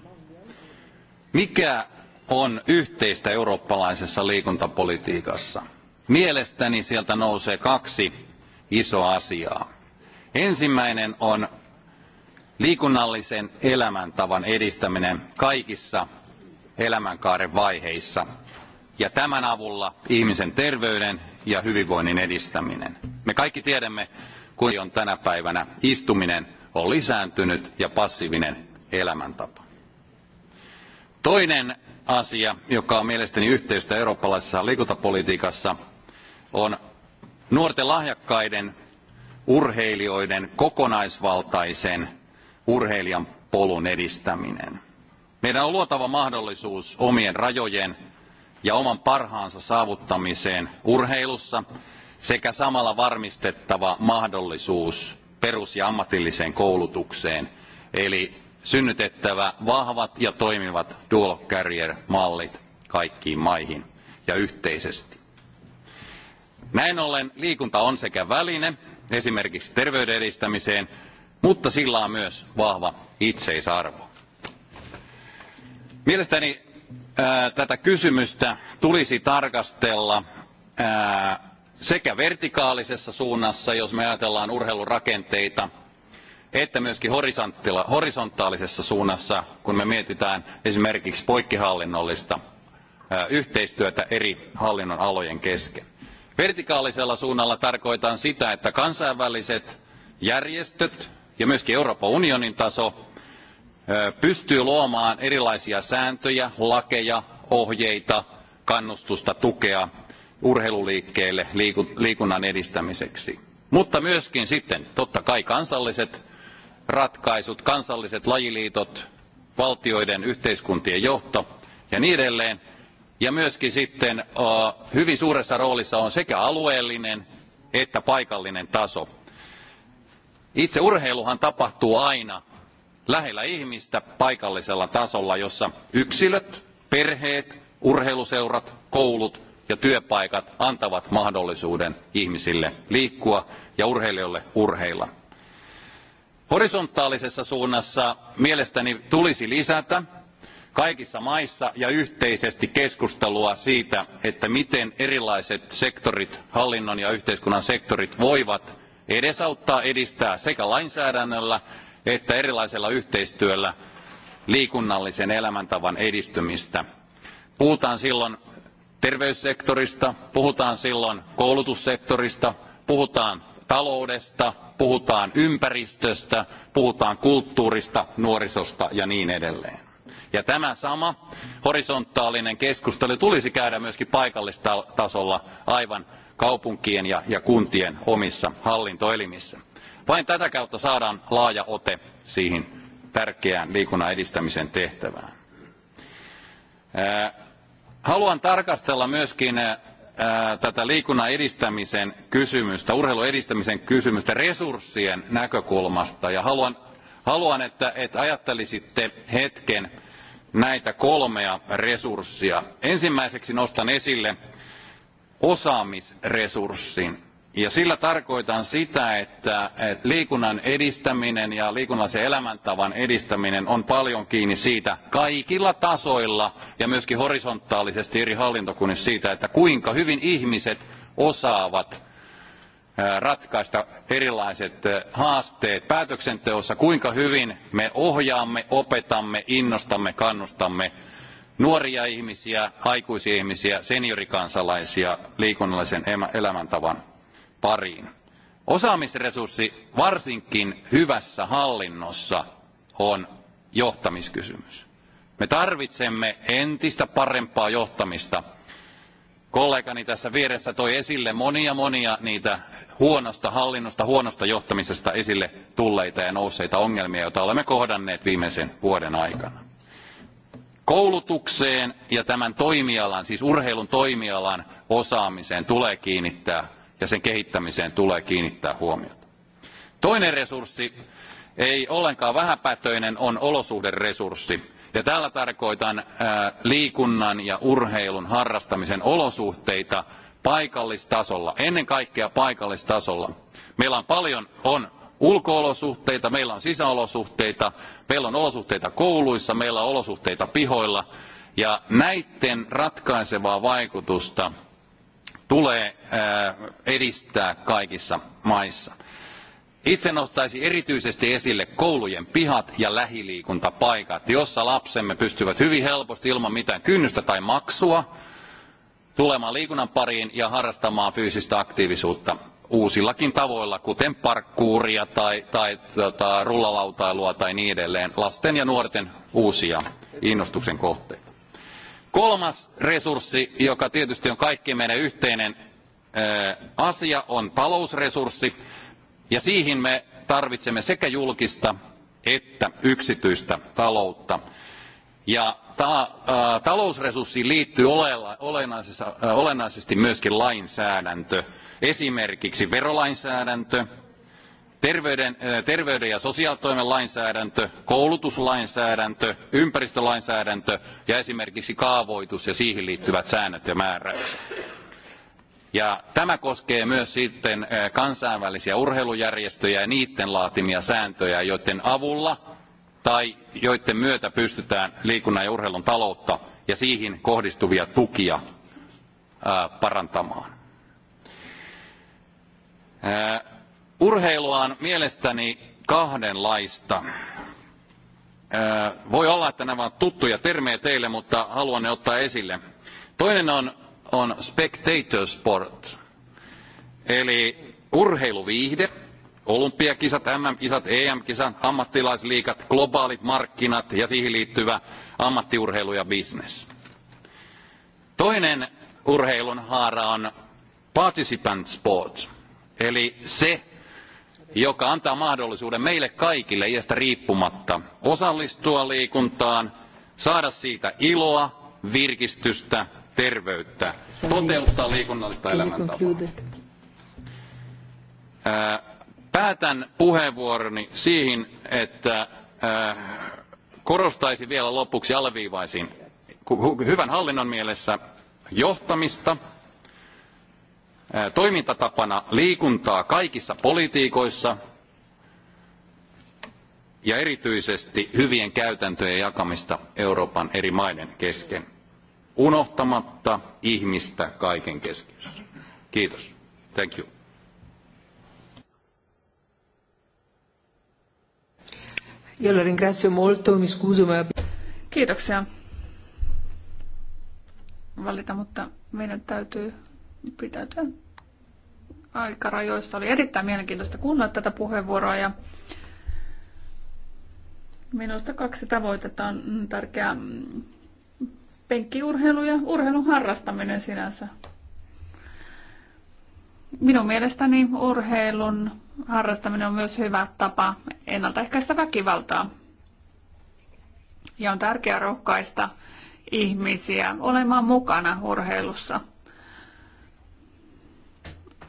Mikä on yhteistä eurooppalaisessa liikuntapolitiikassa? Mielestäni sieltä nousee kaksi isoa asiaa. Ensimmäinen on liikunnallisen elämäntavan edistäminen kaikissa elämänkaaren vaiheissa ja tämän avulla ihmisen terveyden ja hyvinvoinnin edistäminen. Me kaikki tiedämme, kuin on tänä päivänä istuminen on lisääntynyt ja passiivinen elämäntapa. Toinen asia, joka on mielestäni yhteistä eurooppalaisessa liikuntapolitiikassa, on nuorten lahjakkaiden urheilijoiden kokonaisvaltaisen urheilijan polun edistäminen. Meidän on luotava mahdollisuus omien rajojen ja oman parhaansa saavuttamiseen urheilussa sekä samalla varmistettava mahdollisuus perus- ja ammatilliseen koulutukseen, eli synnytettävä vahvat ja toimivat dual carrier-mallit kaikkiin maihin ja yhteisesti. Näin ollen liikunta on sekä väline esimerkiksi terveyden edistämiseen, mutta sillä on myös vahva itseisarvo. Mielestäni ää, tätä kysymystä tulisi tarkastella ää, sekä vertikaalisessa suunnassa, jos me ajatellaan urheilurakenteita, että myöskin horisontaalisessa suunnassa, kun me mietitään esimerkiksi poikkihallinnollista yhteistyötä eri hallinnon alojen kesken. Vertikaalisella suunnalla tarkoitan sitä, että kansainväliset järjestöt ja myöskin Euroopan unionin taso pystyy luomaan erilaisia sääntöjä, lakeja, ohjeita, kannustusta, tukea urheiluliikkeelle liikunnan edistämiseksi. Mutta myöskin sitten totta kai kansalliset ratkaisut, kansalliset lajiliitot, valtioiden yhteiskuntien johto ja niin edelleen. Ja myöskin sitten hyvin suuressa roolissa on sekä alueellinen että paikallinen taso. Itse urheiluhan tapahtuu aina lähellä ihmistä paikallisella tasolla, jossa yksilöt, perheet, urheiluseurat, koulut ja työpaikat antavat mahdollisuuden ihmisille liikkua ja urheilijoille urheilla. Horisontaalisessa suunnassa mielestäni tulisi lisätä kaikissa maissa ja yhteisesti keskustelua siitä, että miten erilaiset sektorit, hallinnon ja yhteiskunnan sektorit voivat edesauttaa, edistää sekä lainsäädännöllä että erilaisella yhteistyöllä liikunnallisen elämäntavan edistymistä. Puhutaan silloin terveyssektorista puhutaan silloin koulutussektorista puhutaan taloudesta puhutaan ympäristöstä puhutaan kulttuurista nuorisosta ja niin edelleen. Ja tämä sama horisontaalinen keskustelu tulisi käydä myöskin paikallistasolla aivan kaupunkien ja, ja kuntien omissa hallintoelimissä. Vain tätä kautta saadaan laaja ote siihen tärkeään liikunnan edistämisen tehtävään. Ää, Haluan tarkastella myöskin tätä liikunnan edistämisen kysymystä, urheilun edistämisen kysymystä resurssien näkökulmasta. Ja haluan, haluan että, että ajattelisitte hetken näitä kolmea resurssia. Ensimmäiseksi nostan esille osaamisresurssin. Ja sillä tarkoitan sitä, että liikunnan edistäminen ja liikunnallisen elämäntavan edistäminen on paljon kiinni siitä kaikilla tasoilla ja myöskin horisontaalisesti eri hallintokunnissa siitä, että kuinka hyvin ihmiset osaavat ratkaista erilaiset haasteet päätöksenteossa, kuinka hyvin me ohjaamme, opetamme, innostamme, kannustamme nuoria ihmisiä, aikuisia ihmisiä, seniorikansalaisia liikunnallisen elämäntavan pariin. Osaamisresurssi varsinkin hyvässä hallinnossa on johtamiskysymys. Me tarvitsemme entistä parempaa johtamista. Kollegani tässä vieressä toi esille monia monia niitä huonosta hallinnosta, huonosta johtamisesta esille tulleita ja nousseita ongelmia, joita olemme kohdanneet viimeisen vuoden aikana. Koulutukseen ja tämän toimialan, siis urheilun toimialan osaamiseen tulee kiinnittää ja sen kehittämiseen tulee kiinnittää huomiota. Toinen resurssi, ei ollenkaan vähäpätöinen, on olosuhderesurssi. Ja tällä tarkoitan ää, äh, liikunnan ja urheilun harrastamisen olosuhteita paikallistasolla, ennen kaikkea paikallistasolla. Meillä on paljon on ulkoolosuhteita, meillä on sisäolosuhteita, meillä on olosuhteita kouluissa, meillä on olosuhteita pihoilla. Ja näiden ratkaisevaa vaikutusta tulee edistää kaikissa maissa. Itse nostaisin erityisesti esille koulujen pihat ja lähiliikuntapaikat, jossa lapsemme pystyvät hyvin helposti ilman mitään kynnystä tai maksua tulemaan liikunnan pariin ja harrastamaan fyysistä aktiivisuutta uusillakin tavoilla, kuten parkkuuria tai, tai tota, rullalautailua tai niin edelleen, lasten ja nuorten uusia innostuksen kohteita. Kolmas resurssi, joka tietysti on kaikki meidän yhteinen asia, on talousresurssi. Ja siihen me tarvitsemme sekä julkista että yksityistä taloutta. Ja ta, talousresurssiin liittyy olennaisesti myöskin lainsäädäntö, esimerkiksi verolainsäädäntö, Terveyden, terveyden ja sosiaalitoimen lainsäädäntö, koulutuslainsäädäntö, ympäristölainsäädäntö ja esimerkiksi kaavoitus ja siihen liittyvät säännöt ja määräykset. Ja tämä koskee myös sitten kansainvälisiä urheilujärjestöjä ja niiden laatimia sääntöjä, joiden avulla tai joiden myötä pystytään liikunnan ja urheilun taloutta ja siihen kohdistuvia tukia parantamaan. Urheilua on mielestäni kahdenlaista. Voi olla, että nämä ovat tuttuja termejä teille, mutta haluan ne ottaa esille. Toinen on, on spectator sport, eli urheiluviihde, olympiakisat, MM-kisat, EM-kisat, ammattilaisliikat, globaalit markkinat ja siihen liittyvä ammattiurheilu ja bisnes. Toinen urheilun haara on participant sport, eli se joka antaa mahdollisuuden meille kaikille iästä riippumatta osallistua liikuntaan, saada siitä iloa, virkistystä, terveyttä, toteuttaa liikunnallista elämäntapaa. Päätän puheenvuoroni siihen, että korostaisin vielä lopuksi alleviivaisin hyvän hallinnon mielessä johtamista – toimintatapana liikuntaa kaikissa politiikoissa ja erityisesti hyvien käytäntöjen jakamista Euroopan eri maiden kesken, unohtamatta ihmistä kaiken keskiössä. Kiitos. Thank you. Io la ringrazio molto, mi scuso, ma... Kiitoksia. Valita, mutta meidän täytyy pitäytyä aikarajoista. Oli erittäin mielenkiintoista kuunnella tätä puheenvuoroa ja minusta kaksi tavoitetta on tärkeää. Penkkiurheilu ja urheilun harrastaminen sinänsä. Minun mielestäni urheilun harrastaminen on myös hyvä tapa ennaltaehkäistä väkivaltaa. Ja on tärkeää rohkaista ihmisiä olemaan mukana urheilussa –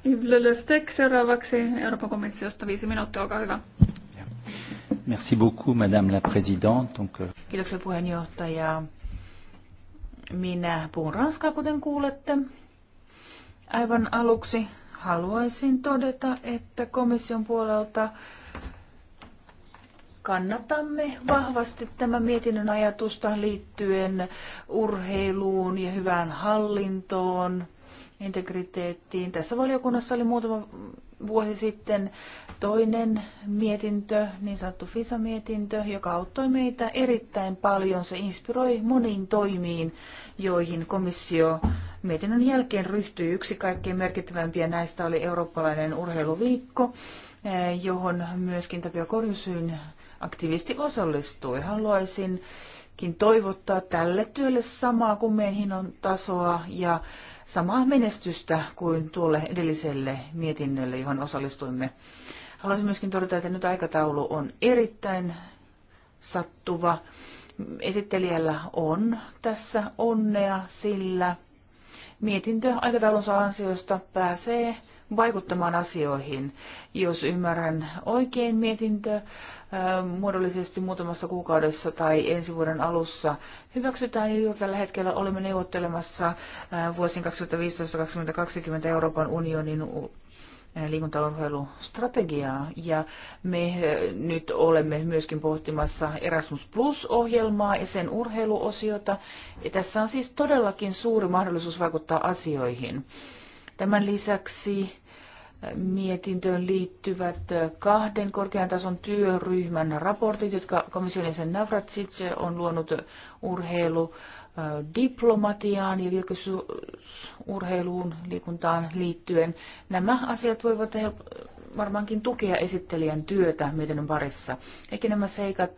Ylöstek seuraavaksi Euroopan komissiosta viisi minuuttia, olkaa hyvä. Merci beaucoup, Madame la Présidente. Donc... Euh, Kiitoksia puheenjohtaja. Minä puhun ranskaa, kuten kuulette. Aivan aluksi haluaisin todeta, että komission puolelta kannatamme vahvasti tämän mietinnön ajatusta liittyen urheiluun ja hyvään hallintoon integriteettiin. Tässä valiokunnassa oli muutama vuosi sitten toinen mietintö, niin sanottu FISA-mietintö, joka auttoi meitä erittäin paljon. Se inspiroi moniin toimiin, joihin komissio mietinnön jälkeen ryhtyi. Yksi kaikkein merkittävämpiä näistä oli eurooppalainen urheiluviikko, eh, johon myöskin Tapio Korjusyyn aktivisti osallistui. Haluaisinkin toivottaa tälle työlle samaa kummeenhinon tasoa ja samaa menestystä kuin tuolle edelliselle mietinnölle, johon osallistuimme. Haluaisin myöskin todeta, että nyt aikataulu on erittäin sattuva. Esittelijällä on tässä onnea, sillä mietintö aikataulunsa ansiosta pääsee vaikuttamaan asioihin. Jos ymmärrän oikein, mietintö muodollisesti muutamassa kuukaudessa tai ensi vuoden alussa hyväksytään. Ja juuri tällä hetkellä olemme neuvottelemassa vuosin 2015-2020 Euroopan unionin liikuntaurheilustrategiaa ja me nyt olemme myöskin pohtimassa Erasmus Plus-ohjelmaa ja sen urheiluosiota. Ja tässä on siis todellakin suuri mahdollisuus vaikuttaa asioihin. Tämän lisäksi mietintöön liittyvät kahden korkean tason työryhmän raportit, jotka komission jäsen Navracic on luonut urheilu diplomatiaan ja virkistysurheiluun, liikuntaan liittyen. Nämä asiat voivat varmaankin tukea esittelijän työtä mietinnön parissa. Eikä nämä seikat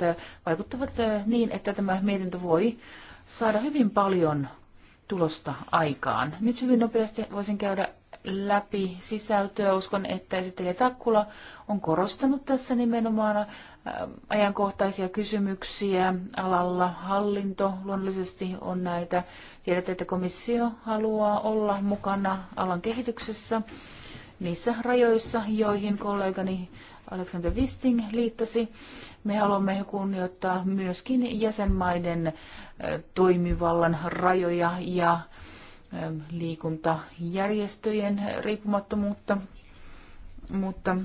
vaikuttavat niin, että tämä mietintö voi saada hyvin paljon tulosta aikaan. Nyt hyvin nopeasti voisin käydä läpi sisältöä. Uskon, että esittelijä Takkula on korostanut tässä nimenomaan äh, ajankohtaisia kysymyksiä alalla. Hallinto luonnollisesti on näitä. Tiedätte, että komissio haluaa olla mukana alan kehityksessä niissä rajoissa, joihin kollegani Alexander Wisting liittasi. Me haluamme kunnioittaa myöskin jäsenmaiden toimivallan rajoja ja liikuntajärjestöjen riippumattomuutta. Mutta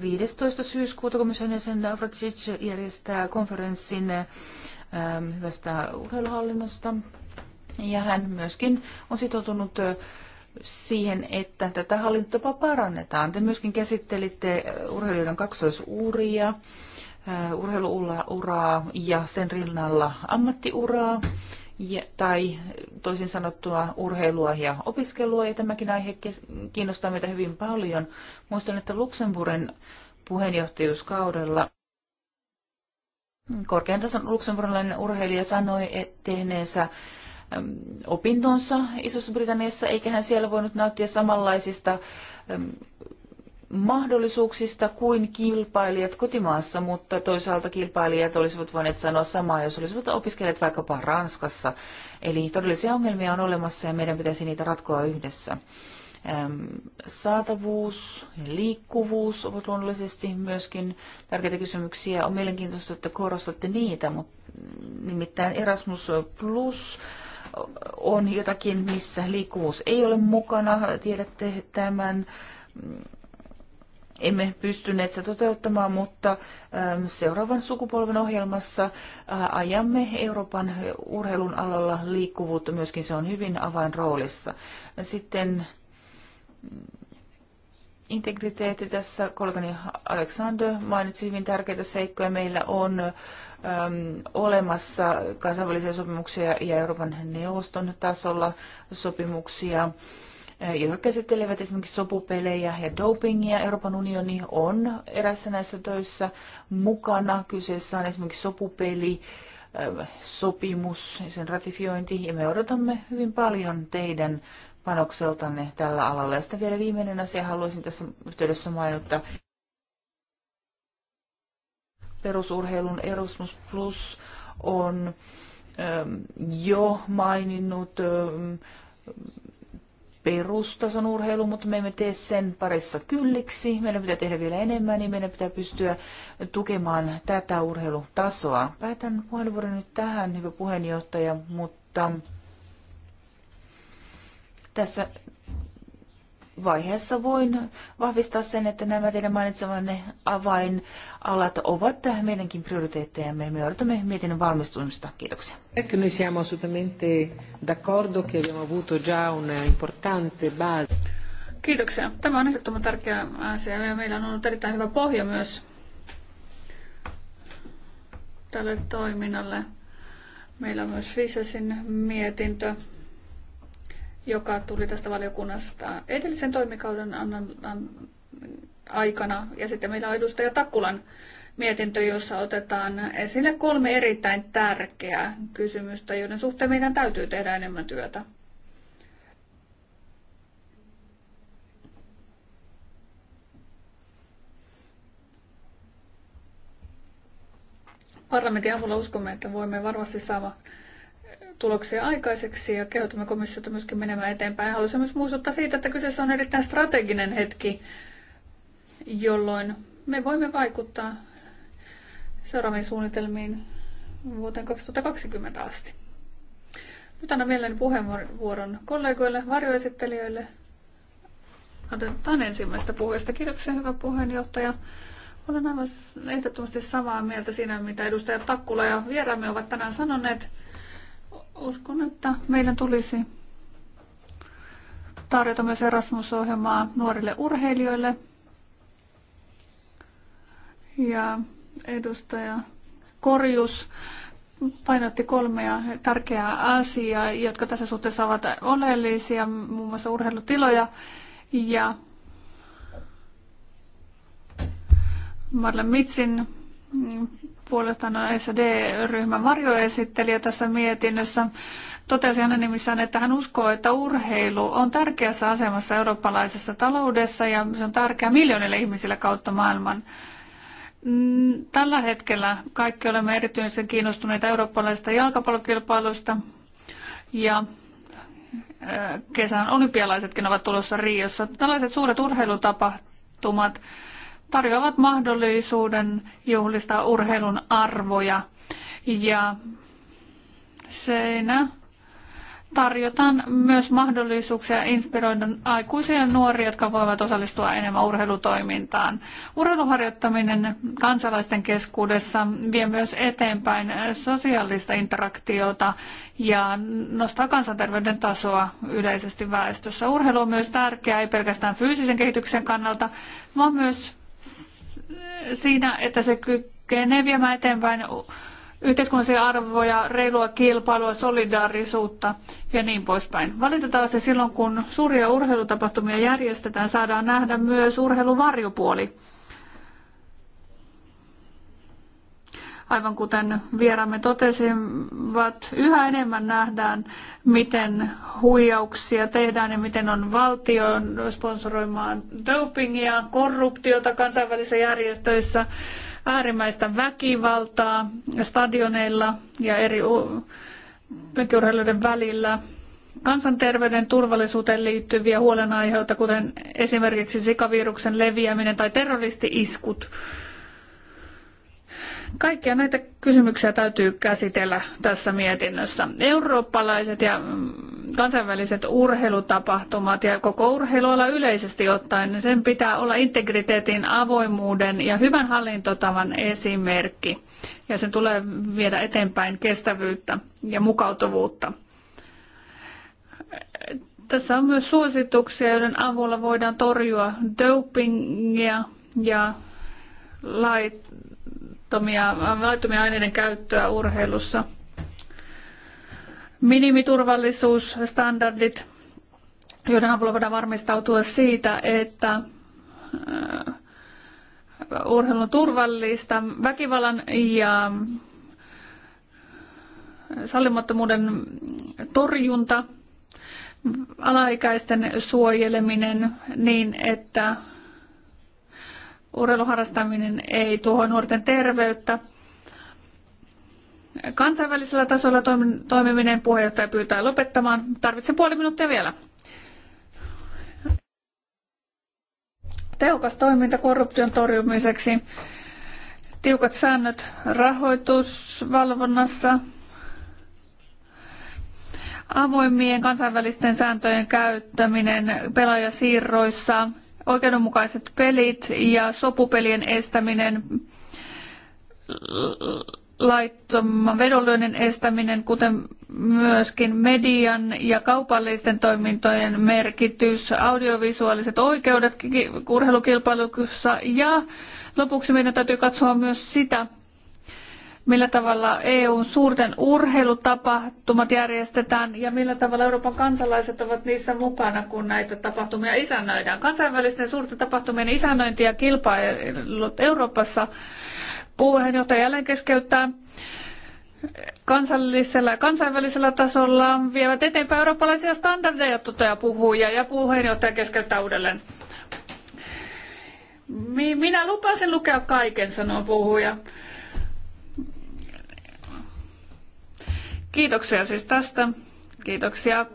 15. syyskuuta komission jäsen Navracic järjestää konferenssin hyvästä urheiluhallinnosta. Ja hän myöskin on sitoutunut siihen, että tätä hallintotapaa parannetaan. Te myöskin käsittelitte urheilijoiden kaksoisuuria, äh, urheiluuraa ja sen rinnalla ammattiuraa ja, tai toisin sanottua urheilua ja opiskelua, ja tämäkin aihe kiinnostaa meitä hyvin paljon. Muistan, että Luxemburgin puheenjohtajuuskaudella korkean tason luxemburgilainen urheilija sanoi että tehneensä opintonsa Isossa-Britanniassa, eikä hän siellä voinut nauttia samanlaisista mahdollisuuksista kuin kilpailijat kotimaassa, mutta toisaalta kilpailijat olisivat voineet sanoa samaa, jos olisivat opiskelleet vaikkapa Ranskassa. Eli todellisia ongelmia on olemassa ja meidän pitäisi niitä ratkoa yhdessä. Saatavuus ja liikkuvuus ovat luonnollisesti myöskin tärkeitä kysymyksiä. On mielenkiintoista, että korostatte niitä, mutta nimittäin Erasmus Plus on jotakin, missä liikkuvuus ei ole mukana. Tiedätte tämän. Emme pystyneet sitä toteuttamaan, mutta ähm, seuraavan sukupolven ohjelmassa äh, ajamme Euroopan urheilun alalla liikkuvuutta. Myöskin se on hyvin avainroolissa. Sitten mm, integriteetti tässä, kollegani Alexander mainitsi hyvin tärkeitä seikkoja. Meillä on olemassa kansainvälisiä sopimuksia ja Euroopan neuvoston tasolla sopimuksia, jotka käsittelevät esimerkiksi sopupelejä ja dopingia. Euroopan unioni on erässä näissä töissä mukana. Kyseessä on esimerkiksi sopupeli, sopimus ja sen ratifiointi, ja me odotamme hyvin paljon teidän panokseltanne tällä alalla. Ja sitten vielä viimeinen asia haluaisin tässä yhteydessä mainita perusurheilun Erasmus Plus on ähm, jo maininnut ähm, perustason urheilu, mutta me emme tee sen parissa kylliksi. Meidän pitää tehdä vielä enemmän, niin meidän pitää pystyä tukemaan tätä urheilutasoa. Päätän puheenvuoron nyt tähän, hyvä puheenjohtaja, mutta tässä vaiheessa voin vahvistaa sen, että nämä teidän mainitsemanne avainalat ovat meidänkin prioriteettejamme. Me odotamme mietinnön valmistumista. Kiitoksia. Noi siamo assolutamente d'accordo che abbiamo avuto già un importante base. Kiitoksia. Tämä on ehdottoman tärkeä asia ja meillä on ollut erittäin hyvä pohja myös tälle toiminnalle. Meillä on myös Fisesin mietintö joka tuli tästä valiokunnasta edellisen toimikauden aikana. Ja sitten meillä on edustaja Takkulan mietintö, jossa otetaan esille kolme erittäin tärkeää kysymystä, joiden suhteen meidän täytyy tehdä enemmän työtä. Parlamentin avulla uskomme, että voimme varmasti saada tuloksia aikaiseksi ja kehotamme komissiota myöskin menemään eteenpäin. Haluaisin myös muistuttaa siitä, että kyseessä on erittäin strateginen hetki, jolloin me voimme vaikuttaa seuraaviin suunnitelmiin vuoteen 2020 asti. Nyt annan mielelläni puheenvuoron kollegoille, varjoesittelijöille. Otetaan ensimmäistä puheesta. Kiitoksia, hyvä puheenjohtaja. Olen aivan ehdottomasti samaa mieltä siinä, mitä edustaja Takkula ja vieraamme ovat tänään sanoneet. Uskon, että meidän tulisi tarjota myös Erasmus-ohjelmaa nuorille urheilijoille. Ja edustaja Korjus painotti kolmea tärkeää asiaa, jotka tässä suhteessa ovat oleellisia, muun muassa urheilutiloja ja Marlen Mitsin puolestaan on SD-ryhmän varjoesittelijä tässä mietinnössä. Totesi hänen nimissään, että hän uskoo, että urheilu on tärkeässä asemassa eurooppalaisessa taloudessa ja se on tärkeä miljoonille ihmisille kautta maailman. Mm, tällä hetkellä kaikki olemme erityisen kiinnostuneita eurooppalaisista jalkapallokilpailuista ja kesän olympialaisetkin ovat tulossa Riossa. Tällaiset suuret urheilutapahtumat tarjoavat mahdollisuuden juhlistaa urheilun arvoja. Ja seinä tarjotaan myös mahdollisuuksia inspiroida aikuisia ja nuoria, jotka voivat osallistua enemmän urheilutoimintaan. Urheiluharjoittaminen kansalaisten keskuudessa vie myös eteenpäin sosiaalista interaktiota ja nostaa kansanterveyden tasoa yleisesti väestössä. Urheilu on myös tärkeää ei pelkästään fyysisen kehityksen kannalta, vaan myös siinä, että se kykenee viemään eteenpäin yhteiskunnallisia arvoja, reilua kilpailua, solidaarisuutta ja niin poispäin. Valitettavasti silloin, kun suuria urheilutapahtumia järjestetään, saadaan nähdä myös urheilun varjopuoli. Aivan kuten vieraamme totesivat, yhä enemmän nähdään, miten huijauksia tehdään ja miten on valtion sponsoroimaan dopingia, korruptiota kansainvälisissä järjestöissä, äärimmäistä väkivaltaa stadioneilla ja eri urheilijoiden välillä kansanterveyden turvallisuuteen liittyviä huolenaiheita, kuten esimerkiksi sikaviruksen leviäminen tai terroristi-iskut. Kaikkia näitä kysymyksiä täytyy käsitellä tässä mietinnössä. Eurooppalaiset ja mm, kansainväliset urheilutapahtumat ja koko urheiluala yleisesti ottaen, niin sen pitää olla integriteetin, avoimuuden ja hyvän hallintotavan esimerkki. Ja sen tulee viedä eteenpäin kestävyyttä ja mukautuvuutta. Tässä on myös suosituksia, joiden avulla voidaan torjua dopingia ja lait, laittomia, laittomia aineiden käyttöä urheilussa. Minimiturvallisuusstandardit, joiden avulla voidaan varmistautua siitä, että äh, urheilun turvallista, väkivallan ja äh, sallimattomuuden torjunta, alaikäisten suojeleminen niin, että Urheiluharrastaminen ei tuho nuorten terveyttä. Kansainvälisellä tasolla toimiminen puheenjohtaja pyytää lopettamaan. Tarvitsen puoli minuuttia vielä. Tehokas toiminta korruption torjumiseksi. Tiukat säännöt rahoitusvalvonnassa, avoimien kansainvälisten sääntöjen käyttäminen pelaajasiirroissa, oikeudenmukaiset pelit ja sopupelien estäminen, laittoman vedonlyönnin estäminen, kuten myöskin median ja kaupallisten toimintojen merkitys, audiovisuaaliset oikeudet urheilukilpailuissa ja lopuksi meidän täytyy katsoa myös sitä, millä tavalla EUn suurten urheilutapahtumat järjestetään ja millä tavalla Euroopan kansalaiset ovat niissä mukana, kun näitä tapahtumia isännöidään. Kansainvälisten suurten tapahtumien isännöinti ja kilpailut Euroopassa puheenjohtaja jälleen keskeyttää kansallisella ja kansainvälisellä tasolla vievät eteenpäin eurooppalaisia standardeja, toteaa puhuja ja puheenjohtaja keskeyttää uudelleen. Minä lupasin lukea kaiken, sanoo puhuja. Kiitoksia siis tästä. Kiitoksia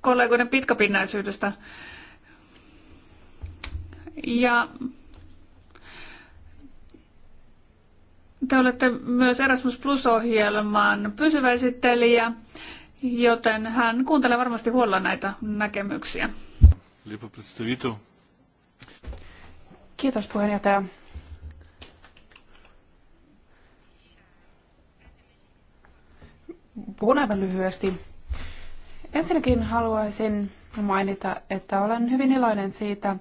kollegoiden pitkäpinnaisuudesta Ja te olette myös Erasmus Plus-ohjelman pysyvä esittelijä, joten hän kuuntelee varmasti huolella näitä näkemyksiä. Kiitos puheenjohtaja. Puhun aivan lyhyesti. Ensinnäkin haluaisin mainita, että olen hyvin iloinen siitä,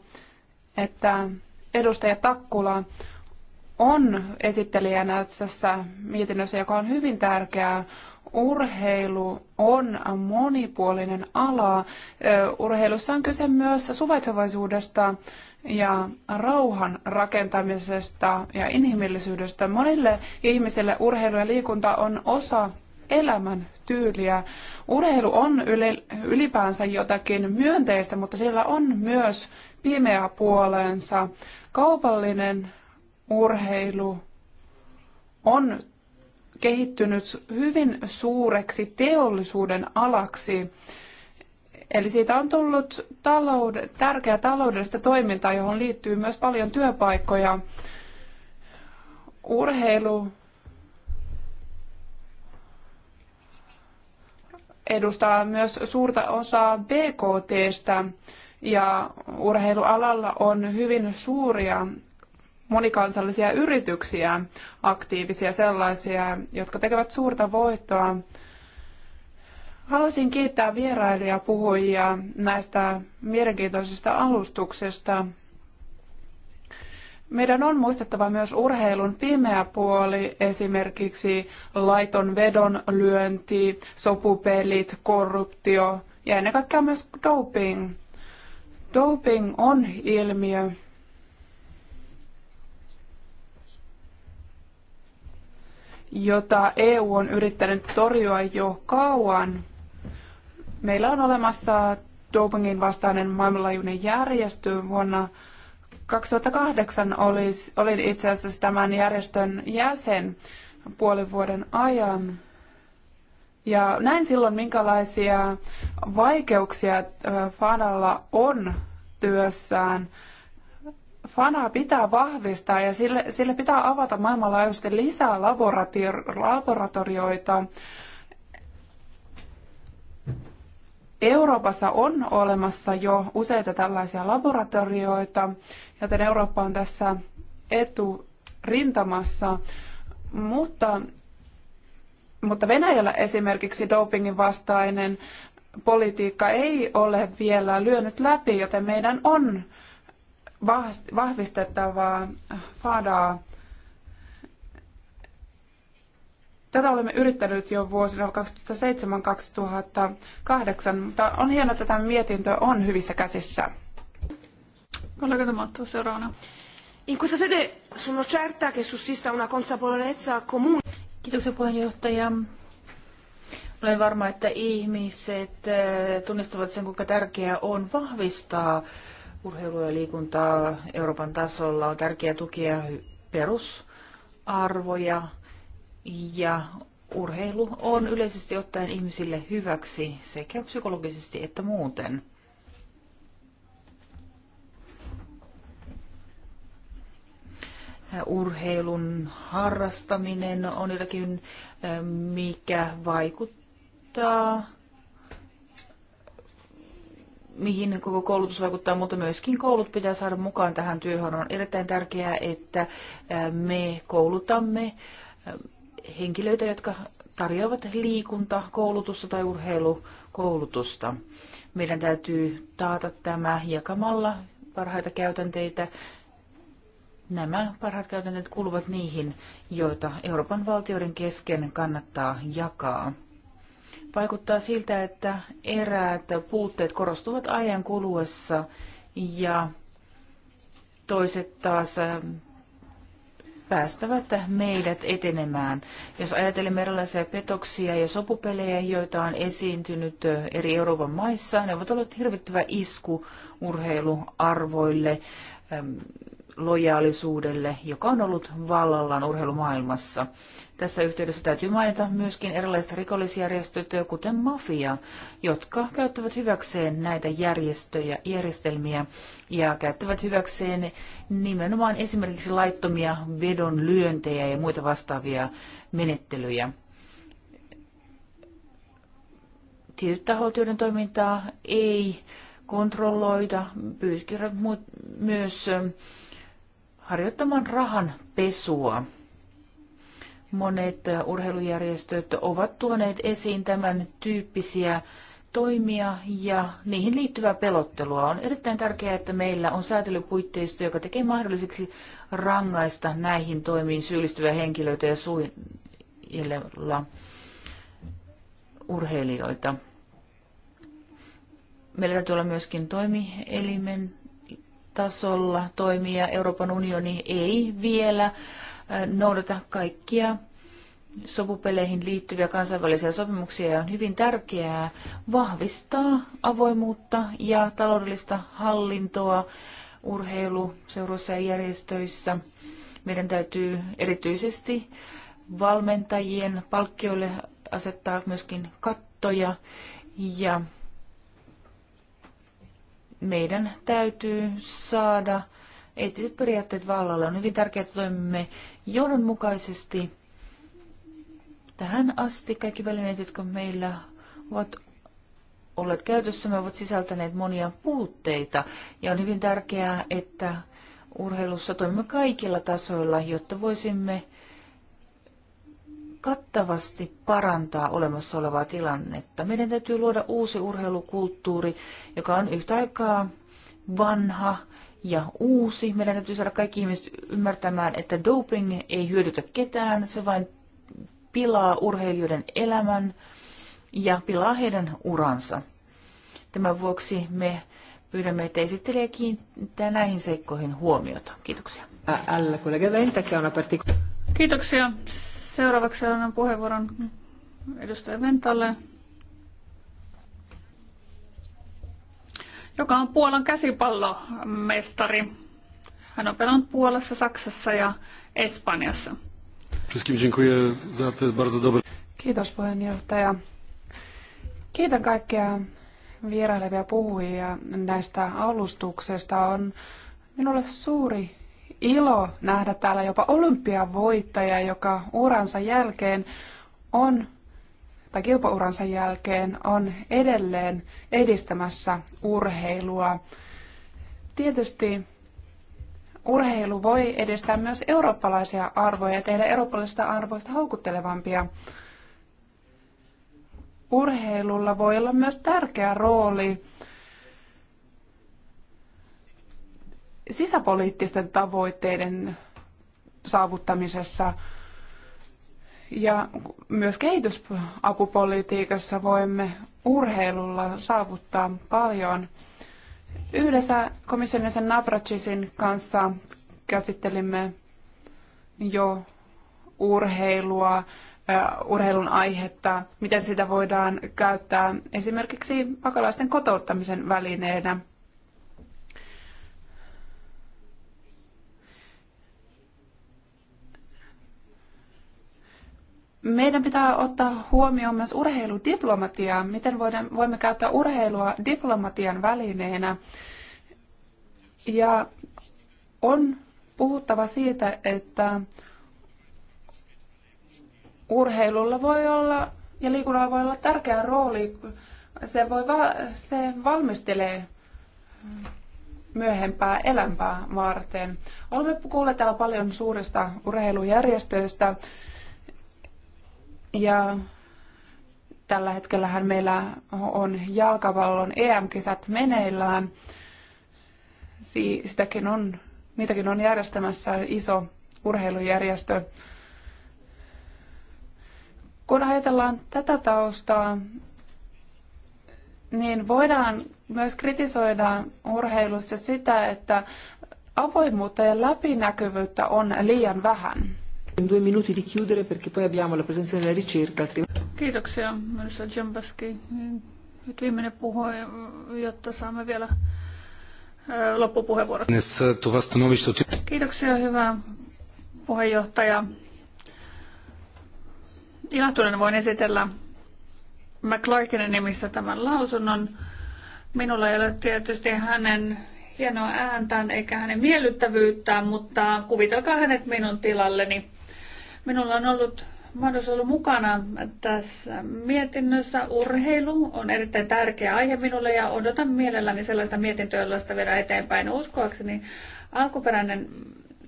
että edustaja Takkula on esittelijänä tässä mietinnössä, joka on hyvin tärkeää. Urheilu on monipuolinen ala. Urheilussa on kyse myös suvaitsevaisuudesta ja rauhan rakentamisesta ja inhimillisyydestä. Monille ihmisille urheilu ja liikunta on osa elämän tyyliä. Urheilu on ylipäänsä jotakin myönteistä, mutta sillä on myös pimeä puolensa. Kaupallinen urheilu on kehittynyt hyvin suureksi teollisuuden alaksi. Eli siitä on tullut talouden, tärkeä taloudellista toimintaa, johon liittyy myös paljon työpaikkoja. Urheilu edustaa myös suurta osaa BKTstä ja urheilualalla on hyvin suuria monikansallisia yrityksiä, aktiivisia sellaisia, jotka tekevät suurta voittoa. Haluaisin kiittää vierailijapuhujia näistä mielenkiintoisista alustuksista. Meidän on muistettava myös urheilun pimeä puoli, esimerkiksi laiton vedonlyönti, sopupelit, korruptio ja ennen kaikkea myös doping. Doping on ilmiö, jota EU on yrittänyt torjua jo kauan. Meillä on olemassa dopingin vastainen maailmanlaajuinen järjestö vuonna 2008 olis, olin itse asiassa tämän järjestön jäsen puolen vuoden ajan. Ja näin silloin, minkälaisia vaikeuksia äh, fanalla on työssään. Fanaa pitää vahvistaa ja sille, sille pitää avata maailmanlaajuisesti lisää laboratorioita Euroopassa on olemassa jo useita tällaisia laboratorioita, joten Eurooppa on tässä eturintamassa, mutta, mutta Venäjällä esimerkiksi dopingin vastainen politiikka ei ole vielä lyönyt läpi, joten meidän on vahvistettavaa FADAa Tätä olemme yrittäneet jo vuosina 2007-2008, mutta on hienoa, että tämä mietintö on hyvissä käsissä. Collega D'Amato, seuraavana. In questa sede sono certa che sussista una consapevolezza comune. Kiitoksia puheenjohtaja. Olen varma, että ihmiset eh, tunnistavat sen, kuinka tärkeää on vahvistaa urheilua ja liikuntaa Euroopan tasolla. On tärkeää tukea perusarvoja, ja urheilu on yleisesti ottaen ihmisille hyväksi sekä psykologisesti että muuten. Urheilun harrastaminen on jotakin, eh, mikä vaikuttaa, mihin koko koulutus vaikuttaa, mutta myöskin koulut pitää saada mukaan tähän työhön. On erittäin tärkeää, että eh, me koulutamme eh, henkilöitä, jotka tarjoavat liikunta, koulutusta tai urheilukoulutusta. Meidän täytyy taata tämä jakamalla parhaita käytänteitä. Nämä parhaat käytänteet kuuluvat niihin, joita Euroopan valtioiden kesken kannattaa jakaa. Vaikuttaa siltä, että eräät puutteet korostuvat ajan kuluessa ja toiset taas päästävät meidät etenemään. Jos ajatelemme erilaisia petoksia ja sopupelejä, joita on esiintynyt eri Euroopan maissa, ne ovat olleet hirvittävä isku urheiluarvoille, lojaalisuudelle, joka on ollut vallallaan urheilumaailmassa. Tässä yhteydessä täytyy mainita myöskin erilaiset rikollisjärjestöt, kuten mafia, jotka käyttävät hyväkseen näitä järjestöjä, järjestelmiä ja käyttävät hyväkseen nimenomaan esimerkiksi laittomia vedonlyöntejä ja muita vastaavia menettelyjä. Tietyt tahot, joiden toimintaa ei kontrolloida, pyytkivät myös harjoittamaan rahan pesua. Monet urheilujärjestöt ovat tuoneet esiin tämän tyyppisiä toimia ja niihin liittyvää pelottelua. On erittäin tärkeää, että meillä on säätelypuitteisto, joka tekee mahdolliseksi rangaista näihin toimiin syyllistyviä henkilöitä ja suojella urheilijoita. Meillä täytyy olla myöskin toimielimen tasolla toimia. Euroopan unioni ei vielä äh, noudata kaikkia sopupeleihin liittyviä kansainvälisiä sopimuksia ja on hyvin tärkeää vahvistaa avoimuutta ja taloudellista hallintoa urheiluseuroissa ja järjestöissä. Meidän täytyy erityisesti valmentajien palkkioille asettaa myöskin kattoja ja meidän täytyy saada eettiset periaatteet vallalle. On hyvin tärkeää, että toimimme johdonmukaisesti tähän asti. Kaikki välineet, jotka meillä ovat olleet käytössämme, ovat sisältäneet monia puutteita. Ja on hyvin tärkeää, että urheilussa toimimme kaikilla tasoilla, jotta voisimme kattavasti parantaa olemassa olevaa tilannetta. Meidän täytyy luoda uusi urheilukulttuuri, joka on yhtä aikaa vanha ja uusi. Meidän täytyy saada kaikki ihmiset ymmärtämään, että doping ei hyödytä ketään, se vain pilaa urheilijoiden elämän ja pilaa heidän uransa. Tämän vuoksi me pyydämme, että esittelijä kiinnittää näihin seikkoihin huomiota. Kiitoksia. Kiitoksia. Seuraavaksi annan puheenvuoron edustaja Ventalle, joka on Puolan käsipallomestari. Hän on pelannut Puolassa, Saksassa ja Espanjassa. Kiitos puheenjohtaja. Kiitän kaikkia vierailevia puhujia näistä alustuksesta. On minulle suuri ilo nähdä täällä jopa olympiavoittaja, joka uransa jälkeen on tai kilpauransa jälkeen on edelleen edistämässä urheilua. Tietysti urheilu voi edistää myös eurooppalaisia arvoja ja tehdä eurooppalaisista arvoista houkuttelevampia. Urheilulla voi olla myös tärkeä rooli sisäpoliittisten tavoitteiden saavuttamisessa ja myös kehitysapupolitiikassa voimme urheilulla saavuttaa paljon. Yhdessä komissionisen Navracisin kanssa käsittelimme jo urheilua, urheilun aihetta, miten sitä voidaan käyttää esimerkiksi pakolaisten kotouttamisen välineenä. meidän pitää ottaa huomioon myös urheiludiplomatia, miten voidaan, voimme käyttää urheilua diplomatian välineenä. Ja on puhuttava siitä, että urheilulla voi olla ja liikunnalla voi olla tärkeä rooli. Se, voi va- se valmistelee myöhempää elämää varten. Olemme kuulleet täällä paljon suurista urheilujärjestöistä, ja tällä hetkellähän meillä on jalkapallon EM-kisat meneillään. Si- sitäkin on, niitäkin on järjestämässä iso urheilujärjestö. Kun ajatellaan tätä taustaa, niin voidaan myös kritisoida urheilussa sitä, että avoimuutta ja läpinäkyvyyttä on liian vähän. Due minuti di chiudere perché poi abbiamo la presenza della ricerca. Kiitoksia, Mylsä Jambaski. Nyt viimeinen puhuu, jotta saamme vielä loppupuheenvuorot. Kiitoksia, hyvä puheenjohtaja. Ilahtuneena voin esitellä McClarkinen nimissä tämän lausunnon. Minulla ei ole tietysti hänen hienoa ääntään eikä hänen miellyttävyyttään, mutta kuvitelkaa hänet minun tilalleni. Minulla on ollut mahdollisuus olla mukana tässä mietinnössä. Urheilu on erittäin tärkeä aihe minulle ja odotan mielelläni sellaista mietintöä, jolla sitä viedään eteenpäin. Uskoakseni alkuperäinen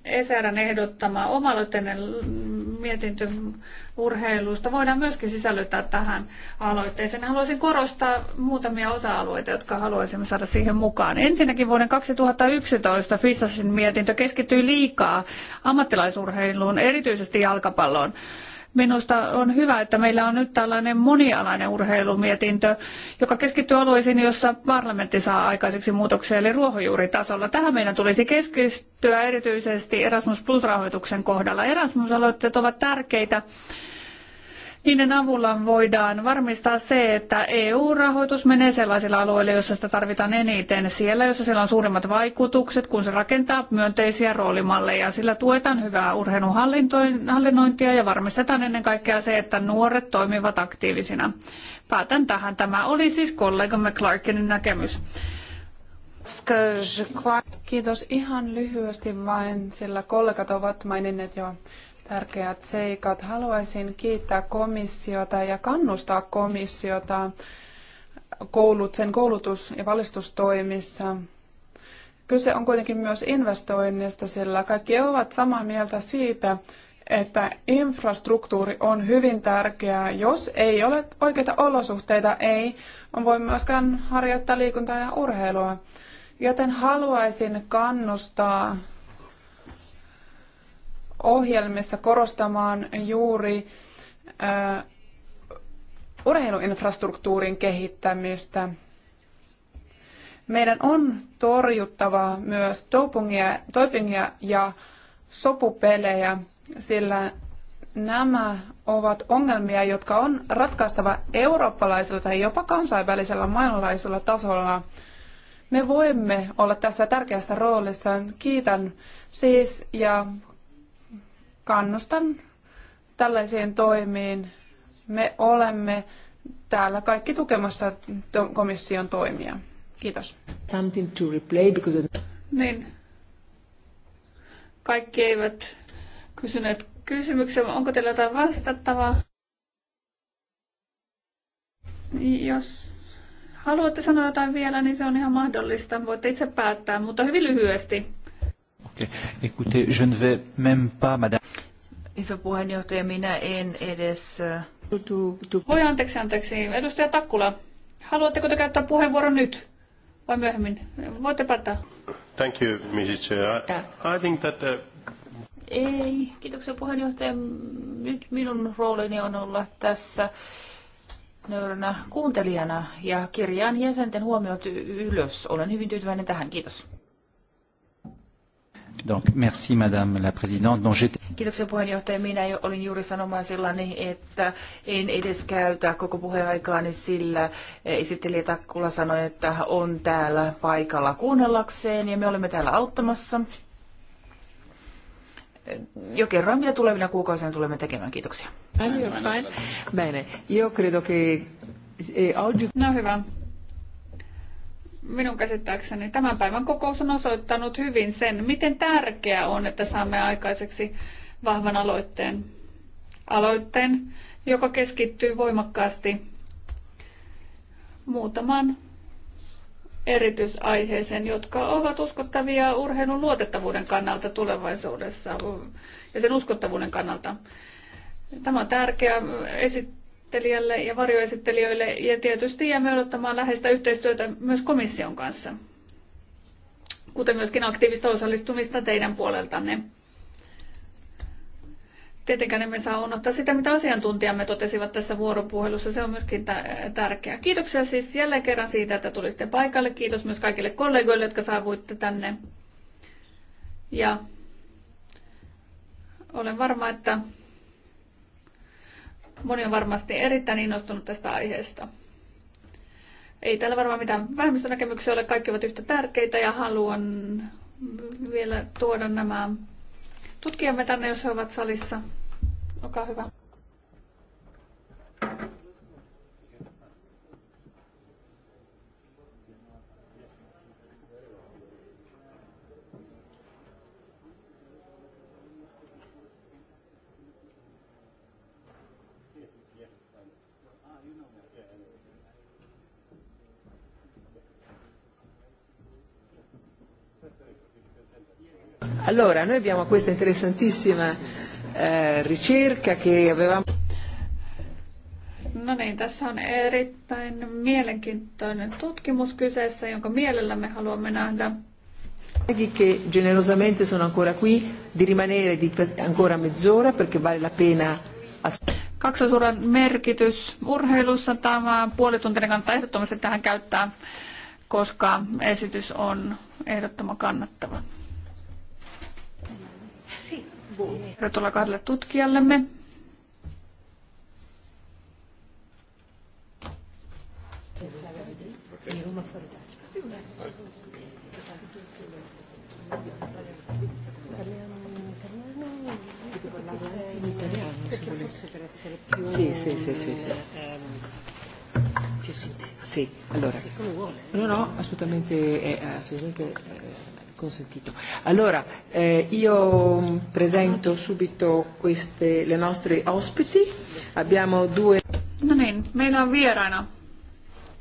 ESRn ehdottama omaloitteinen mietintö urheilusta voidaan myöskin sisällyttää tähän aloitteeseen. Haluaisin korostaa muutamia osa-alueita, jotka haluaisimme saada siihen mukaan. Ensinnäkin vuoden 2011 FISASin mietintö keskittyi liikaa ammattilaisurheiluun, erityisesti jalkapalloon. Minusta on hyvä, että meillä on nyt tällainen monialainen urheilumietintö, joka keskittyy alueisiin, jossa parlamentti saa aikaiseksi muutoksia, eli ruohonjuuritasolla. Tähän meidän tulisi keskittyä erityisesti Erasmus Plus-rahoituksen kohdalla. Erasmus-aloitteet ovat tärkeitä niiden avulla voidaan varmistaa se, että EU-rahoitus menee sellaisilla alueilla, joissa sitä tarvitaan eniten. Siellä, jossa sillä on suurimmat vaikutukset, kun se rakentaa myönteisiä roolimalleja. Sillä tuetaan hyvää urheiluhallinnointia ja varmistetaan ennen kaikkea se, että nuoret toimivat aktiivisina. Päätän tähän. Tämä oli siis kollegamme Clarkinin näkemys. Kiitos ihan lyhyesti vain, sillä kollegat ovat maininneet jo tärkeät seikat. Haluaisin kiittää komissiota ja kannustaa komissiota koulut, sen koulutus- ja valistustoimissa. Kyse on kuitenkin myös investoinnista, sillä kaikki ovat samaa mieltä siitä, että infrastruktuuri on hyvin tärkeää. Jos ei ole oikeita olosuhteita, ei voi myöskään harjoittaa liikuntaa ja urheilua. Joten haluaisin kannustaa ohjelmissa korostamaan juuri äh, urheiluinfrastruktuurin kehittämistä. Meidän on torjuttava myös dopingia, dopingia ja sopupelejä, sillä nämä ovat ongelmia, jotka on ratkaistava eurooppalaisella tai jopa kansainvälisellä maailmanlaisella tasolla. Me voimme olla tässä tärkeässä roolissa. Kiitän siis ja kannustan tällaisiin toimiin. Me olemme täällä kaikki tukemassa komission toimia. Kiitos. Something to replay because... Niin. Kaikki eivät kysyneet kysymyksiä. Onko teillä jotain vastattavaa? Jos haluatte sanoa jotain vielä, niin se on ihan mahdollista. Voitte itse päättää, mutta hyvin lyhyesti. Okay. Écoutez, je ne vais même pas, madame. Hyvä puheenjohtaja, minä en edes... Äh, Voi anteeksi, anteeksi. Edustaja Takkula, haluatteko te käyttää puheenvuoron nyt vai myöhemmin? Voitte päättää. Thank you, Mrs. Chair. I, I think that the... Uh, Ei, kiitoksia puheenjohtaja. Nyt minun roolini on olla tässä nöyränä kuuntelijana ja kirjaan jäsenten huomiot ylös. Olen hyvin tyytyväinen tähän. Kiitos. Donc, merci, Madame la Présidente. Donc, Kiitoksia puheenjohtaja. Minä jo olin juuri sanomaisillani, että en edes käytä koko puheenaikaani sillä. Eh, esittelijä Takkula sanoi, että on täällä paikalla kuunnellakseen ja me olemme täällä auttamassa. Jo kerran, mitä tulevina kuukausina tulemme tekemään. Kiitoksia. Eh, no hyvä minun käsittääkseni tämän päivän kokous on osoittanut hyvin sen, miten tärkeää on, että saamme aikaiseksi vahvan aloitteen. Aloitteen, joka keskittyy voimakkaasti muutamaan erityisaiheeseen, jotka ovat uskottavia urheilun luotettavuuden kannalta tulevaisuudessa ja sen uskottavuuden kannalta. Tämä on tärkeää. Esit- esittelijälle ja varjoesittelijöille ja tietysti jäämme odottamaan läheistä yhteistyötä myös komission kanssa, kuten myöskin aktiivista osallistumista teidän puoleltanne. Tietenkään emme saa unohtaa sitä, mitä asiantuntijamme totesivat tässä vuoropuhelussa. Se on myöskin tärkeää. Kiitoksia siis jälleen kerran siitä, että tulitte paikalle. Kiitos myös kaikille kollegoille, jotka saavuitte tänne. Ja olen varma, että Moni on varmasti erittäin innostunut tästä aiheesta. Ei täällä varmaan mitään vähemmistönäkemyksiä ole, kaikki ovat yhtä tärkeitä ja haluan vielä tuoda nämä tutkijamme tänne, jos he ovat salissa. Olkaa hyvä. Allora, noi abbiamo questa interessantissima eh, ricerca che avevamo... No niin, tässä on erittäin mielenkiintoinen tutkimus kyseessä, jonka mielellämme haluamme nähdä. che generosamente sono ancora qui, di rimanere di ancora mezz'ora perché vale la pena Kaksosuuran merkitys urheilussa. Tämä puoli tuntia kannattaa ehdottomasti tähän käyttää, koska esitys on ehdottoman kannattava. Tervetuloa kahdelle tutkijallemme. Sì, sì, sì, sì, sì. Sì, allora. No, no, assolutamente, è eh, assolutamente eh, consentito. Allora, eh, io mm, presento subito queste, le nostre ospiti. Abbiamo due... No niin, meillä on vieraana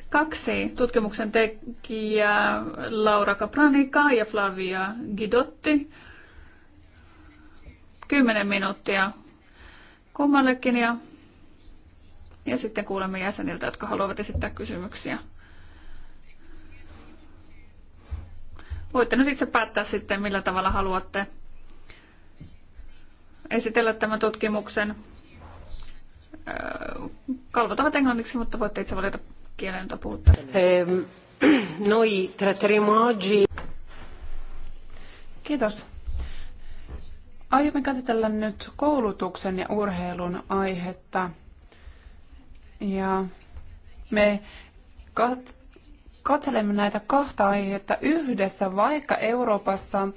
kaksi tutkimuksen tekijää, Laura Capranica ja Flavia Gidotti. Kymmenen minuuttia kummallekin ja, ja sitten kuulemme jäseniltä, jotka haluavat esittää kysymyksiä. Voitte nyt itse päättää sitten, millä tavalla haluatte esitellä tämän tutkimuksen. Kalvotavat englanniksi, mutta voitte itse valita kielen, jota puhutte. Ehm, noi tratteremo oggi... Kiitos. Aiomme käsitellä nyt koulutuksen ja urheilun aihetta. Ja me kat- katselemme näitä kahta aihetta yhdessä, vaikka Euroopassa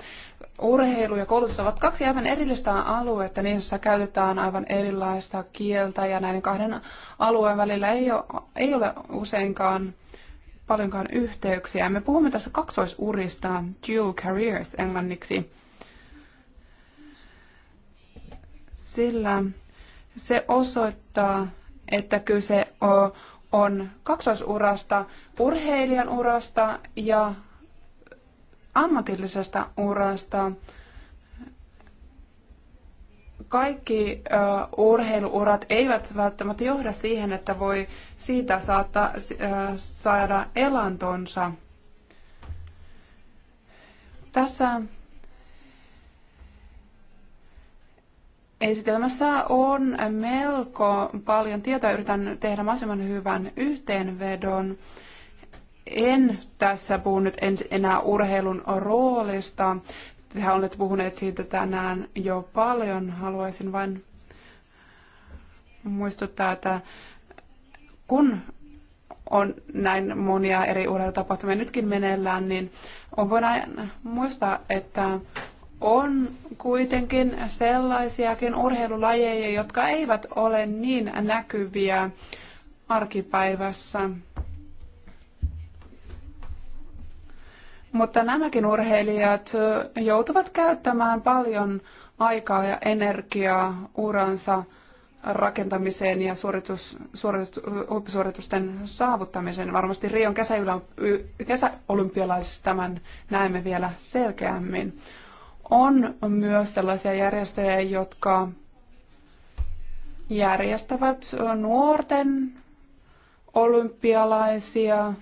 urheilu ja koulutus ovat kaksi aivan erillistä aluetta, niissä käytetään aivan erilaista kieltä ja näiden kahden alueen välillä ei ole, ei ole useinkaan paljonkaan yhteyksiä. Me puhumme tässä kaksoisurista, dual careers englanniksi, sillä se osoittaa, että kyse on on kaksoisurasta, urheilijan urasta ja ammatillisesta urasta. Kaikki uh, urheiluurat eivät välttämättä johda siihen, että voi siitä saattaa, uh, saada elantonsa. Tässä Esitelmässä on melko paljon tietoa. Yritän tehdä mahdollisimman hyvän yhteenvedon. En tässä puhu nyt enää urheilun roolista. Tehän olette puhuneet siitä tänään jo paljon. Haluaisin vain muistuttaa, että kun on näin monia eri urheilutapahtumia nytkin meneillään, niin on voidaan muistaa, että on kuitenkin sellaisiakin urheilulajeja, jotka eivät ole niin näkyviä arkipäivässä. Mutta nämäkin urheilijat joutuvat käyttämään paljon aikaa ja energiaa uransa rakentamiseen ja suoritus, suoritus, huippusuoritusten saavuttamiseen. Varmasti Rion kesäolympialaisissa tämän näemme vielä selkeämmin on myös sellaisia järjestöjä, jotka järjestävät nuorten olympialaisia.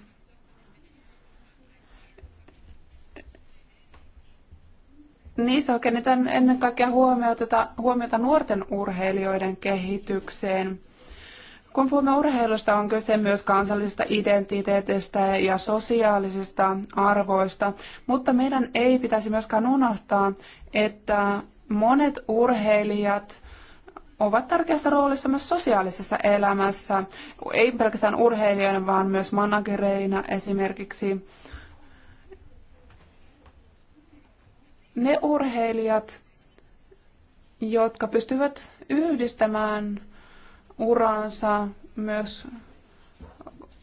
Niissä oikein ennen kaikkea huomiota, huomiota nuorten urheilijoiden kehitykseen. Kun puhumme urheilusta, on kyse myös kansallisesta identiteetistä ja sosiaalisista arvoista, mutta meidän ei pitäisi myöskään unohtaa, että monet urheilijat ovat tärkeässä roolissa myös sosiaalisessa elämässä, ei pelkästään urheilijoina, vaan myös managereina esimerkiksi. Ne urheilijat, jotka pystyvät yhdistämään uransa myös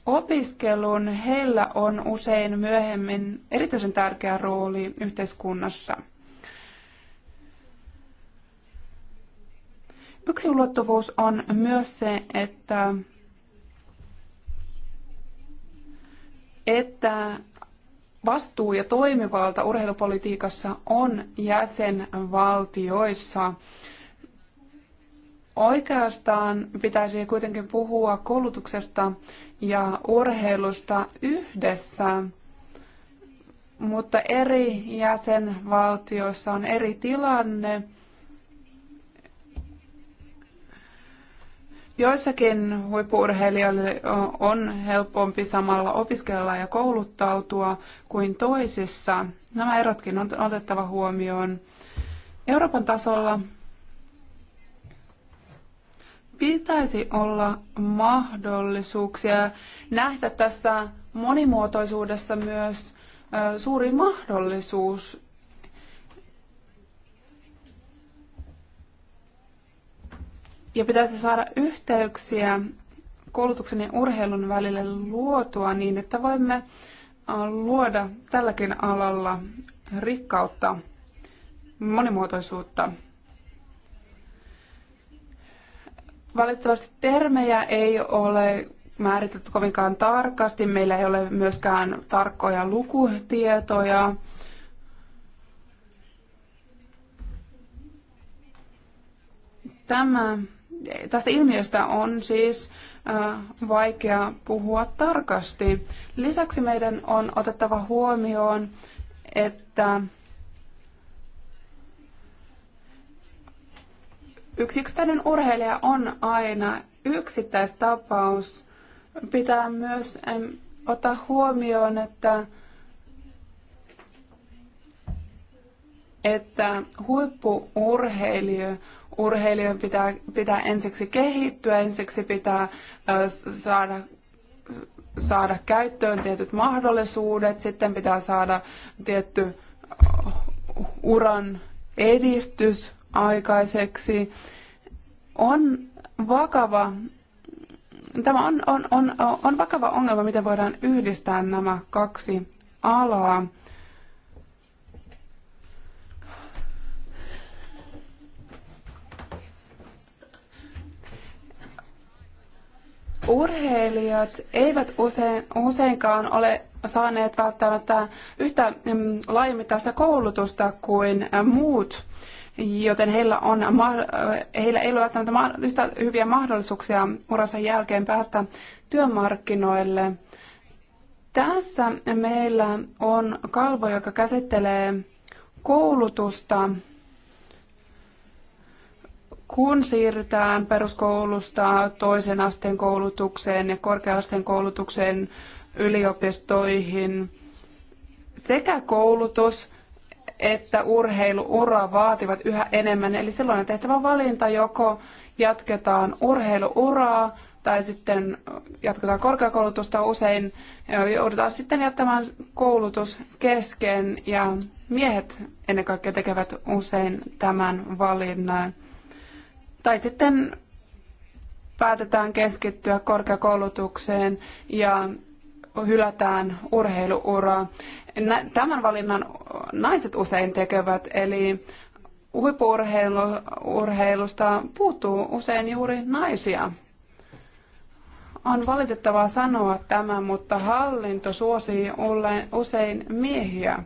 opiskelun, heillä on usein myöhemmin erityisen tärkeä rooli yhteiskunnassa. Yksi ulottuvuus on myös se, että, että vastuu ja toimivalta urheilupolitiikassa on jäsenvaltioissa. Oikeastaan pitäisi kuitenkin puhua koulutuksesta ja urheilusta yhdessä, mutta eri jäsenvaltioissa on eri tilanne. Joissakin huippurheilijoille on helpompi samalla opiskella ja kouluttautua kuin toisissa. Nämä erotkin on otettava huomioon. Euroopan tasolla pitäisi olla mahdollisuuksia nähdä tässä monimuotoisuudessa myös suuri mahdollisuus. Ja pitäisi saada yhteyksiä koulutuksen ja urheilun välille luotua niin, että voimme luoda tälläkin alalla rikkautta, monimuotoisuutta. Valitettavasti termejä ei ole määritelty kovinkaan tarkasti. Meillä ei ole myöskään tarkkoja lukutietoja. Tämä, tästä ilmiöstä on siis vaikea puhua tarkasti. Lisäksi meidän on otettava huomioon, että Yksi yksittäinen urheilija on aina yksittäistapaus. Pitää myös ottaa huomioon, että, että huippuurheilijö urheilijoiden pitää, pitää ensiksi kehittyä, ensiksi pitää saada saada käyttöön tietyt mahdollisuudet, sitten pitää saada tietty uran edistys aikaiseksi, on vakava Tämä on, on, on, on vakava ongelma, miten voidaan yhdistää nämä kaksi alaa. urheilijat eivät usein, useinkaan ole saaneet välttämättä yhtä mm, laajamittaista koulutusta kuin äh, muut joten heillä, on, heillä ei ole välttämättä yhtä hyviä mahdollisuuksia uransa jälkeen päästä työmarkkinoille. Tässä meillä on kalvo, joka käsittelee koulutusta, kun siirrytään peruskoulusta toisen asteen koulutukseen ja korkeasteen koulutukseen yliopistoihin sekä koulutus että urheiluura vaativat yhä enemmän. Eli silloin on tehtävä valinta, joko jatketaan urheiluuraa tai sitten jatketaan korkeakoulutusta. Usein joudutaan sitten jättämään koulutus kesken ja miehet ennen kaikkea tekevät usein tämän valinnan. Tai sitten päätetään keskittyä korkeakoulutukseen ja hylätään urheiluuraa tämän valinnan naiset usein tekevät, eli huippuurheilusta puuttuu usein juuri naisia. On valitettavaa sanoa tämä, mutta hallinto suosii usein miehiä.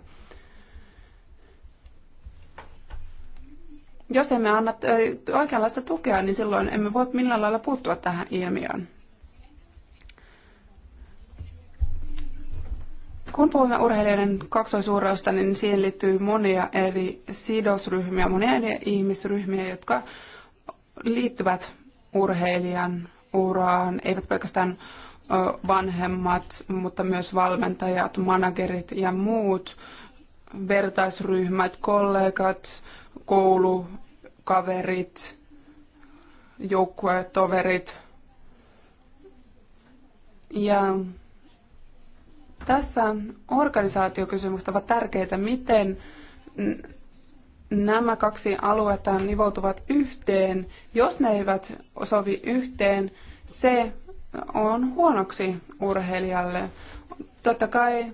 Jos emme anna oikeanlaista tukea, niin silloin emme voi millään lailla puuttua tähän ilmiöön. Kun puhumme urheilijoiden kaksoisuudesta, niin siihen liittyy monia eri sidosryhmiä, monia eri ihmisryhmiä, jotka liittyvät urheilijan uraan, eivät pelkästään vanhemmat, mutta myös valmentajat, managerit ja muut vertaisryhmät, kollegat, koulukaverit, joukkuetoverit. Ja tässä organisaatiokysymykset ovat tärkeitä, miten nämä kaksi aluetta nivoutuvat yhteen. Jos ne eivät sovi yhteen, se on huonoksi urheilijalle. Totta kai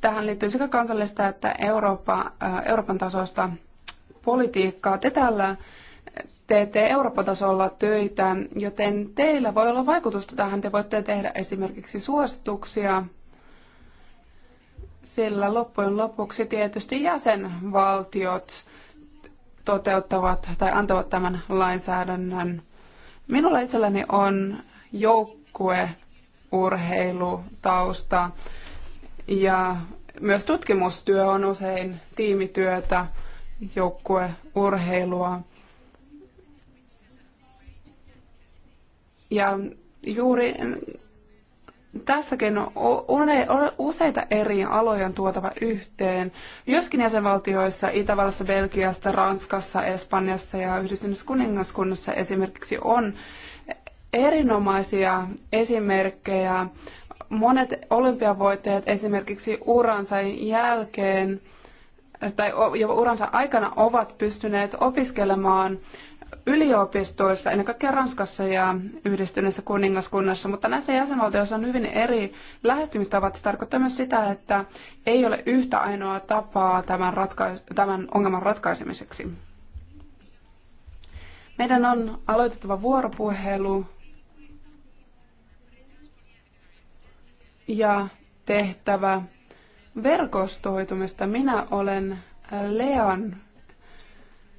tähän liittyy sekä kansallista että Eurooppa, Euroopan tasosta politiikkaa. Te täällä teette Euroopan tasolla töitä, joten teillä voi olla vaikutusta tähän. Te voitte tehdä esimerkiksi suosituksia, sillä loppujen lopuksi tietysti jäsenvaltiot toteuttavat tai antavat tämän lainsäädännön. Minulla itselläni on joukkue urheilutausta ja myös tutkimustyö on usein tiimityötä, joukkueurheilua. urheilua Ja juuri tässäkin on useita eri aloja tuotava yhteen. Joskin jäsenvaltioissa, Itävallassa, Belgiassa, Ranskassa, Espanjassa ja Yhdistyneessä kuningaskunnassa esimerkiksi on erinomaisia esimerkkejä. Monet olympiavoittajat esimerkiksi uransa jälkeen tai jo uransa aikana ovat pystyneet opiskelemaan yliopistoissa, ennen kaikkea Ranskassa ja yhdistyneessä kuningaskunnassa, mutta näissä jäsenvaltioissa on hyvin eri lähestymistavat. Se tarkoittaa myös sitä, että ei ole yhtä ainoa tapaa tämän, ratkais- tämän ongelman ratkaisemiseksi. Meidän on aloitettava vuoropuhelu ja tehtävä verkostoitumista. Minä olen Leon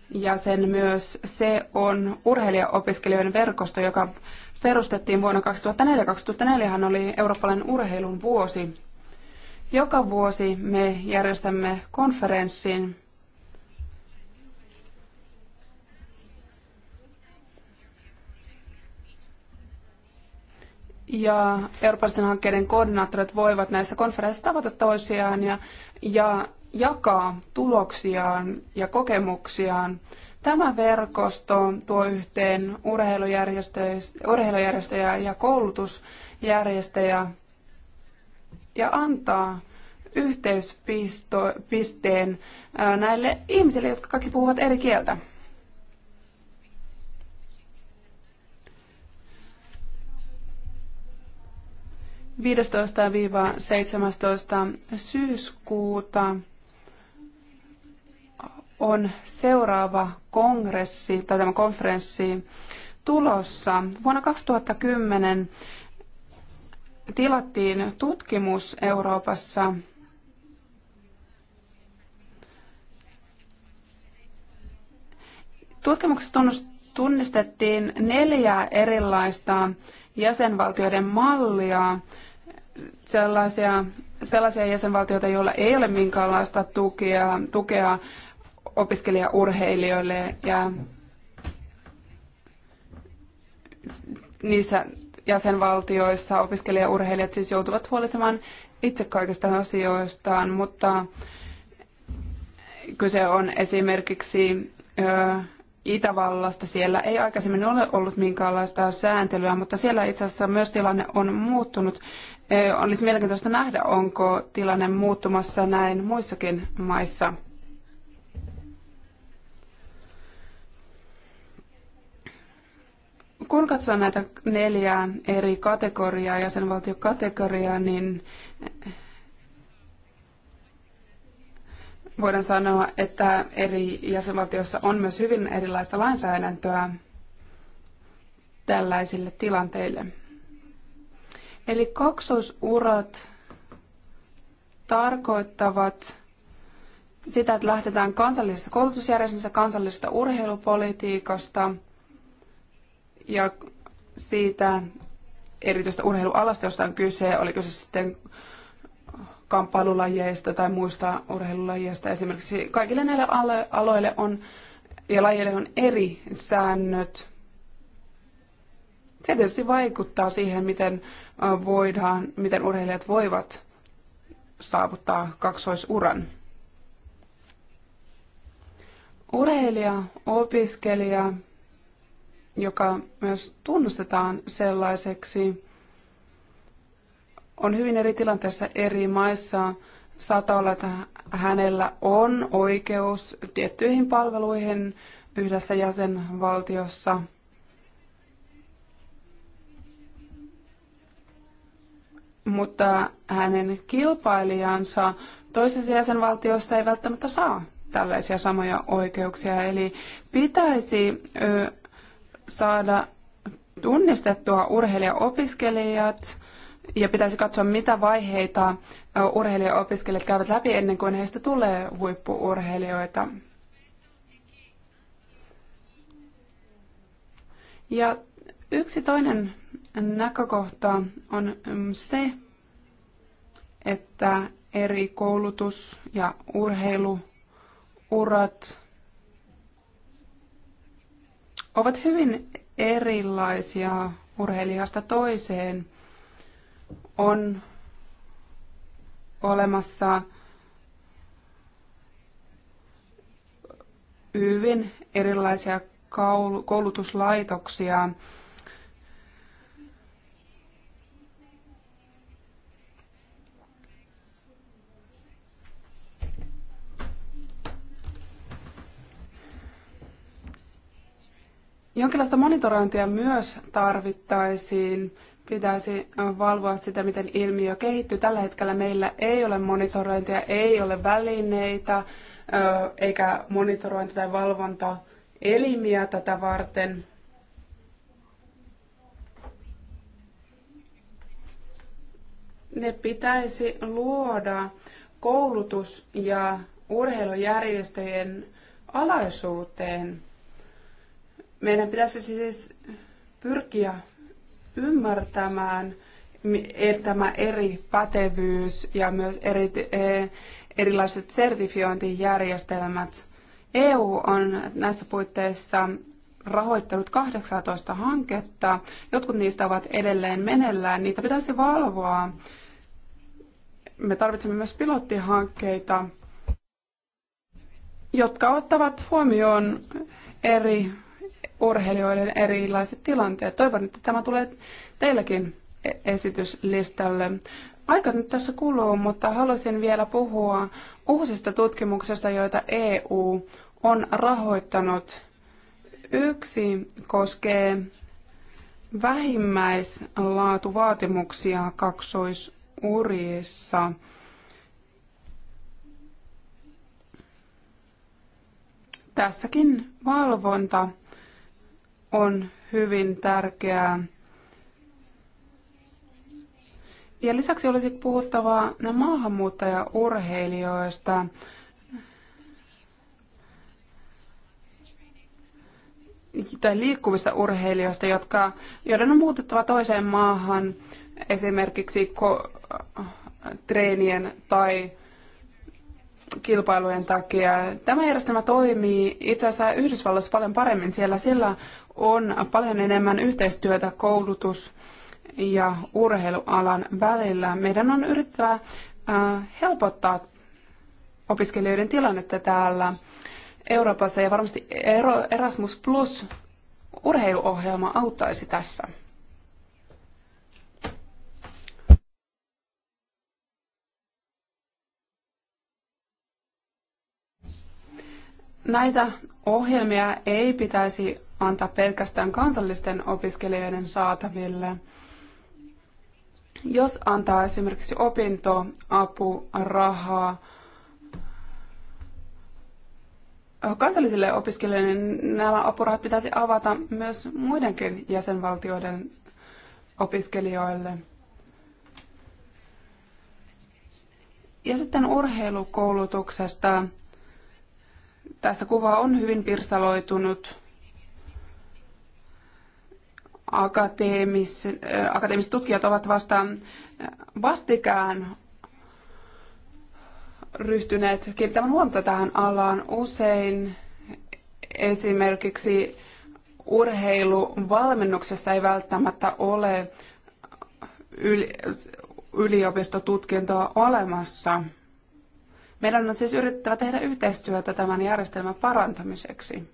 ja sen myös. Se on urheilijaopiskelijoiden verkosto, joka perustettiin vuonna 2004. 2004 oli eurooppalainen urheilun vuosi. Joka vuosi me järjestämme konferenssin, ja eurooppalaisten hankkeiden koordinaattorit voivat näissä konferensseissa tavata toisiaan ja, ja jakaa tuloksiaan ja kokemuksiaan. Tämä verkosto tuo yhteen urheilujärjestöjä, urheilujärjestöjä ja koulutusjärjestöjä ja antaa yhteyspisteen näille ihmisille, jotka kaikki puhuvat eri kieltä. 15 17 syyskuuta on seuraava kongressi tai tämä konferenssi tulossa. Vuonna 2010 tilattiin tutkimus Euroopassa Tutkimuksessa tunnistettiin neljä erilaista jäsenvaltioiden mallia, sellaisia, sellaisia jäsenvaltioita, joilla ei ole minkäänlaista tukea, tukea opiskelijaurheilijoille ja niissä jäsenvaltioissa opiskelijaurheilijat siis joutuvat huolehtimaan itse kaikista asioistaan, mutta kyse on esimerkiksi Itävallasta. Siellä ei aikaisemmin ole ollut minkäänlaista sääntelyä, mutta siellä itse asiassa myös tilanne on muuttunut. Olisi mielenkiintoista nähdä, onko tilanne muuttumassa näin muissakin maissa. kun katsoo näitä neljää eri kategoriaa, jäsenvaltiokategoriaa, niin eh, voidaan sanoa, että eri jäsenvaltioissa on myös hyvin erilaista lainsäädäntöä tällaisille tilanteille. Eli kaksosurat tarkoittavat sitä, että lähdetään kansallisesta koulutusjärjestelmästä, kansallisesta urheilupolitiikasta – ja siitä erityistä urheilualasta, josta on kyse, oliko se sitten kamppailulajeista tai muista urheilulajeista. Esimerkiksi kaikille näille aloille on ja lajeille on eri säännöt. Se tietysti vaikuttaa siihen, miten voidaan, miten urheilijat voivat saavuttaa kaksoisuran. Urheilija, opiskelija, joka myös tunnustetaan sellaiseksi. On hyvin eri tilanteessa eri maissa. Saattaa olla, että hänellä on oikeus tiettyihin palveluihin yhdessä jäsenvaltiossa. Mutta hänen kilpailijansa toisessa jäsenvaltiossa ei välttämättä saa tällaisia samoja oikeuksia. Eli pitäisi saada tunnistettua urheilijaopiskelijat ja pitäisi katsoa, mitä vaiheita urheilijaopiskelijat käyvät läpi ennen kuin heistä tulee huippuurheilijoita. Ja yksi toinen näkökohta on mm, se, että eri koulutus- ja urheiluurat ovat hyvin erilaisia urheilijasta toiseen. On olemassa hyvin erilaisia koulutuslaitoksia Jonkinlaista monitorointia myös tarvittaisiin. Pitäisi valvoa sitä, miten ilmiö kehittyy. Tällä hetkellä meillä ei ole monitorointia, ei ole välineitä eikä monitorointi- tai valvontaelimiä tätä varten. Ne pitäisi luoda koulutus- ja urheilujärjestöjen alaisuuteen. Meidän pitäisi siis pyrkiä ymmärtämään tämä eri pätevyys ja myös eri, e, erilaiset sertifiointijärjestelmät. EU on näissä puitteissa rahoittanut 18 hanketta. Jotkut niistä ovat edelleen meneillään. Niitä pitäisi valvoa. Me tarvitsemme myös pilottihankkeita, jotka ottavat huomioon eri urheilijoiden erilaiset tilanteet. Toivon, että tämä tulee teilläkin e- esityslistalle. Aika nyt tässä kuluu, mutta haluaisin vielä puhua uusista tutkimuksista, joita EU on rahoittanut. Yksi koskee vähimmäislaatuvaatimuksia kaksoisurissa. Tässäkin valvonta on hyvin tärkeää. Ja lisäksi olisi puhuttava maahanmuuttajaurheilijoista. tai liikkuvista urheilijoista, jotka, joiden on muutettava toiseen maahan esimerkiksi ko- treenien tai kilpailujen takia. Tämä järjestelmä toimii itse asiassa Yhdysvalloissa paljon paremmin siellä. Sillä on paljon enemmän yhteistyötä koulutus- ja urheilualan välillä. Meidän on yrittävä äh, helpottaa opiskelijoiden tilannetta täällä Euroopassa ja varmasti Erasmus Plus urheiluohjelma auttaisi tässä. Näitä ohjelmia ei pitäisi antaa pelkästään kansallisten opiskelijoiden saataville. Jos antaa esimerkiksi rahaa kansallisille opiskelijoille, niin nämä apurahat pitäisi avata myös muidenkin jäsenvaltioiden opiskelijoille. Ja sitten urheilukoulutuksesta tässä kuva on hyvin pirstaloitunut. Akateemis, äh, akateemiset tutkijat ovat vasta vastikään ryhtyneet kiinnittämään huomiota tähän alaan. Usein esimerkiksi urheiluvalmennuksessa ei välttämättä ole yli, yliopistotutkintoa olemassa. Meidän on siis yrittävä tehdä yhteistyötä tämän järjestelmän parantamiseksi.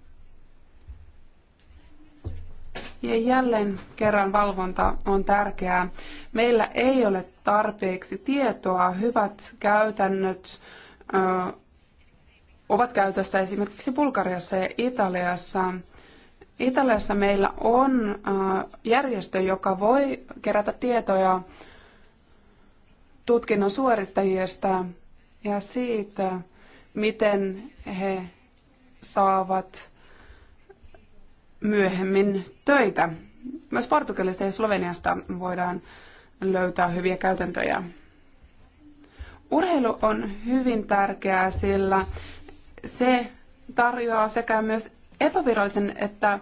Ja jälleen kerran valvonta on tärkeää. Meillä ei ole tarpeeksi tietoa. Hyvät käytännöt ö, ovat käytössä esimerkiksi Bulgariassa ja Italiassa. Italiassa meillä on ö, järjestö, joka voi kerätä tietoja tutkinnon suorittajista ja siitä, miten he saavat myöhemmin töitä. Myös Portugalista ja Sloveniasta voidaan löytää hyviä käytäntöjä. Urheilu on hyvin tärkeää, sillä se tarjoaa sekä myös epävirallisen että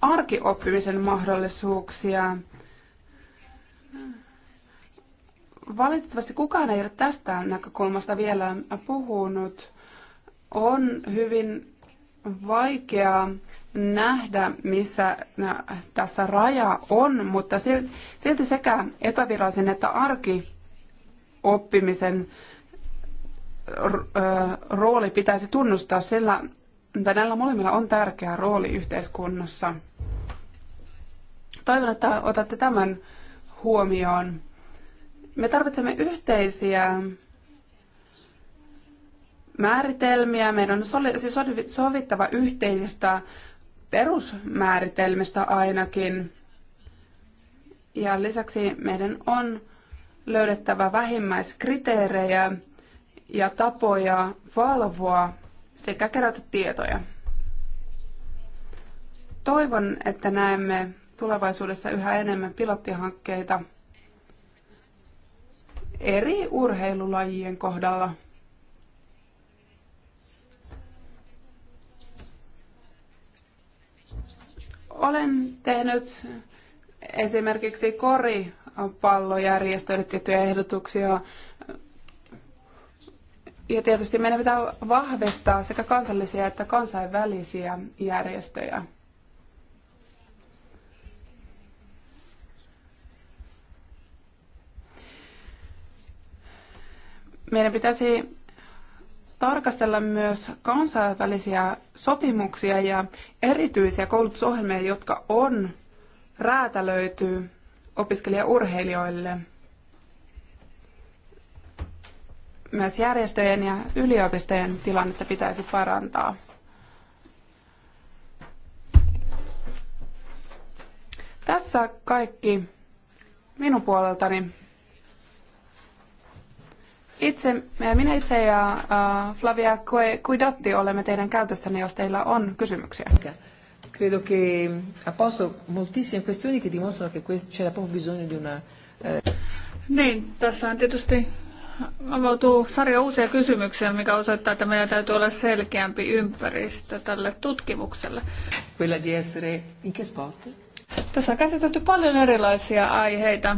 arkioppimisen mahdollisuuksia. valitettavasti kukaan ei ole tästä näkökulmasta vielä puhunut. On hyvin vaikea nähdä, missä tässä raja on, mutta silti sekä epävirallisen että arkioppimisen rooli pitäisi tunnustaa, sillä näillä molemmilla on tärkeä rooli yhteiskunnassa. Toivon, että otatte tämän huomioon me tarvitsemme yhteisiä määritelmiä. Meidän on siis sovittava yhteisistä perusmääritelmistä ainakin. Ja lisäksi meidän on löydettävä vähimmäiskriteerejä ja tapoja valvoa sekä kerätä tietoja. Toivon, että näemme tulevaisuudessa yhä enemmän pilottihankkeita eri urheilulajien kohdalla. Olen tehnyt esimerkiksi koripallojärjestöille tiettyjä ehdotuksia. Ja tietysti meidän pitää vahvistaa sekä kansallisia että kansainvälisiä järjestöjä. Meidän pitäisi tarkastella myös kansainvälisiä sopimuksia ja erityisiä koulutusohjelmia, jotka on räätälöity opiskelijaurheilijoille. Myös järjestöjen ja yliopistojen tilannetta pitäisi parantaa. Tässä kaikki minun puoleltani. Itse, eh, minä itse ja uh, Flavia Kuidatti olemme teidän käytössänne, jos teillä on kysymyksiä. Credo che ha posto moltissime questioni che dimostrano che c'era proprio bisogno di una... Eh, niin, tässä on tietysti avautuu sarja uusia kysymyksiä, mikä osoittaa, että meillä täytyy olla selkeämpi ympäristö tälle tutkimukselle. Quella di essere in che sport? Tässä on käsitelty paljon erilaisia aiheita.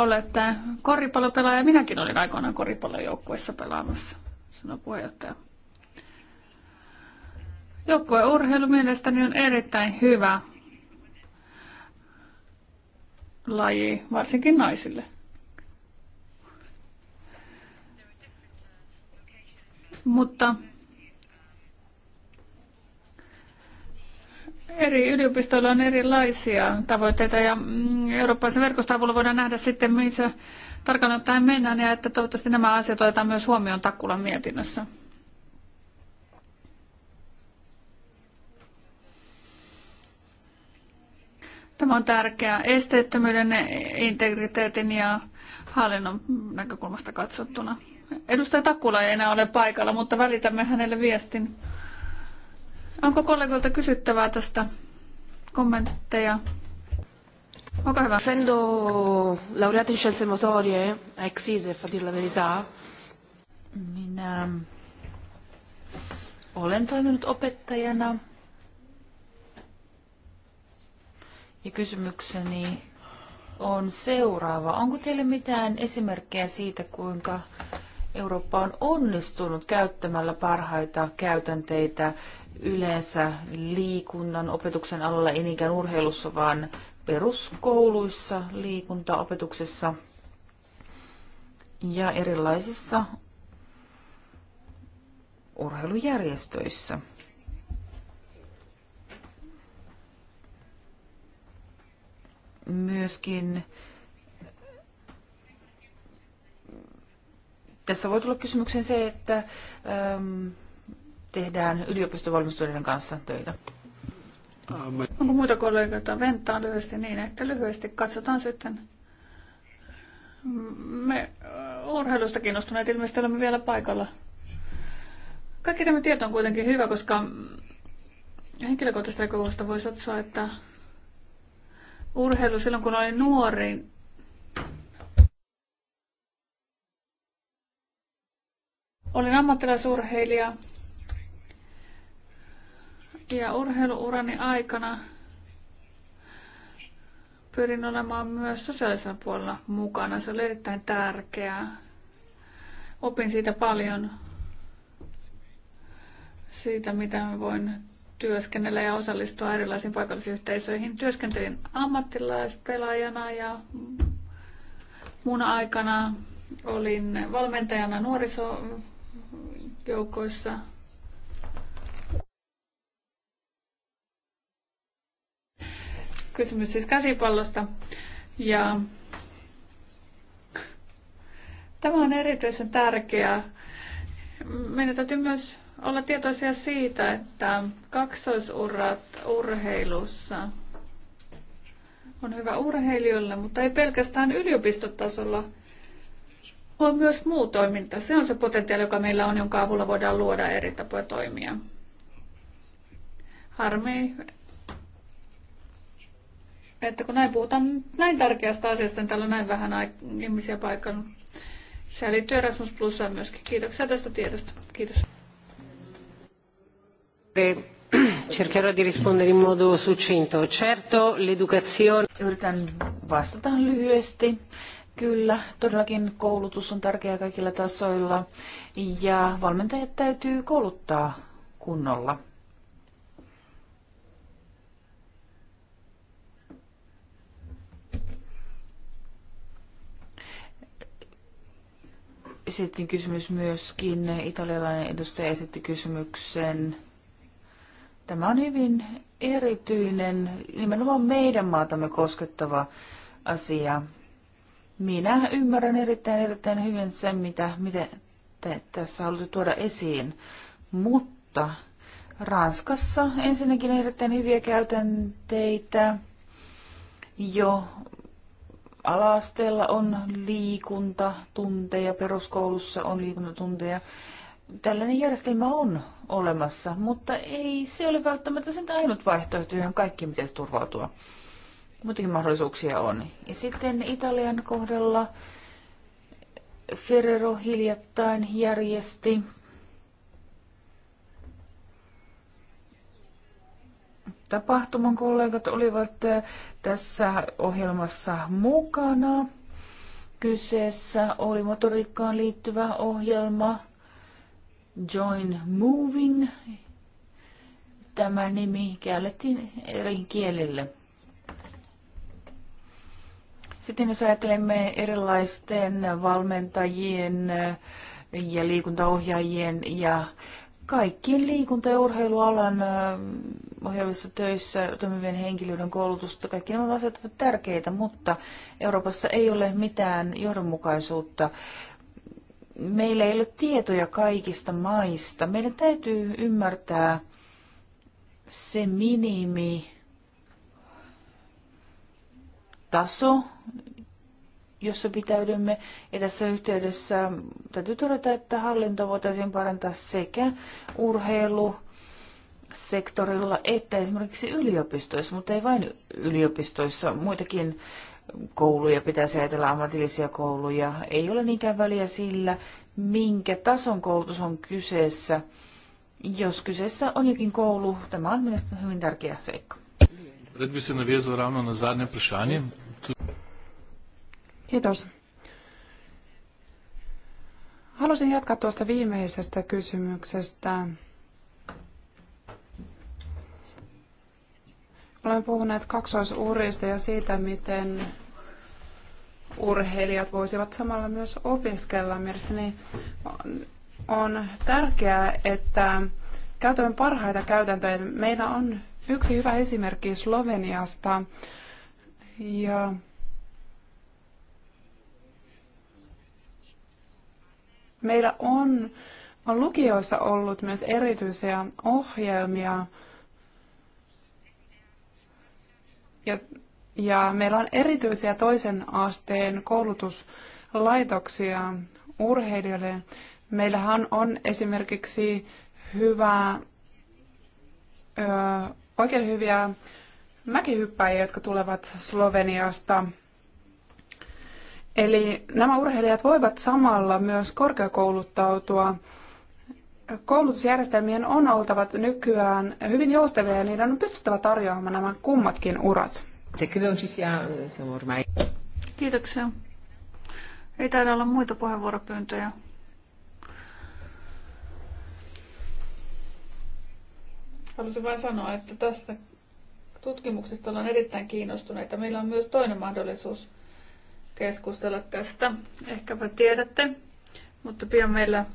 olette äh, koripallopelaaja. Minäkin olin aikoinaan koripallojoukkueessa pelaamassa, sanoi puheenjohtaja. urheilu mielestäni on erittäin hyvä laji, varsinkin naisille. Mutta Eri yliopistoilla on erilaisia tavoitteita ja mm, eurooppalaisen verkoston avulla voidaan nähdä sitten, missä tarkalleen ottaen mennään ja että toivottavasti nämä asiat otetaan myös huomioon Takkulan mietinnössä. Tämä on tärkeää esteettömyyden, integriteetin ja hallinnon näkökulmasta katsottuna. Edustaja Takkula ei enää ole paikalla, mutta välitämme hänelle viestin. Onko kollegoilta kysyttävää tästä kommentteja? Olkaa hyvä. Sendo laureata in scienze motorie, ex ISEF dir la verità, minä olen toiminut opettajana ja kysymykseni on seuraava. Onko teille mitään esimerkkejä siitä, kuinka Eurooppa on onnistunut käyttämällä parhaita käytänteitä yleensä liikunnan opetuksen alalla, ei niinkään urheilussa, vaan peruskouluissa, liikuntaopetuksessa ja erilaisissa urheilujärjestöissä. Myöskin tässä voi tulla kysymykseen se, että ähm, tehdään yliopistovalmistuneiden kanssa töitä. Onko muita kollegoita? Venttaa lyhyesti niin, että lyhyesti katsotaan sitten. Me äh, urheilusta kiinnostuneet ilmeisesti olemme vielä paikalla. Kaikki tämä tieto on kuitenkin hyvä, koska henkilökohtaisesta kokousta voi sanoa, että urheilu silloin kun olin nuori, olin ammattilaisurheilija ja urheiluurani aikana pyrin olemaan myös sosiaalisella puolella mukana. Se oli erittäin tärkeää. Opin siitä paljon, siitä mitä voin työskennellä ja osallistua erilaisiin paikallisyhteisöihin. Työskentelin ammattilaispelaajana ja mun aikana olin valmentajana nuorisojoukoissa Kysymys siis käsipallosta. Ja tämä on erityisen tärkeää. Meidän täytyy myös olla tietoisia siitä, että kaksoisurat urheilussa on hyvä urheilijoille, mutta ei pelkästään yliopistotasolla, vaan myös muu toiminta. Se on se potentiaali, joka meillä on, jonka avulla voidaan luoda eri tapoja toimia. Harmi, että kun näin puhutaan näin tärkeästä asiasta, niin täällä on näin vähän ihmisiä paikalla. Se liittyy Erasmus Plusaan myöskin. Kiitoksia tästä tiedosta. Kiitos. Eh, cercherò di rispondere in modo succinto. Certo, l'educazione... Yritän vastata lyhyesti. Kyllä, todellakin koulutus on tärkeää kaikilla tasoilla ja valmentajat täytyy kouluttaa kunnolla. Sitten kysymys myöskin, italialainen edustaja esitti kysymyksen. Tämä on hyvin erityinen, nimenomaan meidän maatamme koskettava asia. Minä ymmärrän erittäin erittäin hyvin sen, mitä, mitä te tässä haluatte tuoda esiin, mutta Ranskassa ensinnäkin erittäin hyviä käytänteitä jo alasteella on liikuntatunteja, peruskoulussa on liikuntatunteja. Tällainen järjestelmä on olemassa, mutta ei se ole välttämättä sen ainut vaihtoehto, johon kaikki pitäisi turvautua. Muutenkin mahdollisuuksia on. Ja sitten Italian kohdalla Ferrero hiljattain järjesti tapahtuman kollegat olivat eh, tässä ohjelmassa mukana. Kyseessä oli motoriikkaan liittyvä ohjelma Join Moving. Tämä nimi käännettiin eri kielille. Sitten jos ajattelemme erilaisten valmentajien eh, ja liikuntaohjaajien ja kaikkien liikunta- ja urheilualan ohjaavissa töissä toimivien henkilöiden koulutusta. Kaikki nämä asiat ovat tärkeitä, mutta Euroopassa ei ole mitään johdonmukaisuutta. Meillä ei ole tietoja kaikista maista. Meidän täytyy ymmärtää se minimi taso, jossa pitäydymme. Ja tässä yhteydessä täytyy todeta, että hallinto voitaisiin parantaa sekä urheilu, sektorilla että esimerkiksi yliopistoissa, mutta ei vain yliopistoissa, muitakin kouluja pitäisi ajatella, ammatillisia kouluja. Ei ole niinkään väliä sillä, minkä tason koulutus on kyseessä. Jos kyseessä on jokin koulu, tämä on mielestäni hyvin tärkeä seikka. bi se ravno na zadnje vprašanje. Kiitos. Halusin jatkaa tuosta viimeisestä kysymyksestä. Olemme puhuneet kaksoisuurista ja siitä, miten urheilijat voisivat samalla myös opiskella. Mielestäni on tärkeää, että käytämme parhaita käytäntöjä. Meillä on yksi hyvä esimerkki Sloveniasta ja Meillä on, on lukioissa ollut myös erityisiä ohjelmia ja, ja meillä on erityisiä toisen asteen koulutuslaitoksia urheilijoille. Meillähän on esimerkiksi hyvää, ö, oikein hyviä mäkihyppäjiä, jotka tulevat Sloveniasta – Eli nämä urheilijat voivat samalla myös korkeakouluttautua. Koulutusjärjestelmien on oltava nykyään hyvin joustavia ja niiden on pystyttävä tarjoamaan nämä kummatkin urat. Siis Kiitoksia. Ei taida olla muita puheenvuoropyyntöjä. Haluaisin vain sanoa, että tästä tutkimuksesta ollaan erittäin kiinnostuneita. Meillä on myös toinen mahdollisuus – keskustella tästä. Ehkäpä tiedätte, mutta pian meillä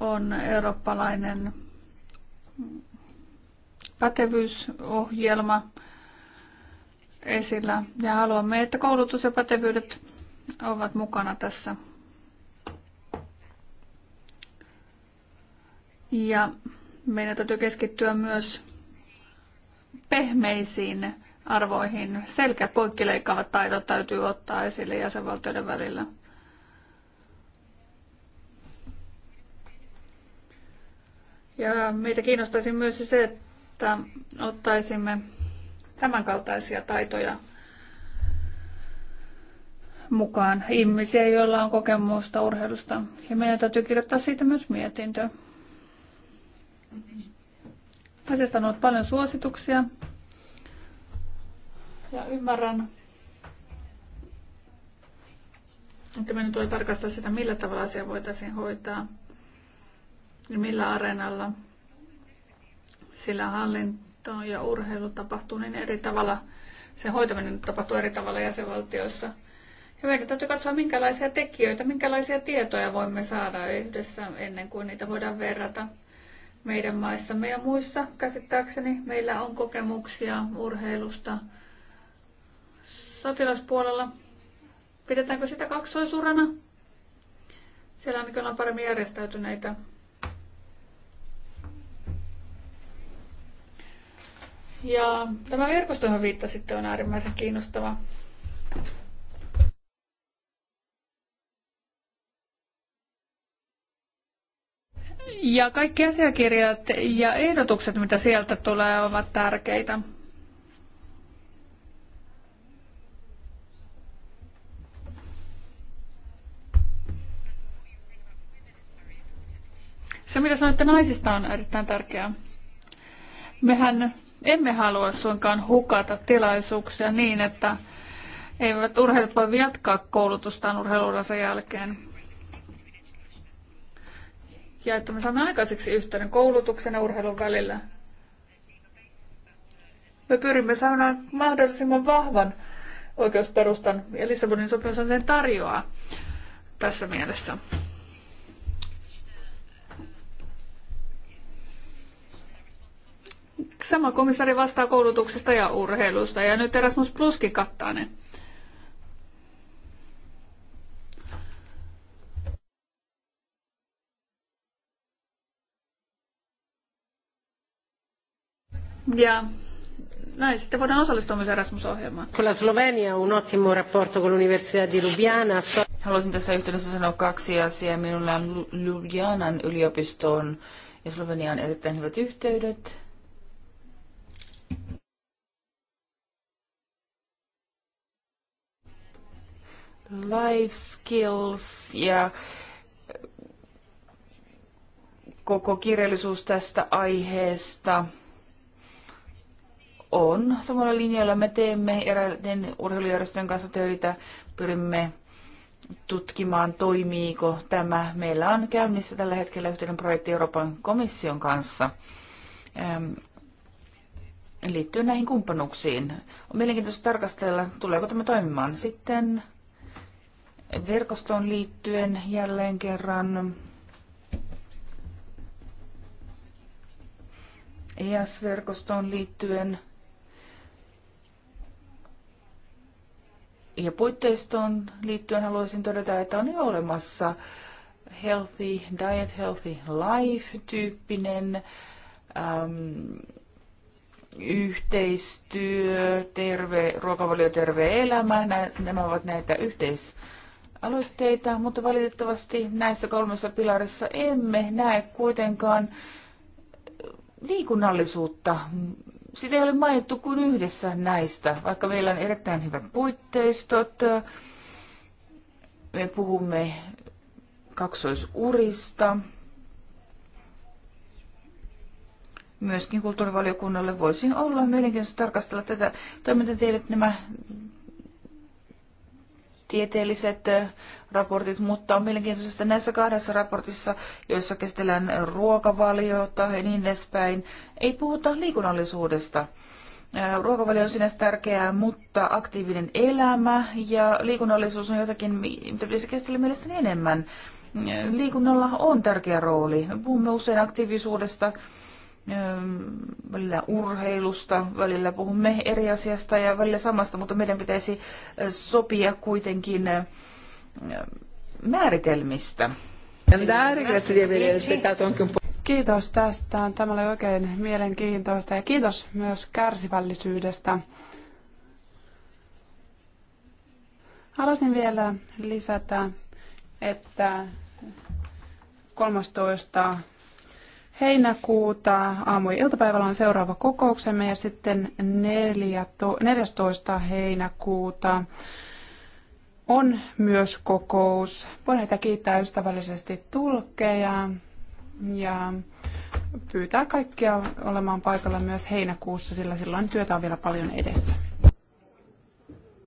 on eurooppalainen pätevyysohjelma esillä ja haluamme, että koulutus ja pätevyydet ovat mukana tässä. Ja meidän täytyy keskittyä myös pehmeisiin arvoihin. Selkeät poikkileikkaavat taidot täytyy ottaa esille jäsenvaltioiden välillä. Ja meitä kiinnostaisi myös se, että ottaisimme tämänkaltaisia taitoja mukaan ihmisiä, joilla on kokemusta urheilusta. Ja meidän täytyy kirjoittaa siitä myös mietintö. Asiasta on ollut paljon suosituksia. Ja ymmärrän, että minun tulee tarkastaa sitä, millä tavalla asia voitaisiin hoitaa ja millä areenalla, sillä hallinto ja urheilu tapahtuu niin eri tavalla, sen hoitaminen tapahtuu eri tavalla jäsenvaltioissa. Ja meidän täytyy katsoa, minkälaisia tekijöitä, minkälaisia tietoja voimme saada yhdessä ennen kuin niitä voidaan verrata meidän maissamme ja muissa. Käsittääkseni meillä on kokemuksia urheilusta, sotilaspuolella. Pidetäänkö sitä kaksoisurana? Siellä ainakin ollaan paremmin järjestäytyneitä. Ja tämä verkosto, johon viittasitte, on äärimmäisen kiinnostava. Ja kaikki asiakirjat ja ehdotukset, mitä sieltä tulee, ovat tärkeitä. Se, mitä sanoitte naisista, on erittäin tärkeää. Mehän emme halua suinkaan hukata tilaisuuksia niin, että eivät urheilut voi jatkaa koulutustaan urheiluuransa jälkeen. Ja että me saamme aikaiseksi yhteyden koulutuksen ja urheilun välillä. Me pyrimme saamaan mahdollisimman vahvan oikeusperustan, ja Lissabonin sopimus sen tarjoaa tässä mielessä. Sama komissari vastaa koulutuksesta ja urheilusta ja nyt Erasmus Pluskin kattaa ne. Ja näin sitten voidaan osallistua myös Erasmus-ohjelmaan. Kyllä Slovenia on ottimo rapporto con l'Università di Ljubljana. Haluaisin tässä yhteydessä sanoa kaksi asiaa. Minulla on Ljubljanan yliopistoon ja Sloveniaan erittäin hyvät yhteydet. life skills ja koko kirjallisuus tästä aiheesta on samalla linjalla. Me teemme eräiden urheilujärjestöjen kanssa töitä, pyrimme tutkimaan, toimiiko tämä. Meillä on käynnissä tällä hetkellä yhteinen projekti Euroopan komission kanssa ähm, liittyen näihin kumppanuksiin. On mielenkiintoista tarkastella, tuleeko tämä toimimaan sitten verkostoon liittyen jälleen kerran ES-verkostoon liittyen ja puitteistoon liittyen haluaisin todeta, että on jo olemassa Healthy Diet, Healthy Life-tyyppinen ähm, yhteistyö, terve, ruokavalio, terve elämä. Nämä ovat näitä yhteistyötä aloitteita, mutta valitettavasti näissä kolmessa pilarissa emme näe kuitenkaan liikunnallisuutta. Sitä ei ole mainittu kuin yhdessä näistä, vaikka meillä on erittäin hyvät puitteistot. Me puhumme kaksoisurista. Myöskin kulttuurivaliokunnalle voisi olla mielenkiintoista tarkastella tätä. Toimitan teille nämä tieteelliset äh, raportit, mutta on mielenkiintoista näissä kahdessa raportissa, joissa käsitellään ruokavaliota ja niin edespäin, ei puhuta liikunnallisuudesta. Äh, ruokavalio on sinänsä tärkeää, mutta aktiivinen elämä ja liikunnallisuus on jotakin, mitä pitäisi käsitellä mielestäni enemmän. Äh, liikunnalla on tärkeä rooli. Puhumme usein aktiivisuudesta, välillä urheilusta, välillä puhumme eri asiasta ja välillä samasta, mutta meidän pitäisi sopia kuitenkin määritelmistä. Kiitos tästä. Tämä oli oikein mielenkiintoista ja kiitos myös kärsivällisyydestä. Haluaisin vielä lisätä, että 13 heinäkuuta aamu- ja iltapäivällä on seuraava kokouksemme ja sitten 14. heinäkuuta on myös kokous. Voin heitä kiittää ystävällisesti tulkkeja ja pyytää kaikkia olemaan paikalla myös heinäkuussa, sillä silloin työtä on vielä paljon edessä.